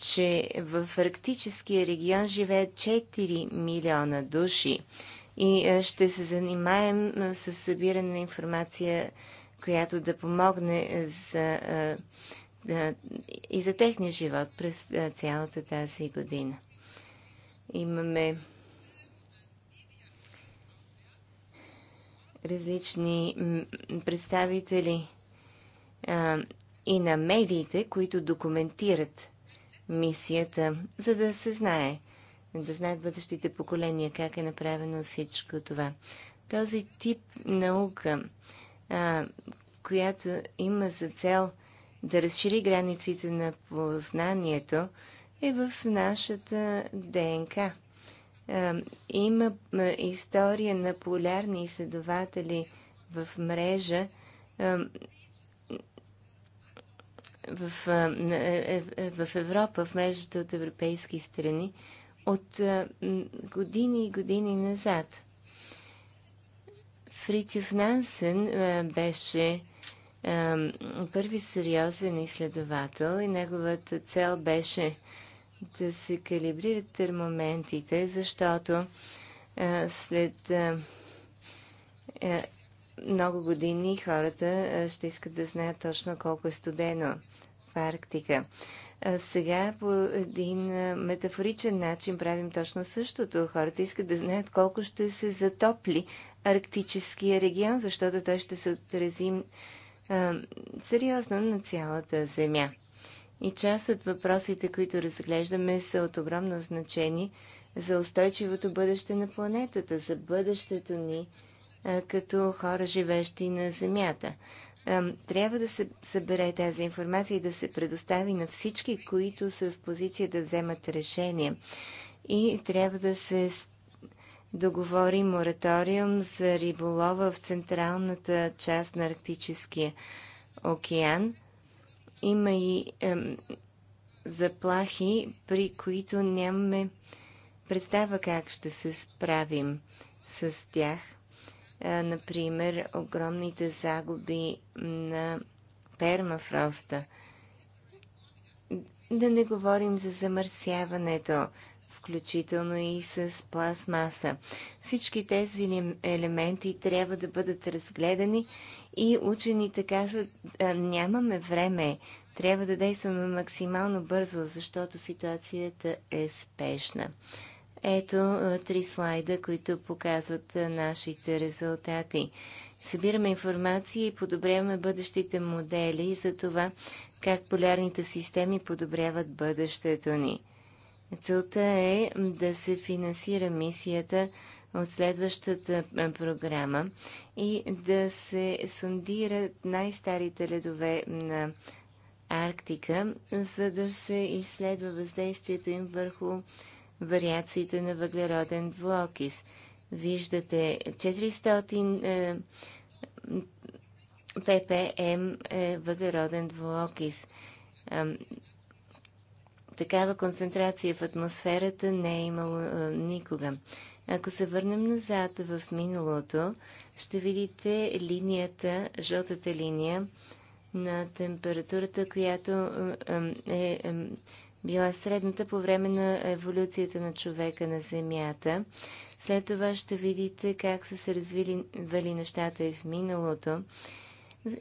че в арктическия регион живеят 4 милиона души и ще се занимаем с събиране на информация, която да помогне за, и за техния живот през цялата тази година. Имаме различни представители и на медиите, които документират мисията, за да се знае, да знаят бъдещите поколения как е направено всичко това. Този тип наука, а, която има за цел да разшири границите на познанието, е в нашата ДНК. А, има история на полярни изследователи в мрежа, в, е, е, в Европа, в мрежата от европейски страни, от години и години назад. Фритюф Нансен беше първи сериозен изследовател и неговата цел беше да се калибрират термоментите, защото след много години хората ще искат да знаят точно колко е студено. Арктика. А сега по един метафоричен начин правим точно същото. Хората искат да знаят колко ще се затопли арктическия регион, защото той ще се отрази а, сериозно на цялата Земя. И част от въпросите, които разглеждаме, са от огромно значение за устойчивото бъдеще на планетата, за бъдещето ни а, като хора, живещи на Земята трябва да се събере тази информация и да се предостави на всички, които са в позиция да вземат решение. И трябва да се договори мораториум за риболова в централната част на Арктическия океан. Има и ем, заплахи, при които нямаме представа как ще се справим с тях – е, например, огромните загуби на пермафроста. Да не говорим за замърсяването, включително и с пластмаса. Всички тези елементи трябва да бъдат разгледани и учените казват, нямаме време, трябва да действаме максимално бързо, защото ситуацията е спешна. Ето три слайда, които показват нашите резултати. Събираме информация и подобряваме бъдещите модели за това как полярните системи подобряват бъдещето ни. Целта е да се финансира мисията от следващата програма и да се сондират най-старите ледове на Арктика, за да се изследва въздействието им върху вариациите на въглероден двуокис. Виждате 400 е, ppm е въглероден двуокис. Е, такава концентрация в атмосферата не е имало е, никога. Ако се върнем назад в миналото, ще видите линията, жълтата линия на температурата, която е била средната по време на еволюцията на човека на Земята. След това ще видите как са се развили нещата и в миналото.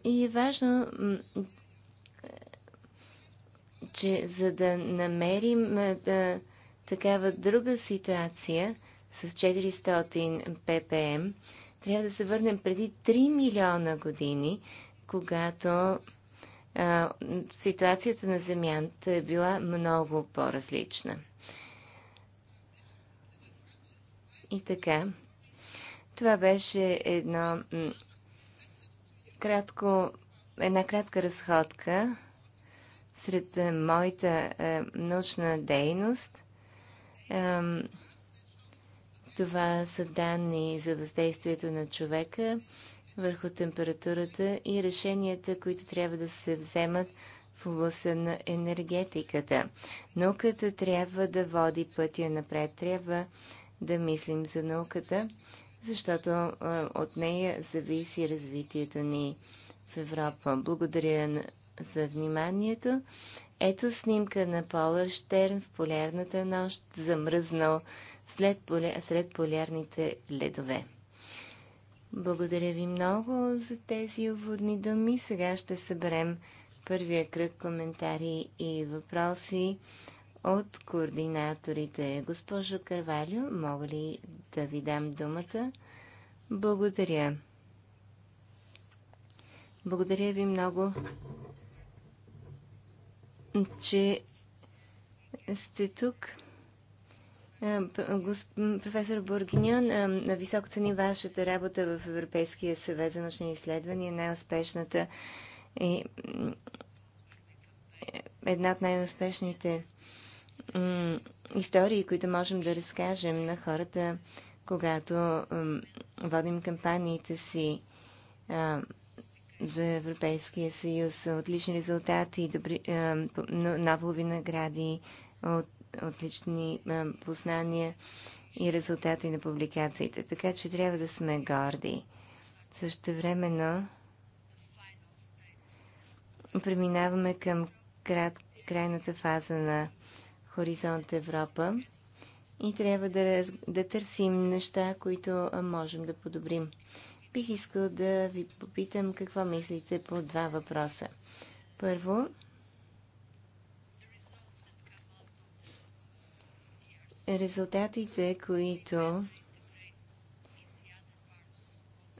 И е важно, че за да намерим да, такава друга ситуация с 400 ppm, трябва да се върнем преди 3 милиона години, когато а, ситуацията на земята е била много по-различна. И така, това беше едно кратко, една кратка разходка сред моята е, научна дейност. Е, това са данни за въздействието на човека върху температурата и решенията, които трябва да се вземат в областта на енергетиката. Науката трябва да води пътя напред. Трябва да мислим за науката, защото от нея зависи развитието ни в Европа. Благодаря за вниманието. Ето снимка на Пола Штерн в полярната нощ, замръзнал след поля... сред полярните ледове. Благодаря ви много за тези уводни думи. Сега ще съберем първия кръг коментари и въпроси от координаторите. Госпожо Карвалю, мога ли да ви дам думата? Благодаря. Благодаря ви много, че сте тук. Е, професор на е, високо цени вашата работа в Европейския съвет за научни изследвания, най-успешната и е, една от най-успешните истории, които можем да разкажем на хората, когато водим кампаниите си за Европейския съюз. Отлични резултати, добри, Нобелови награди от отлични познания и резултати на публикациите. Така че трябва да сме горди. Също времено преминаваме към крат, крайната фаза на Хоризонт Европа и трябва да, да търсим неща, които можем да подобрим. Бих искал да ви попитам какво мислите по два въпроса. Първо, резултатите, които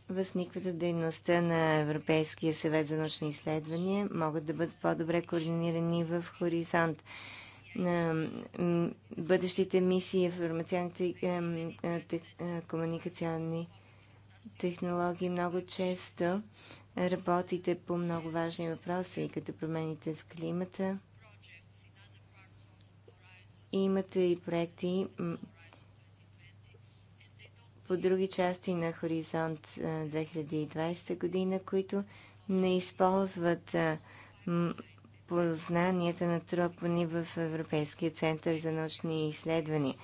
възникват от дейността на Европейския съвет за научни изследвания, могат да бъдат по-добре координирани в хоризонт на бъдещите мисии, информационните е, е, комуникационни технологии. Много често работите по много важни въпроси, като промените в климата – Имате и проекти по други части на Хоризонт 2020 година, които не използват познанията на натрупани в Европейския център за научни изследвания.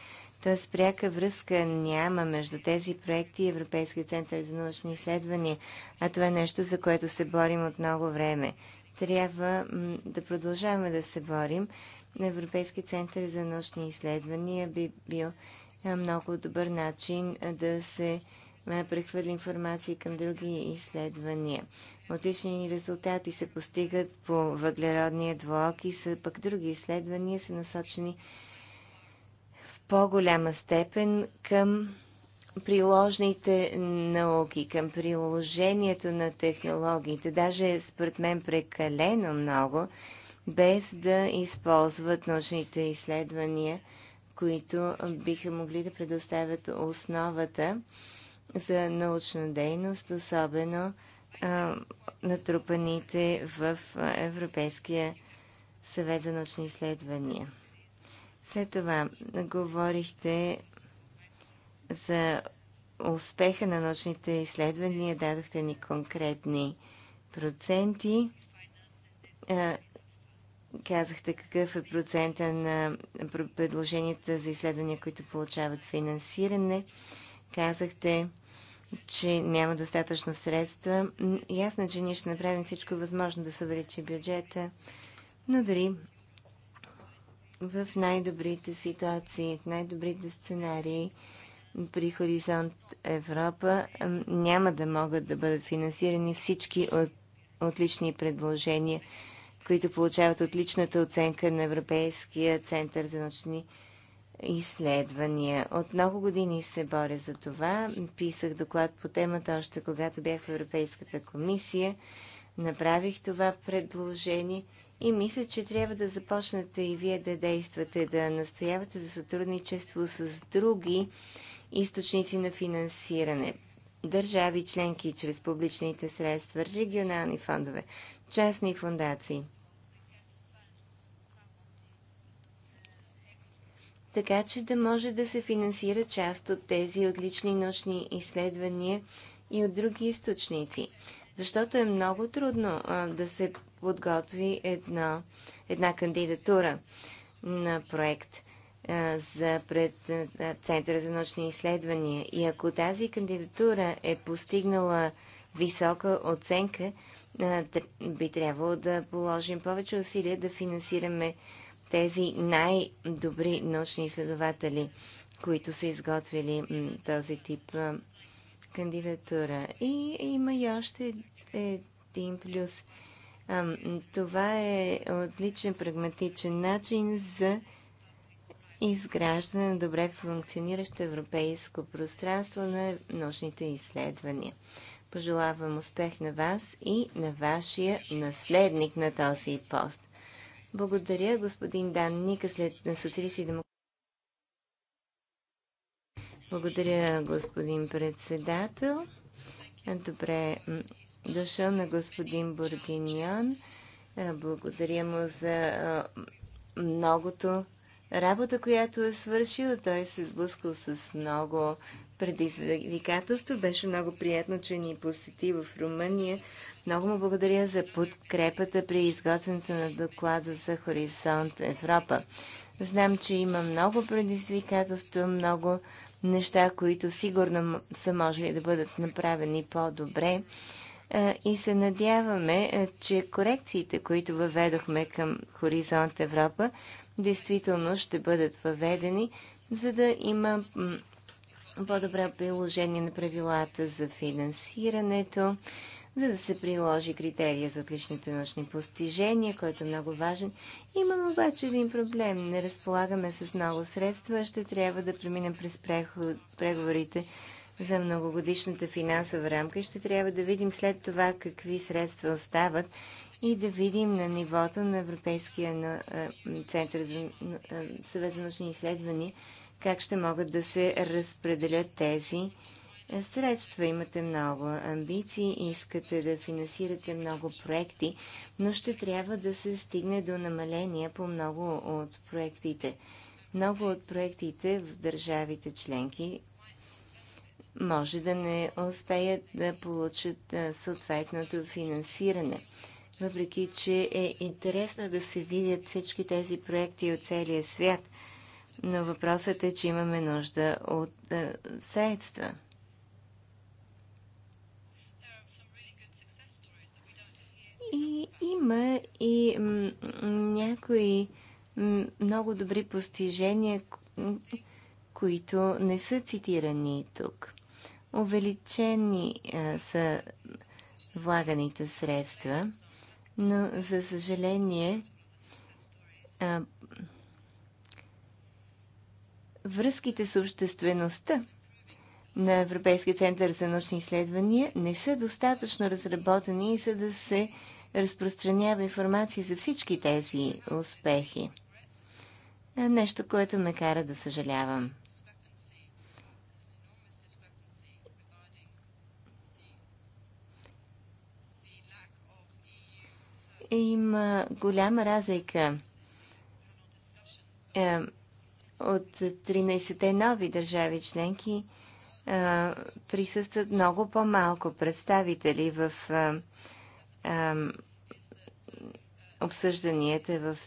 Тоест пряка връзка няма между тези проекти и Европейския център за научни изследвания, а това е нещо, за което се борим от много време. Трябва да продължаваме да се борим на Европейски център за научни изследвания би бил е, много добър начин е, да се е, прехвърли информации към други изследвания. Отлични резултати се постигат по въглеродния и са пък други изследвания са насочени в по-голяма степен към приложните науки, към приложението на технологиите. Даже според мен прекалено много без да използват научните изследвания, които биха могли да предоставят основата за научна дейност, особено а, натрупаните в Европейския съвет за научни изследвания. След това говорихте за успеха на научните изследвания, дадохте ни конкретни проценти. А, казахте какъв е процента на предложенията за изследвания, които получават финансиране. Казахте, че няма достатъчно средства. Ясно е, че ние ще направим всичко възможно да се увеличи бюджета, но дори в най-добрите ситуации, в най-добрите сценарии при Хоризонт Европа няма да могат да бъдат финансирани всички от, отлични предложения които получават отличната оценка на Европейския център за научни изследвания. От много години се боря за това. Писах доклад по темата още когато бях в Европейската комисия. Направих това предложение и мисля, че трябва да започнете и вие да действате, да настоявате за сътрудничество с други източници на финансиране. Държави, членки чрез публичните средства, регионални фондове, частни фундации – така че да може да се финансира част от тези отлични научни изследвания и от други източници. Защото е много трудно а, да се подготви една, една кандидатура на проект а, за пред а, Центъра за научни изследвания. И ако тази кандидатура е постигнала висока оценка, а, би трябвало да положим повече усилия да финансираме тези най-добри научни изследователи, които са изготвили този тип кандидатура. И има и още един плюс. Това е отличен прагматичен начин за изграждане на добре функциониращо европейско пространство на научните изследвания. Пожелавам успех на вас и на вашия наследник на този пост. Благодаря, господин Дан Ника, след на социалисти и демократи. Благодаря, господин председател. Добре дошъл на господин Бургиньон. Благодаря му за многото работа, която е свършил. Той се е сблъскал с много предизвикателство. Беше много приятно, че ни посети в Румъния много му благодаря за подкрепата при изготвянето на доклада за Хоризонт Европа. Знам, че има много предизвикателства, много неща, които сигурно са можели да бъдат направени по-добре. И се надяваме, че корекциите, които въведохме към Хоризонт Европа, действително ще бъдат въведени, за да има по-добре приложение на правилата за финансирането за да се приложи критерия за отличните научни постижения, който е много важен. Имам обаче един проблем. Не разполагаме с много средства, ще трябва да преминем през преговорите за многогодишната финансова рамка и ще трябва да видим след това какви средства остават и да видим на нивото на Европейския е, център за е, съвет за научни изследвания как ще могат да се разпределят тези средства, имате много амбиции, искате да финансирате много проекти, но ще трябва да се стигне до намаления по много от проектите. Много от проектите в държавите членки може да не успеят да получат съответното финансиране. Въпреки, че е интересно да се видят всички тези проекти от целия свят, но въпросът е, че имаме нужда от средства. Има и някои много добри постижения, които не са цитирани тук. Увеличени са влаганите средства, но за съжаление връзките с обществеността на Европейския център за научни изследвания не са достатъчно разработени и за да се разпространява информация за всички тези успехи. Е, нещо, което ме кара да съжалявам. Има голяма разлика е, от 13-те нови държави членки е, присъстват много по-малко представители в обсъжданията в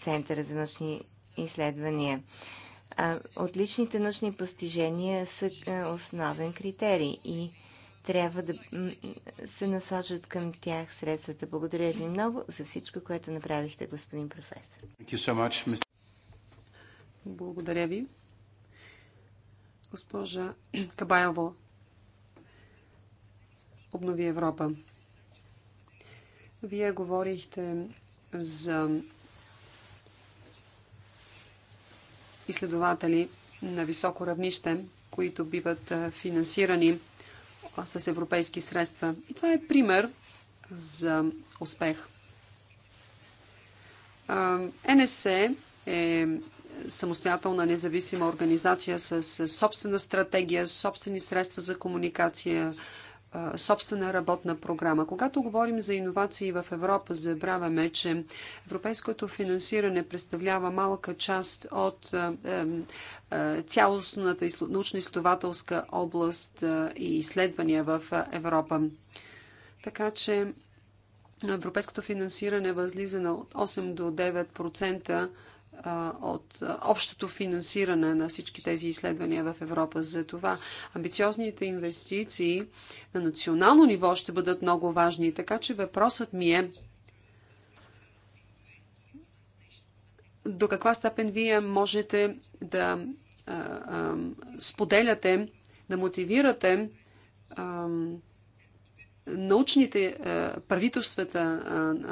Центъра за научни изследвания. отличните научни постижения са основен критерий и трябва да се насочат към тях средствата. Благодаря ви много за всичко, което направихте, господин професор. Благодаря ви. Госпожа Кабаево, обнови Европа. Вие говорихте за изследователи на високо равнище, които биват финансирани с европейски средства. И това е пример за успех. НСЕ е самостоятелна независима организация с собствена стратегия, собствени средства за комуникация, собствена работна програма. Когато говорим за иновации в Европа, забравяме, че европейското финансиране представлява малка част от цялостната научно-изследователска област и изследвания в Европа. Така че европейското финансиране възлиза на 8 до 9% от общото финансиране на всички тези изследвания в Европа. За това амбициозните инвестиции на национално ниво ще бъдат много важни. Така че въпросът ми е до каква степен вие можете да а, а, споделяте, да мотивирате а, научните е, правителствата е, е,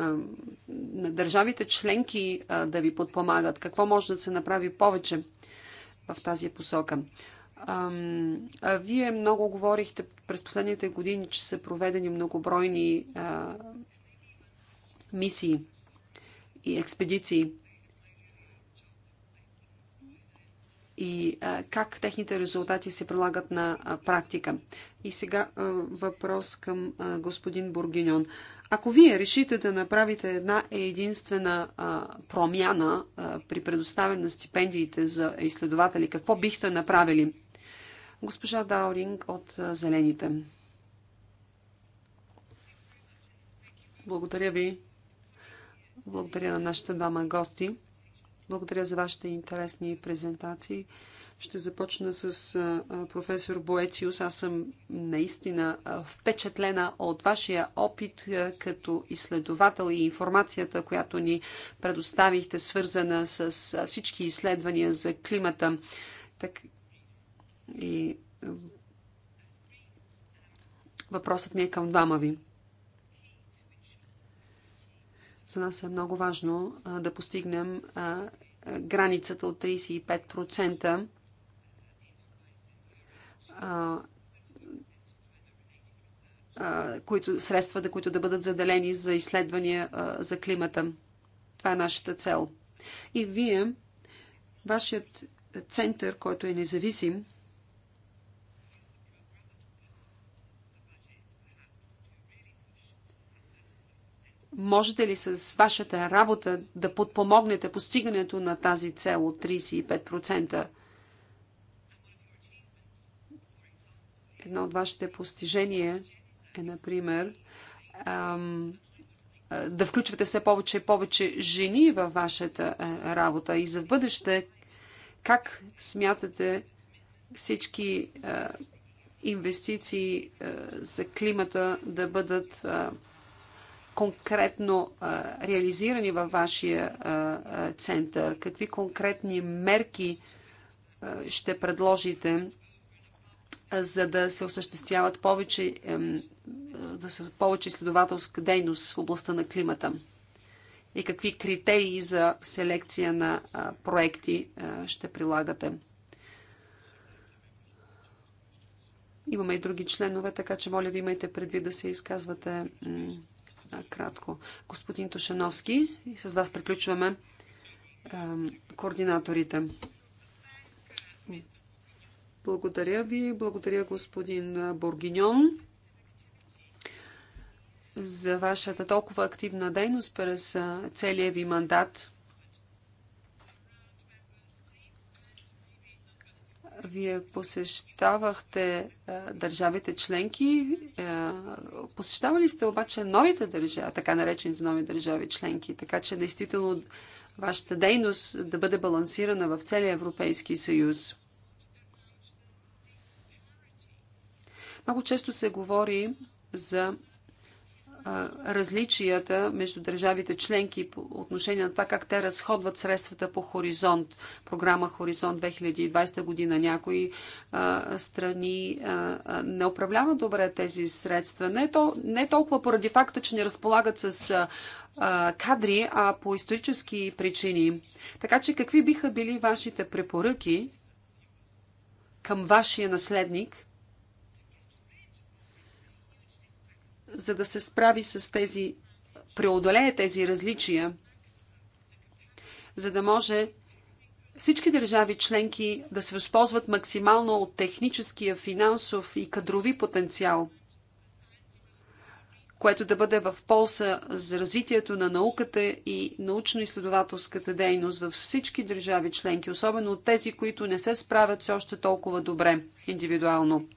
на държавите членки да ви подпомагат? Какво може да се направи повече в тази посока? Вие много говорихте през последните години, че са проведени многобройни мисии и експедиции. и как техните резултати се прилагат на практика. И сега въпрос към господин Бургиньон. Ако вие решите да направите една единствена промяна при предоставяне на стипендиите за изследователи, какво бихте направили? Госпожа Дауринг от Зелените. Благодаря ви. Благодаря на нашите двама гости. Благодаря за вашите интересни презентации. Ще започна с професор Боециус. Аз съм наистина впечатлена от вашия опит като изследовател и информацията, която ни предоставихте, свързана с всички изследвания за климата. Так... И... Въпросът ми е към двама ви. За нас е много важно да постигнем границата от 35%. Които, средствата, които да бъдат заделени за изследвания за климата. Това е нашата цел. И вие, вашият център, който е независим, Можете ли с вашата работа да подпомогнете постигането на тази цел от 35%? Едно от вашите постижения е, например, да включвате все повече и повече жени във вашата работа и за бъдеще как смятате всички инвестиции за климата да бъдат конкретно а, реализирани във вашия а, център? Какви конкретни мерки а, ще предложите, за да се осъществяват повече, да се повече изследователска дейност в областта на климата? И какви критерии за селекция на проекти ще прилагате? Имаме и други членове, така че моля ви имайте предвид да се изказвате кратко. Господин Тушановски, и с вас приключваме координаторите. Благодаря ви, благодаря господин Боргиньон за вашата толкова активна дейност през целия ви мандат. Вие посещавахте а, е, държавите членки. А, е, посещавали сте обаче новите държави, така наречените нови държави членки, така че действително вашата дейност да бъде балансирана в целия Европейски съюз. Много често се говори за различията между държавите членки по отношение на това как те разходват средствата по Хоризонт, програма Хоризонт 2020 година. Някои страни не управляват добре тези средства. Не, е то, не е толкова поради факта, че не разполагат с кадри, а по исторически причини. Така че какви биха били вашите препоръки към вашия наследник – за да се справи с тези, преодолее тези различия, за да може всички държави членки да се възползват максимално от техническия, финансов и кадрови потенциал, което да бъде в полза за развитието на науката и научно-изследователската дейност във всички държави членки, особено от тези, които не се справят все още толкова добре индивидуално.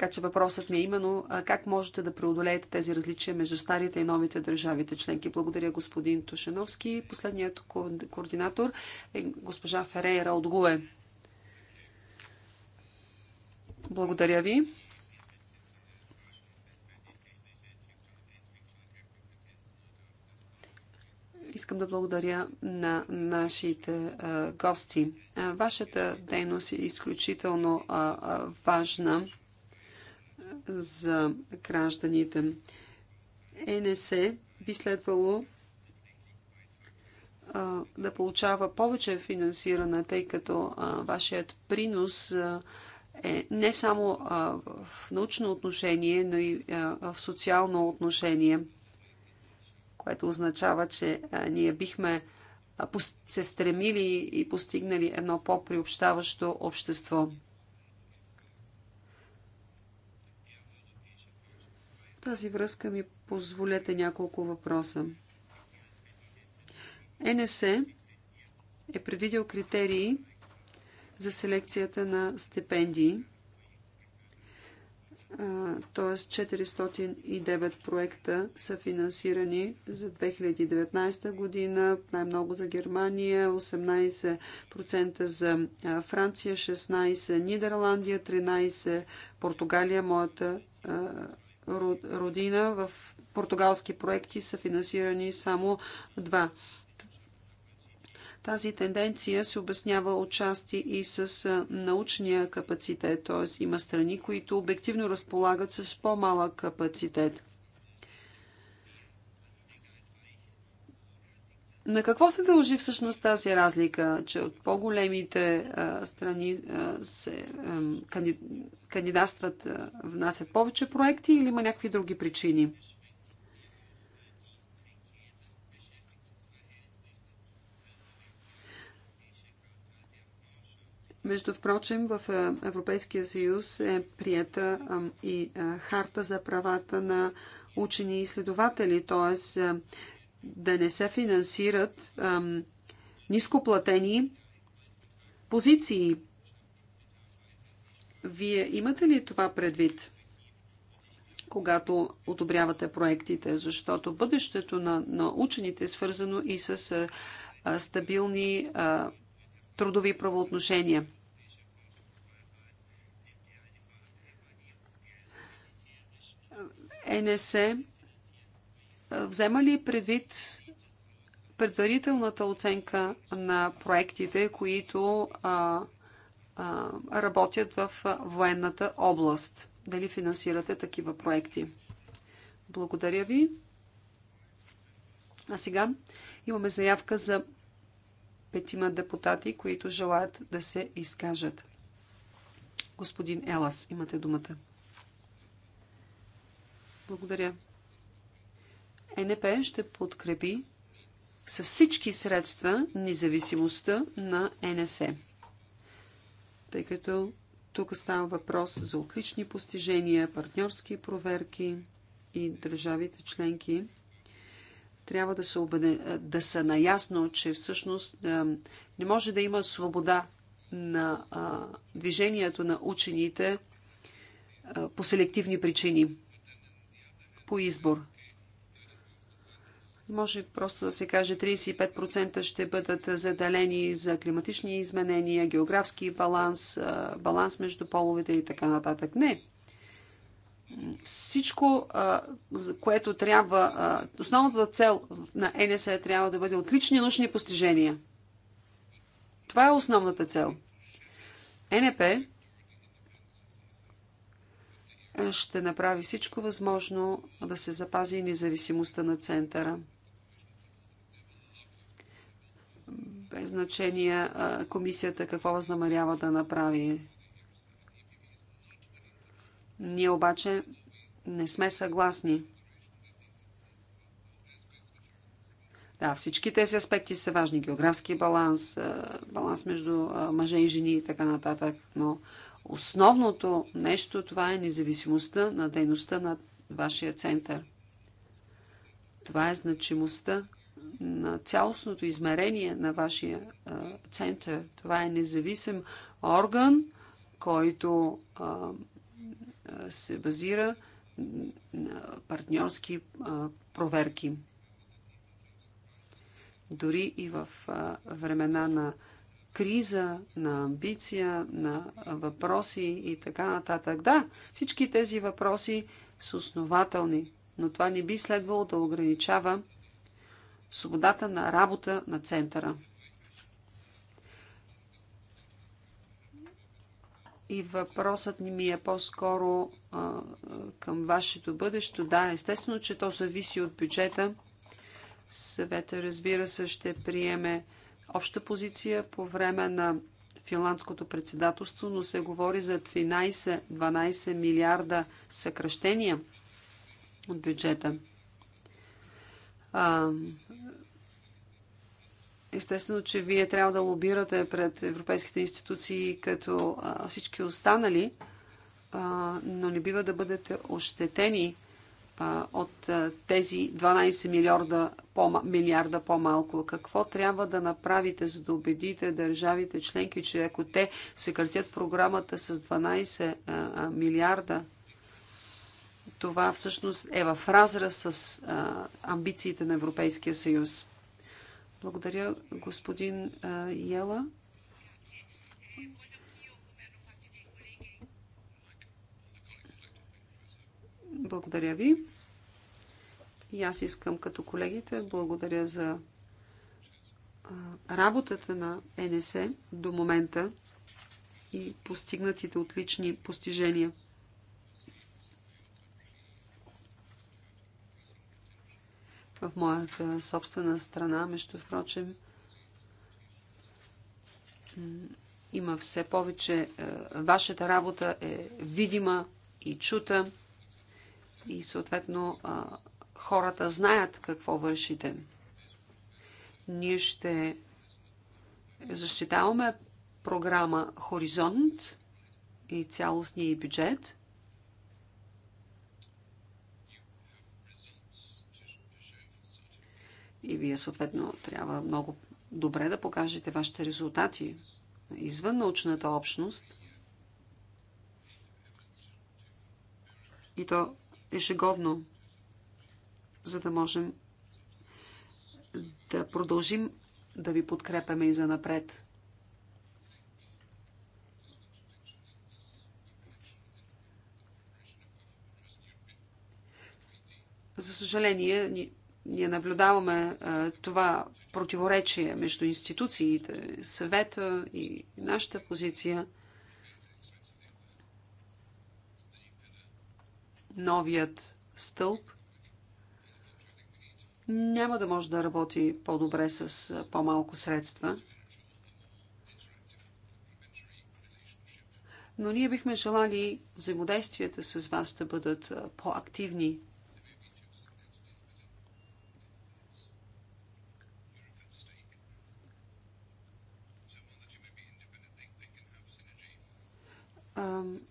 Така че въпросът ми е именно как можете да преодолеете тези различия между старите и новите държавите членки. Благодаря господин Тушеновски. Последният ко координатор е госпожа Ферейра от ГУЕ. Благодаря ви. искам да благодаря на нашите гости. Вашата дейност е изключително важна за гражданите. ЕНС би следвало да получава повече финансиране, тъй като вашият принос е не само в научно отношение, но и в социално отношение, което означава, че ние бихме се стремили и постигнали едно по-приобщаващо общество. тази връзка ми позволете няколко въпроса. НС е предвидил критерии за селекцията на стипендии, т.е. 409 проекта са финансирани за 2019 година, най-много за Германия, 18% за Франция, 16% Нидерландия, 13% Португалия, моята родина в португалски проекти са финансирани само два. Тази тенденция се обяснява отчасти и с научния капацитет, т.е. има страни, които обективно разполагат с по-малък капацитет. На какво се дължи всъщност тази разлика, че от по-големите страни се кандидатстват, внасят повече проекти или има някакви други причини? Между впрочем, в Европейския съюз е прията и харта за правата на учени и изследователи, т.е да не се финансират ам, нископлатени позиции. Вие имате ли това предвид, когато одобрявате проектите? Защото бъдещето на, на учените е свързано и с а, стабилни а, трудови правоотношения. Е, НСЕ е, взема ли предвид предварителната оценка на проектите, които а, а, работят в военната област? Дали финансирате такива проекти? Благодаря ви. А сега имаме заявка за петима депутати, които желаят да се изкажат. Господин Елас, имате думата. Благодаря. Е НП ще подкрепи с всички средства независимостта на НСЕ. Тъй като тук става въпрос за отлични постижения, партньорски проверки и държавите членки трябва да, са, убеде, да са наясно, че всъщност не може да има свобода на движението на учените по селективни причини, по избор. Може просто да се каже 35% ще бъдат заделени за климатични изменения, географски баланс, баланс между половете и така нататък. Не. Всичко, за което трябва, основната цел на НСЕ трябва да бъде отлични научни постижения. Това е основната цел. НП ще направи всичко възможно да се запази независимостта на центъра. без значение комисията какво възнамерява да направи. Ние обаче не сме съгласни. Да, всички тези аспекти са важни. Географски баланс, баланс между мъже и жени и така нататък. Но основното нещо това е независимостта на дейността на вашия център. Това е значимостта на цялостното измерение на вашия център. Това е независим орган, който се базира на партньорски проверки. Дори и в времена на криза, на амбиция, на въпроси и така нататък. Да, всички тези въпроси са основателни, но това не би следвало да ограничава свободата на работа на центъра. И въпросът ни ми е по-скоро към вашето бъдещо. Да, естествено, че то зависи от бюджета. Съвета, разбира се, ще приеме обща позиция по време на финландското председателство, но се говори за 13-12 милиарда съкръщения от бюджета. Естествено, че вие трябва да лобирате пред европейските институции като всички останали, но не бива да бъдете ощетени от тези 12 милиарда, по- милиарда по-малко. Какво трябва да направите, за да убедите държавите членки, че ако те съкратят програмата с 12 милиарда, това всъщност е в разраз с а, амбициите на Европейския съюз. Благодаря, господин а, Йела. Благодаря ви. И аз искам като колегите благодаря за работата на НСЕ до момента и постигнатите отлични постижения. в моята собствена страна, между впрочем, има все повече. Е, вашата работа е видима и чута и съответно хората знаят какво вършите. Ние ще защитаваме програма Хоризонт и цялостния бюджет – И вие съответно трябва много добре да покажете вашите резултати извън научната общност. И то ежегодно, за да можем да продължим да ви подкрепяме и за напред. За съжаление, ние наблюдаваме това противоречие между институциите, съвета и нашата позиция. Новият стълб няма да може да работи по-добре с по-малко средства. Но ние бихме желали взаимодействията с вас да бъдат по-активни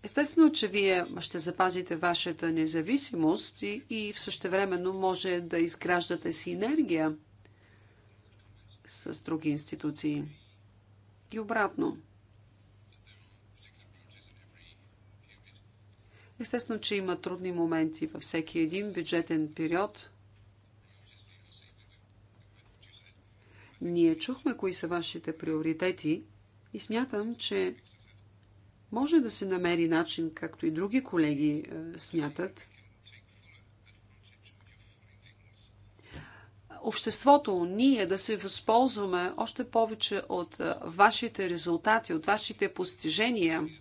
Естествено, че вие ще запазите вашата независимост и, и в същевременно може да изграждате синергия с други институции. И обратно. Естествено, че има трудни моменти във всеки един бюджетен период. Ние чухме кои са вашите приоритети и смятам, че може да се намери начин, както и други колеги е, смятат, обществото, ние да се възползваме още повече от е, вашите резултати, от вашите постижения –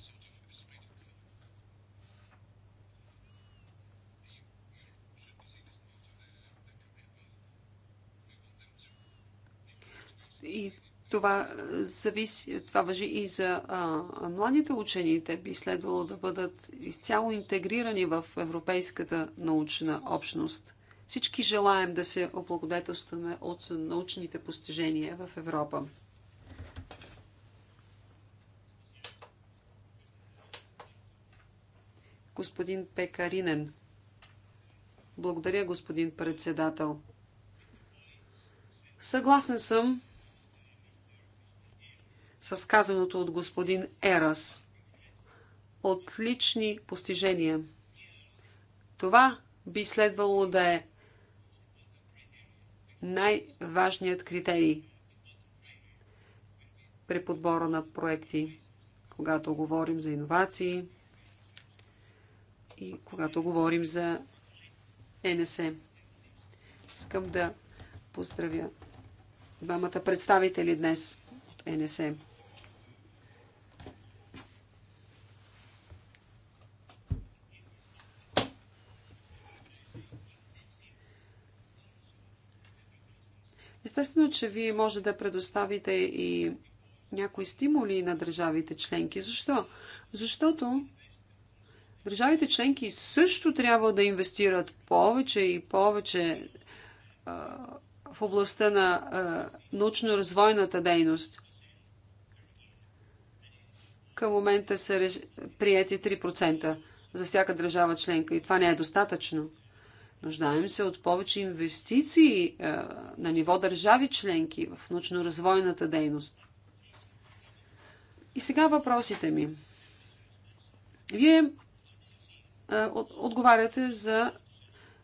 Това, е, зависи, това въжи и за а, младите учени. Те би следвало да бъдат изцяло интегрирани в европейската научна общност. Всички желаем да се облагодетелстваме от научните постижения в Европа. Господин Пекаринен. Благодаря, господин председател. Съгласен съм с казаното от господин Ерас. Отлични постижения. Това би следвало да е най-важният критерий при подбора на проекти, когато говорим за иновации и когато говорим за НСМ. Искам да поздравя двамата представители днес от НСМ. Естествено, че вие може да предоставите и някои стимули на държавите членки. Защо? Защото държавите членки също трябва да инвестират повече и повече а, в областта на научно-развойната дейност. Към момента са приети 3% за всяка държава членка и това не е достатъчно. Нуждаем се от повече инвестиции е, на ниво държави членки в научно-развойната дейност. И сега въпросите ми. Вие е, от, отговаряте за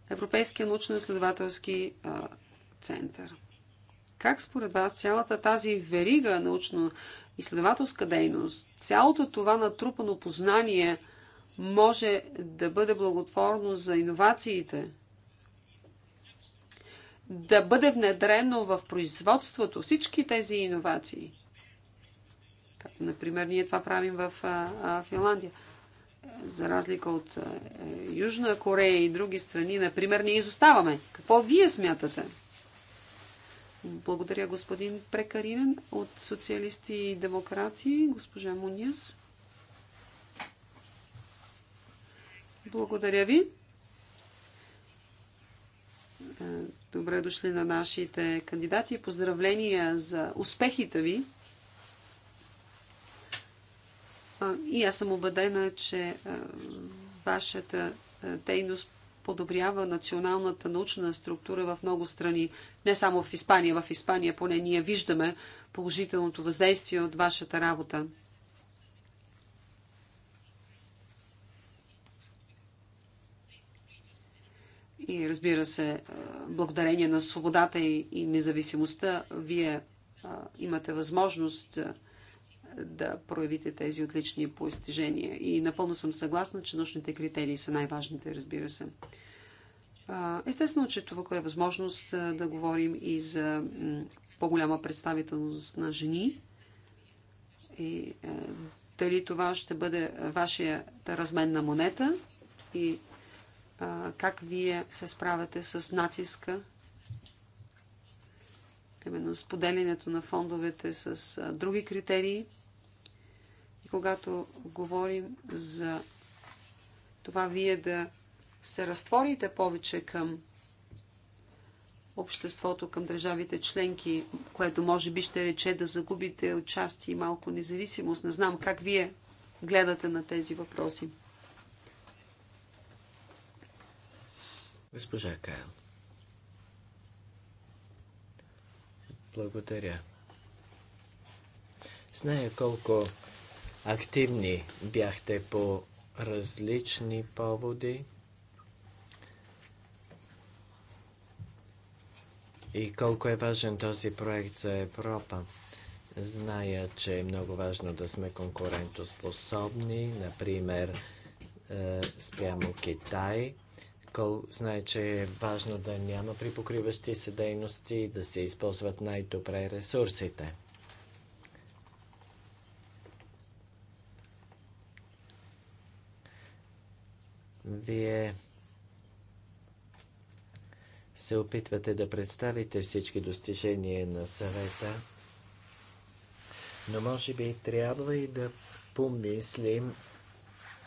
Европейския научно-изследователски е, център. Как според вас цялата тази верига научно-изследователска дейност, цялото това натрупано познание може да бъде благотворно за иновациите – да бъде внедрено в производството всички тези иновации. Както, например, ние това правим в Финландия. За разлика от Южна Корея и други страни, например, ние изоставаме. Какво вие смятате? Благодаря, господин Прекаринен от Социалисти и Демократи, госпожа Муниас. Благодаря ви Добре дошли на нашите кандидати. Поздравления за успехите ви. И аз съм убедена, че вашата дейност подобрява националната научна структура в много страни. Не само в Испания. В Испания поне ние виждаме положителното въздействие от вашата работа. И разбира се, благодарение на свободата и независимостта, вие имате възможност да проявите тези отлични постижения. И напълно съм съгласна, че научните критерии са най-важните, разбира се. Естествено, че това е възможност да говорим и за по-голяма представителност на жени. И дали това ще бъде вашата размен на монета и как вие се справяте с натиска, именно споделянето на фондовете с други критерии. И когато говорим за това вие да се разтворите повече към обществото, към държавите членки, което може би ще рече да загубите участие и малко независимост. Не знам как вие гледате на тези въпроси. Госпожа Кайл. Благодаря. Зная колко активни бяхте по различни поводи и колко е важен този проект за Европа. Зная, че е много важно да сме конкурентоспособни, например, е, спрямо Китай – Apple знае, че е важно да няма припокриващи се дейности и да се използват най-добре ресурсите. Вие се опитвате да представите всички достижения на съвета, но може би трябва и да помислим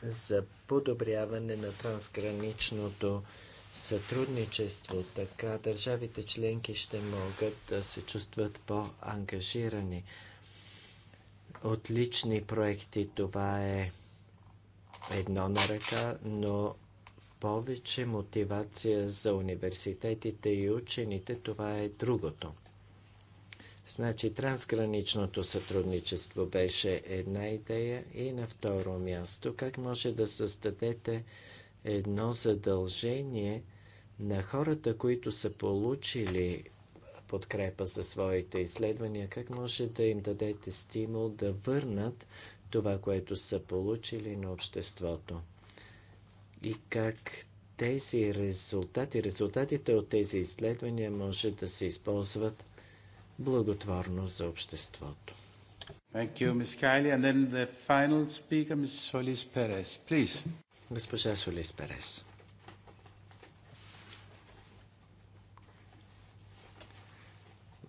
за подобряване на трансграничното сътрудничество. Така държавите членки ще могат да се чувстват по-ангажирани. Отлични проекти, това е едно на ръка, но повече мотивация за университетите и учените, това е другото. Значи трансграничното сътрудничество беше една идея и на второ място как може да създадете едно задължение на хората, които са получили подкрепа за своите изследвания, как може да им дадете стимул да върнат това, което са получили на обществото. И как тези резултати, резултатите от тези изследвания може да се използват благотворност за обществото. Thank you, Ms. Kylie. And then the final speaker, Ms. Solis Perez. Please. Госпожа Солис Перес.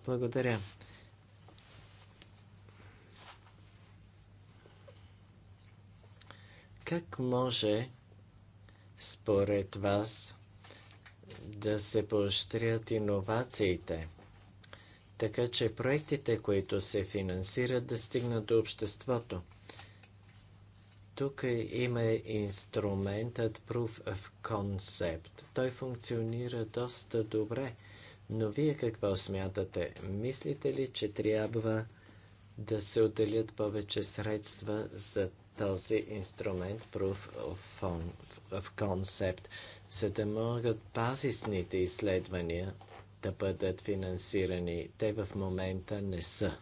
Благодаря. Как може според вас да се поощрят иновациите? така че проектите, които се финансират, да стигнат до обществото. Тук има инструментът Proof of Concept. Той функционира доста добре, но вие какво смятате? Мислите ли, че трябва да се отделят повече средства за този инструмент Proof of, Concept, за да могат базисните изследвания да бъдат финансирани. Те в момента не са.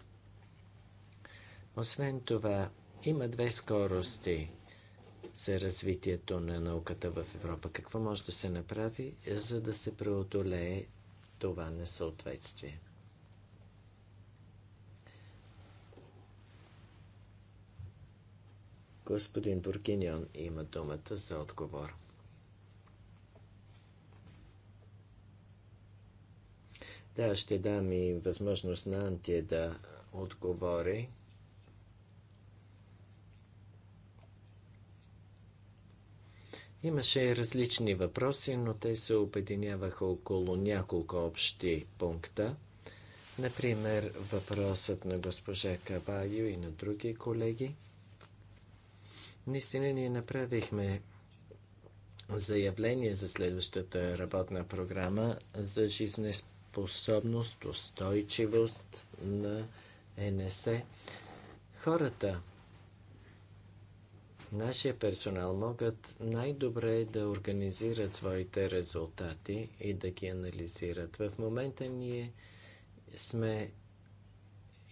Освен това, има две скорости за развитието на науката в Европа. Какво може да се направи, за да се преодолее това несъответствие? Господин Бургиньон има думата за отговор. Да, ще дам и възможност на Антия да отговори. Имаше различни въпроси, но те се обединяваха около няколко общи пункта. Например, въпросът на госпожа Кавайо и на други колеги. Наистина ние направихме заявление за следващата работна програма за жизнеспособност способност, устойчивост на НС. Хората, нашия персонал могат най-добре да организират своите резултати и да ги анализират. В момента ние сме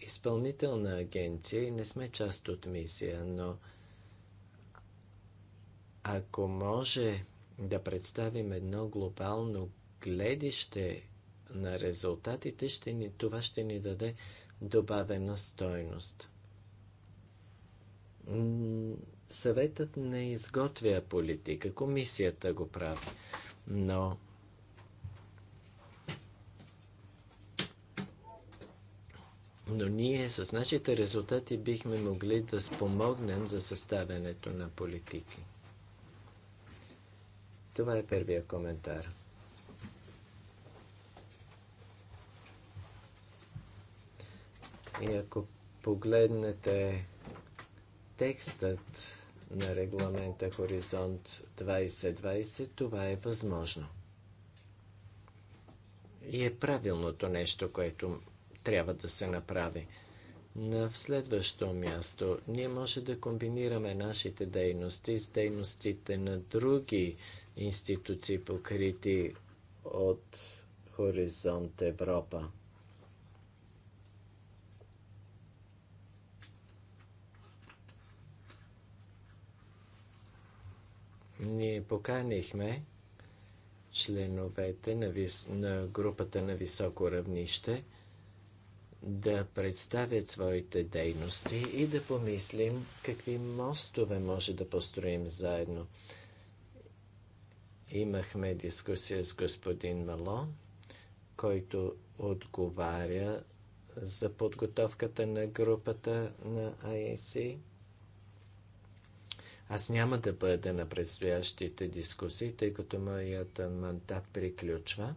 изпълнителна агенция и не сме част от мисия, но ако може да представим едно глобално гледище на резултатите, ще ни, това ще ни даде добавена стойност. Съветът не изготвя политика, комисията го прави, но но ние с нашите резултати бихме могли да спомогнем за съставянето на политики. Това е първия коментар. И ако погледнете текстът на регламента Хоризонт 2020, това е възможно. И е правилното нещо, което трябва да се направи. На следващо място, ние може да комбинираме нашите дейности с дейностите на други институции, покрити от Хоризонт Европа. Ние поканихме членовете на, вис... на групата на високо равнище да представят своите дейности и да помислим какви мостове може да построим заедно. Имахме дискусия с господин Мало, който отговаря за подготовката на групата на АЕСИ. Аз няма да бъда на предстоящите дискусии, тъй като моят мандат приключва,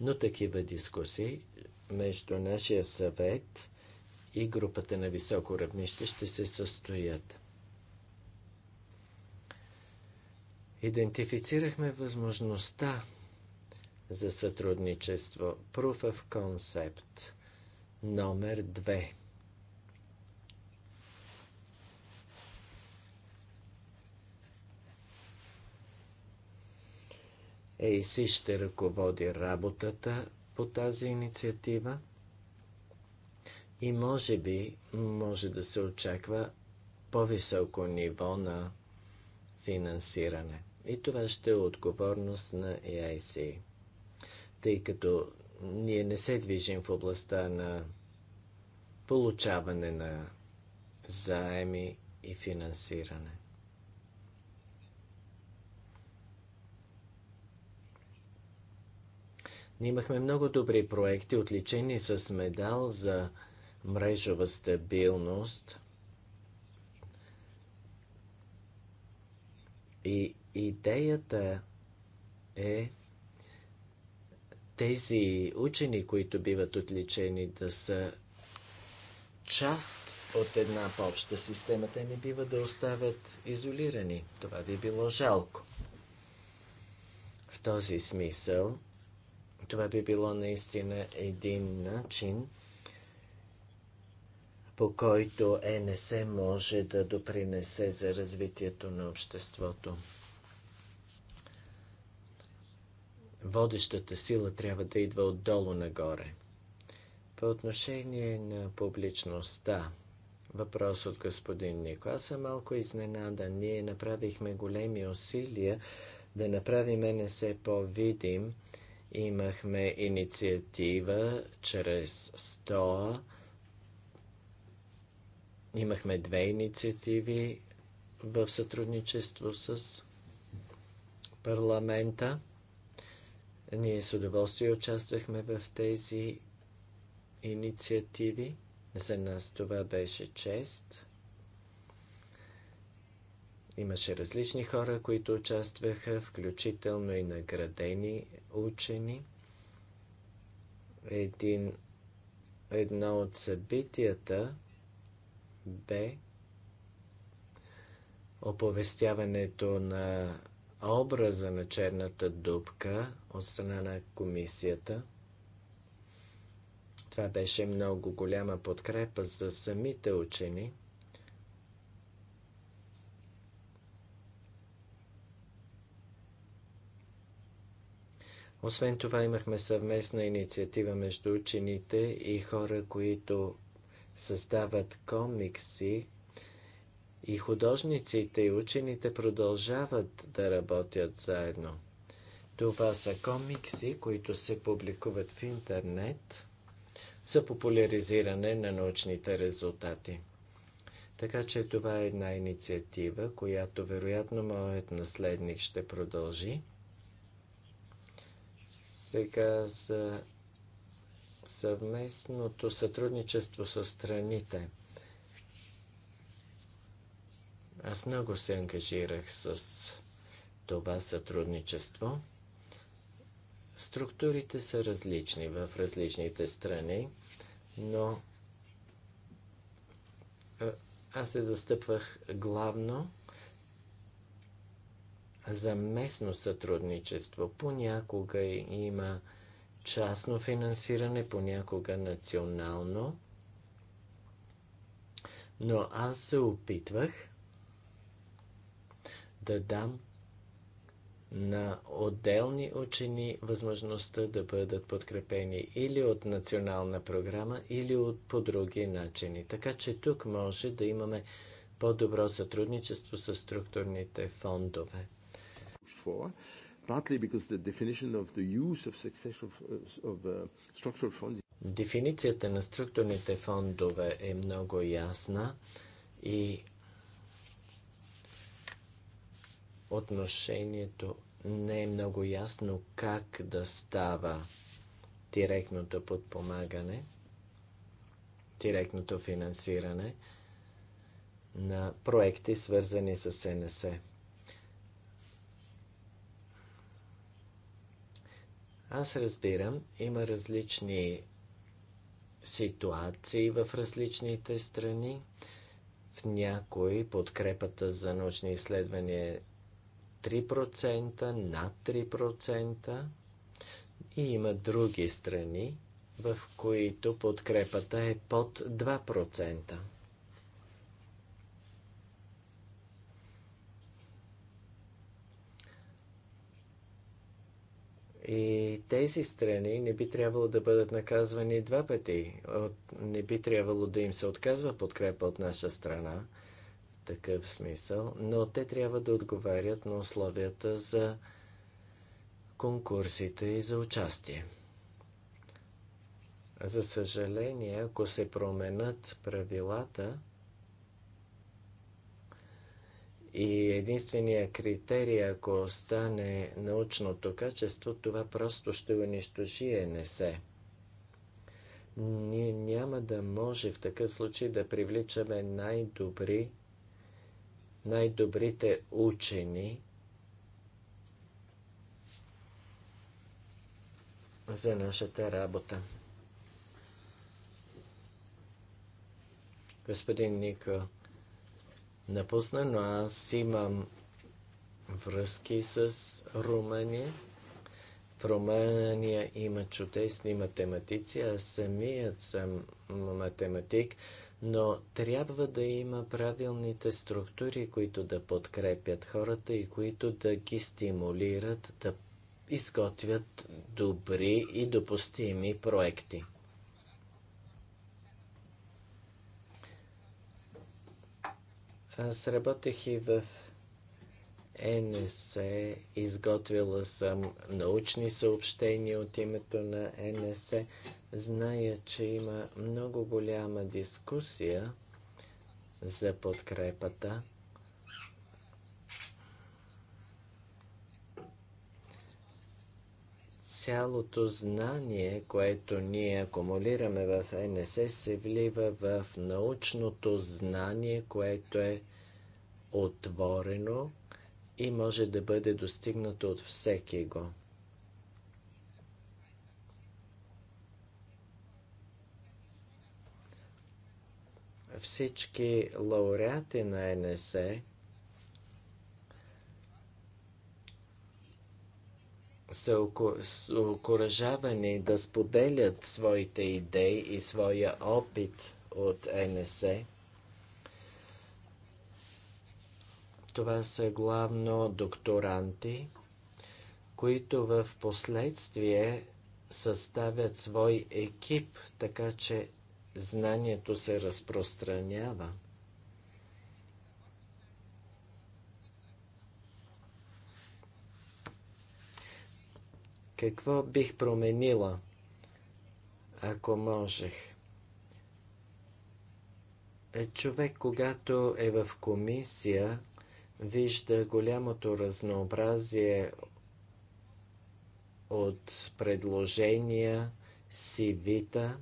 но такива дискусии между нашия съвет и групата на високо равнище ще се състоят. Идентифицирахме възможността за сътрудничество Proof of Concept номер 2 ЕИСИ ще ръководи работата по тази инициатива и може би може да се очаква по-високо ниво на финансиране. И това ще е отговорност на EIC, тъй като ние не се движим в областта на получаване на заеми и финансиране. Ние имахме много добри проекти, отличени с медал за мрежова стабилност и идеята е тези учени, които биват отличени, да са част от една по-обща система. Те не бива да остават изолирани. Това би било жалко. В този смисъл това би било наистина един начин, по който ЕНС може да допринесе за развитието на обществото. Водещата сила трябва да идва отдолу нагоре. По отношение на публичността, въпрос от господин Нико. Аз съм малко изненада. Ние направихме големи усилия да направим е НС по-видим Имахме инициатива чрез СТОА. Имахме две инициативи в сътрудничество с парламента. Ние с удоволствие участвахме в тези инициативи. За нас това беше чест. Имаше различни хора, които участваха, включително и наградени учени. Един, едно от събитията бе оповестяването на образа на черната дупка от страна на комисията. Това беше много голяма подкрепа за самите учени – Освен това имахме съвместна инициатива между учените и хора, които създават комикси. И художниците и учените продължават да работят заедно. Това са комикси, които се публикуват в интернет за популяризиране на научните резултати. Така че това е една инициатива, която вероятно моят наследник ще продължи. Сега за съвместното сътрудничество с страните. Аз много се ангажирах с това сътрудничество. Структурите са различни в различните страни, но аз се застъпвах главно за местно сътрудничество. Понякога има частно финансиране, понякога национално. Но аз се опитвах да дам на отделни учени възможността да бъдат подкрепени или от национална програма, или от по други начини. Така че тук може да имаме по-добро сътрудничество с структурните фондове before, partly because the definition of the use of succession uh, of uh, structural funds. Дефиницията на структурните фондове е много ясна и отношението не е много ясно как да става директното подпомагане, директното финансиране на проекти, свързани с НСЕ. Аз разбирам, има различни ситуации в различните страни. В някои подкрепата за научни изследвания е 3%, над 3%. И има други страни, в които подкрепата е под 2%. И тези страни не би трябвало да бъдат наказвани два пъти. Не би трябвало да им се отказва подкрепа от наша страна в такъв смисъл, но те трябва да отговарят на условията за конкурсите и за участие. За съжаление, ако се променят правилата, и единствения критерий, ако остане научното качество, това просто ще унищожи НС. Ние няма да може в такъв случай да привличаме най-добри, най-добрите учени за нашата работа. Господин Нико, напусна, но аз имам връзки с Румъния. В Румъния има чудесни математици, аз самият съм математик, но трябва да има правилните структури, които да подкрепят хората и които да ги стимулират да изготвят добри и допустими проекти. Аз работех и в НС, изготвила съм научни съобщения от името на НС. Зная, че има много голяма дискусия за подкрепата. цялото знание, което ние акумулираме в НСС, се влива в научното знание, което е отворено и може да бъде достигнато от всеки го. Всички лауреати на НСЕ са окоръжавани да споделят своите идеи и своя опит от НСЕ. Това са главно докторанти, които в последствие съставят свой екип, така че знанието се разпространява. Какво бих променила, ако можех? Е, човек, когато е в комисия, вижда голямото разнообразие от предложения, сивита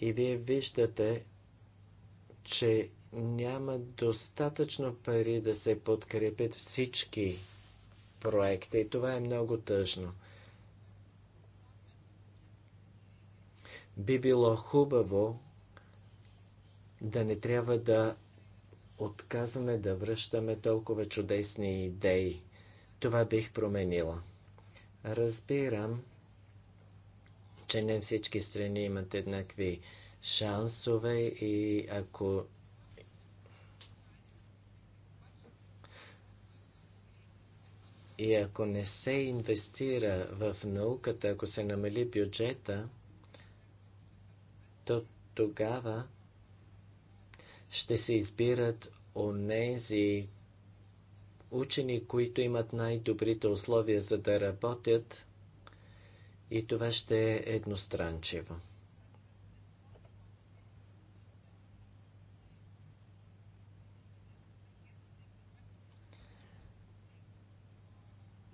и вие виждате, че няма достатъчно пари да се подкрепят всички проекти. И това е много тъжно. Би било хубаво да не трябва да отказваме да връщаме толкова чудесни идеи. Това бих променила. Разбирам, че не всички страни имат еднакви шансове и ако И ако не се инвестира в науката, ако се намали бюджета, то тогава ще се избират онези учени, които имат най-добрите условия за да работят и това ще е едностранчиво.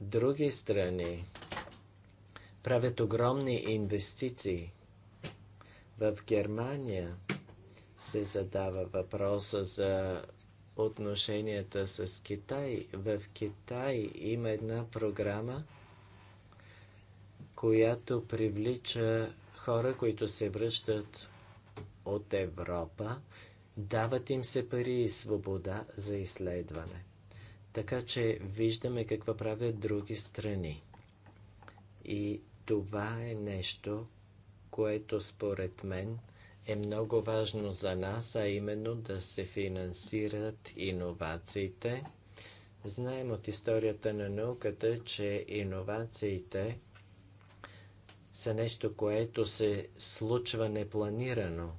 Други страни правят огромни инвестиции. В Германия – се задава въпроса за отношенията с Китай. В Китай има една програма, която привлича хора, които се връщат от Европа, дават им се пари и свобода за изследване. Така че виждаме какво правят други страни. И това е нещо, което според мен – е много важно за нас, а именно да се финансират иновациите. Знаем от историята на науката, че иновациите са нещо, което се случва непланирано.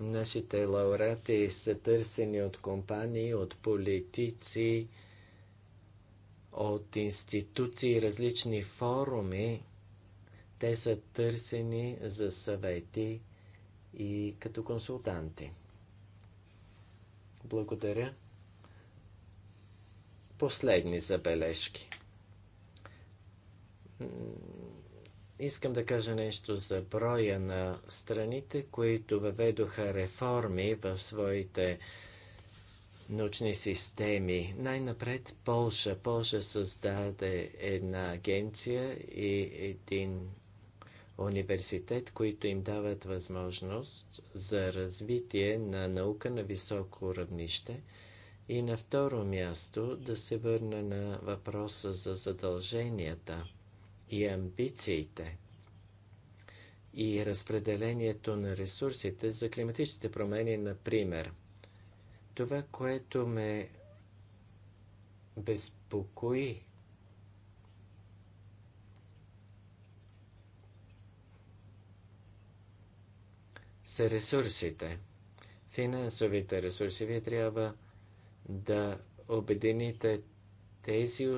Нашите лауреати са търсени от компании, от политици, от институции, различни форуми. Те са търсени за съвети и като консултанти. Благодаря. Последни забележки. Искам да кажа нещо за броя на страните, които въведоха реформи в своите научни системи. Най-напред Полша. Полша създаде една агенция и един университет, които им дават възможност за развитие на наука на високо равнище. И на второ място да се върна на въпроса за задълженията и амбициите и разпределението на ресурсите за климатичните промени, например – това, което ме безпокои, са ресурсите. Финансовите ресурси. Вие трябва да обедините тези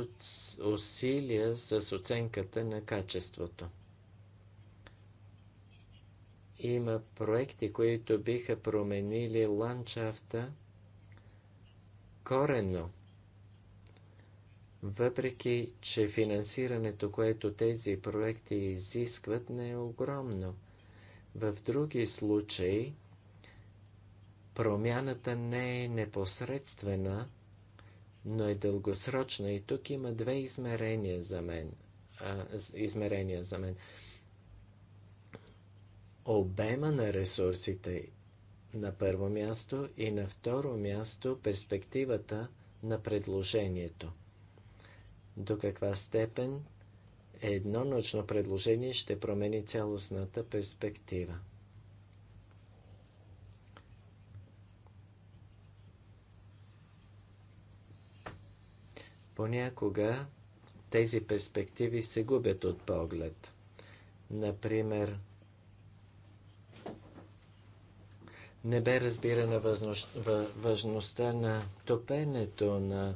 усилия с оценката на качеството. Има проекти, които биха променили ландшафта – коренно. Въпреки, че финансирането, което тези проекти изискват, не е огромно. В други случаи промяната не е непосредствена, но е дългосрочна. И тук има две измерения за мен. А, измерения за мен. Обема на ресурсите на първо място и на второ място перспективата на предложението. До каква степен едно научно предложение ще промени цялостната перспектива. Понякога тези перспективи се губят от поглед. Например, не бе разбирана важността на топенето на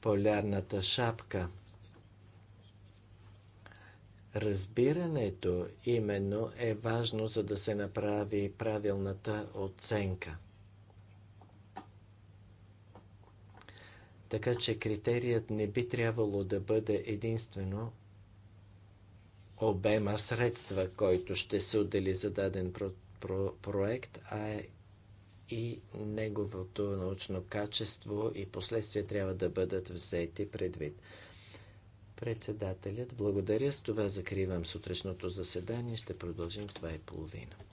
полярната шапка. Разбирането именно е важно, за да се направи правилната оценка. Така че критерият не би трябвало да бъде единствено обема средства, който ще се отдели за даден про- про- проект, а и неговото научно качество и последствия трябва да бъдат взети предвид. Председателят, благодаря. С това закривам сутрешното заседание. Ще продължим в 2.30.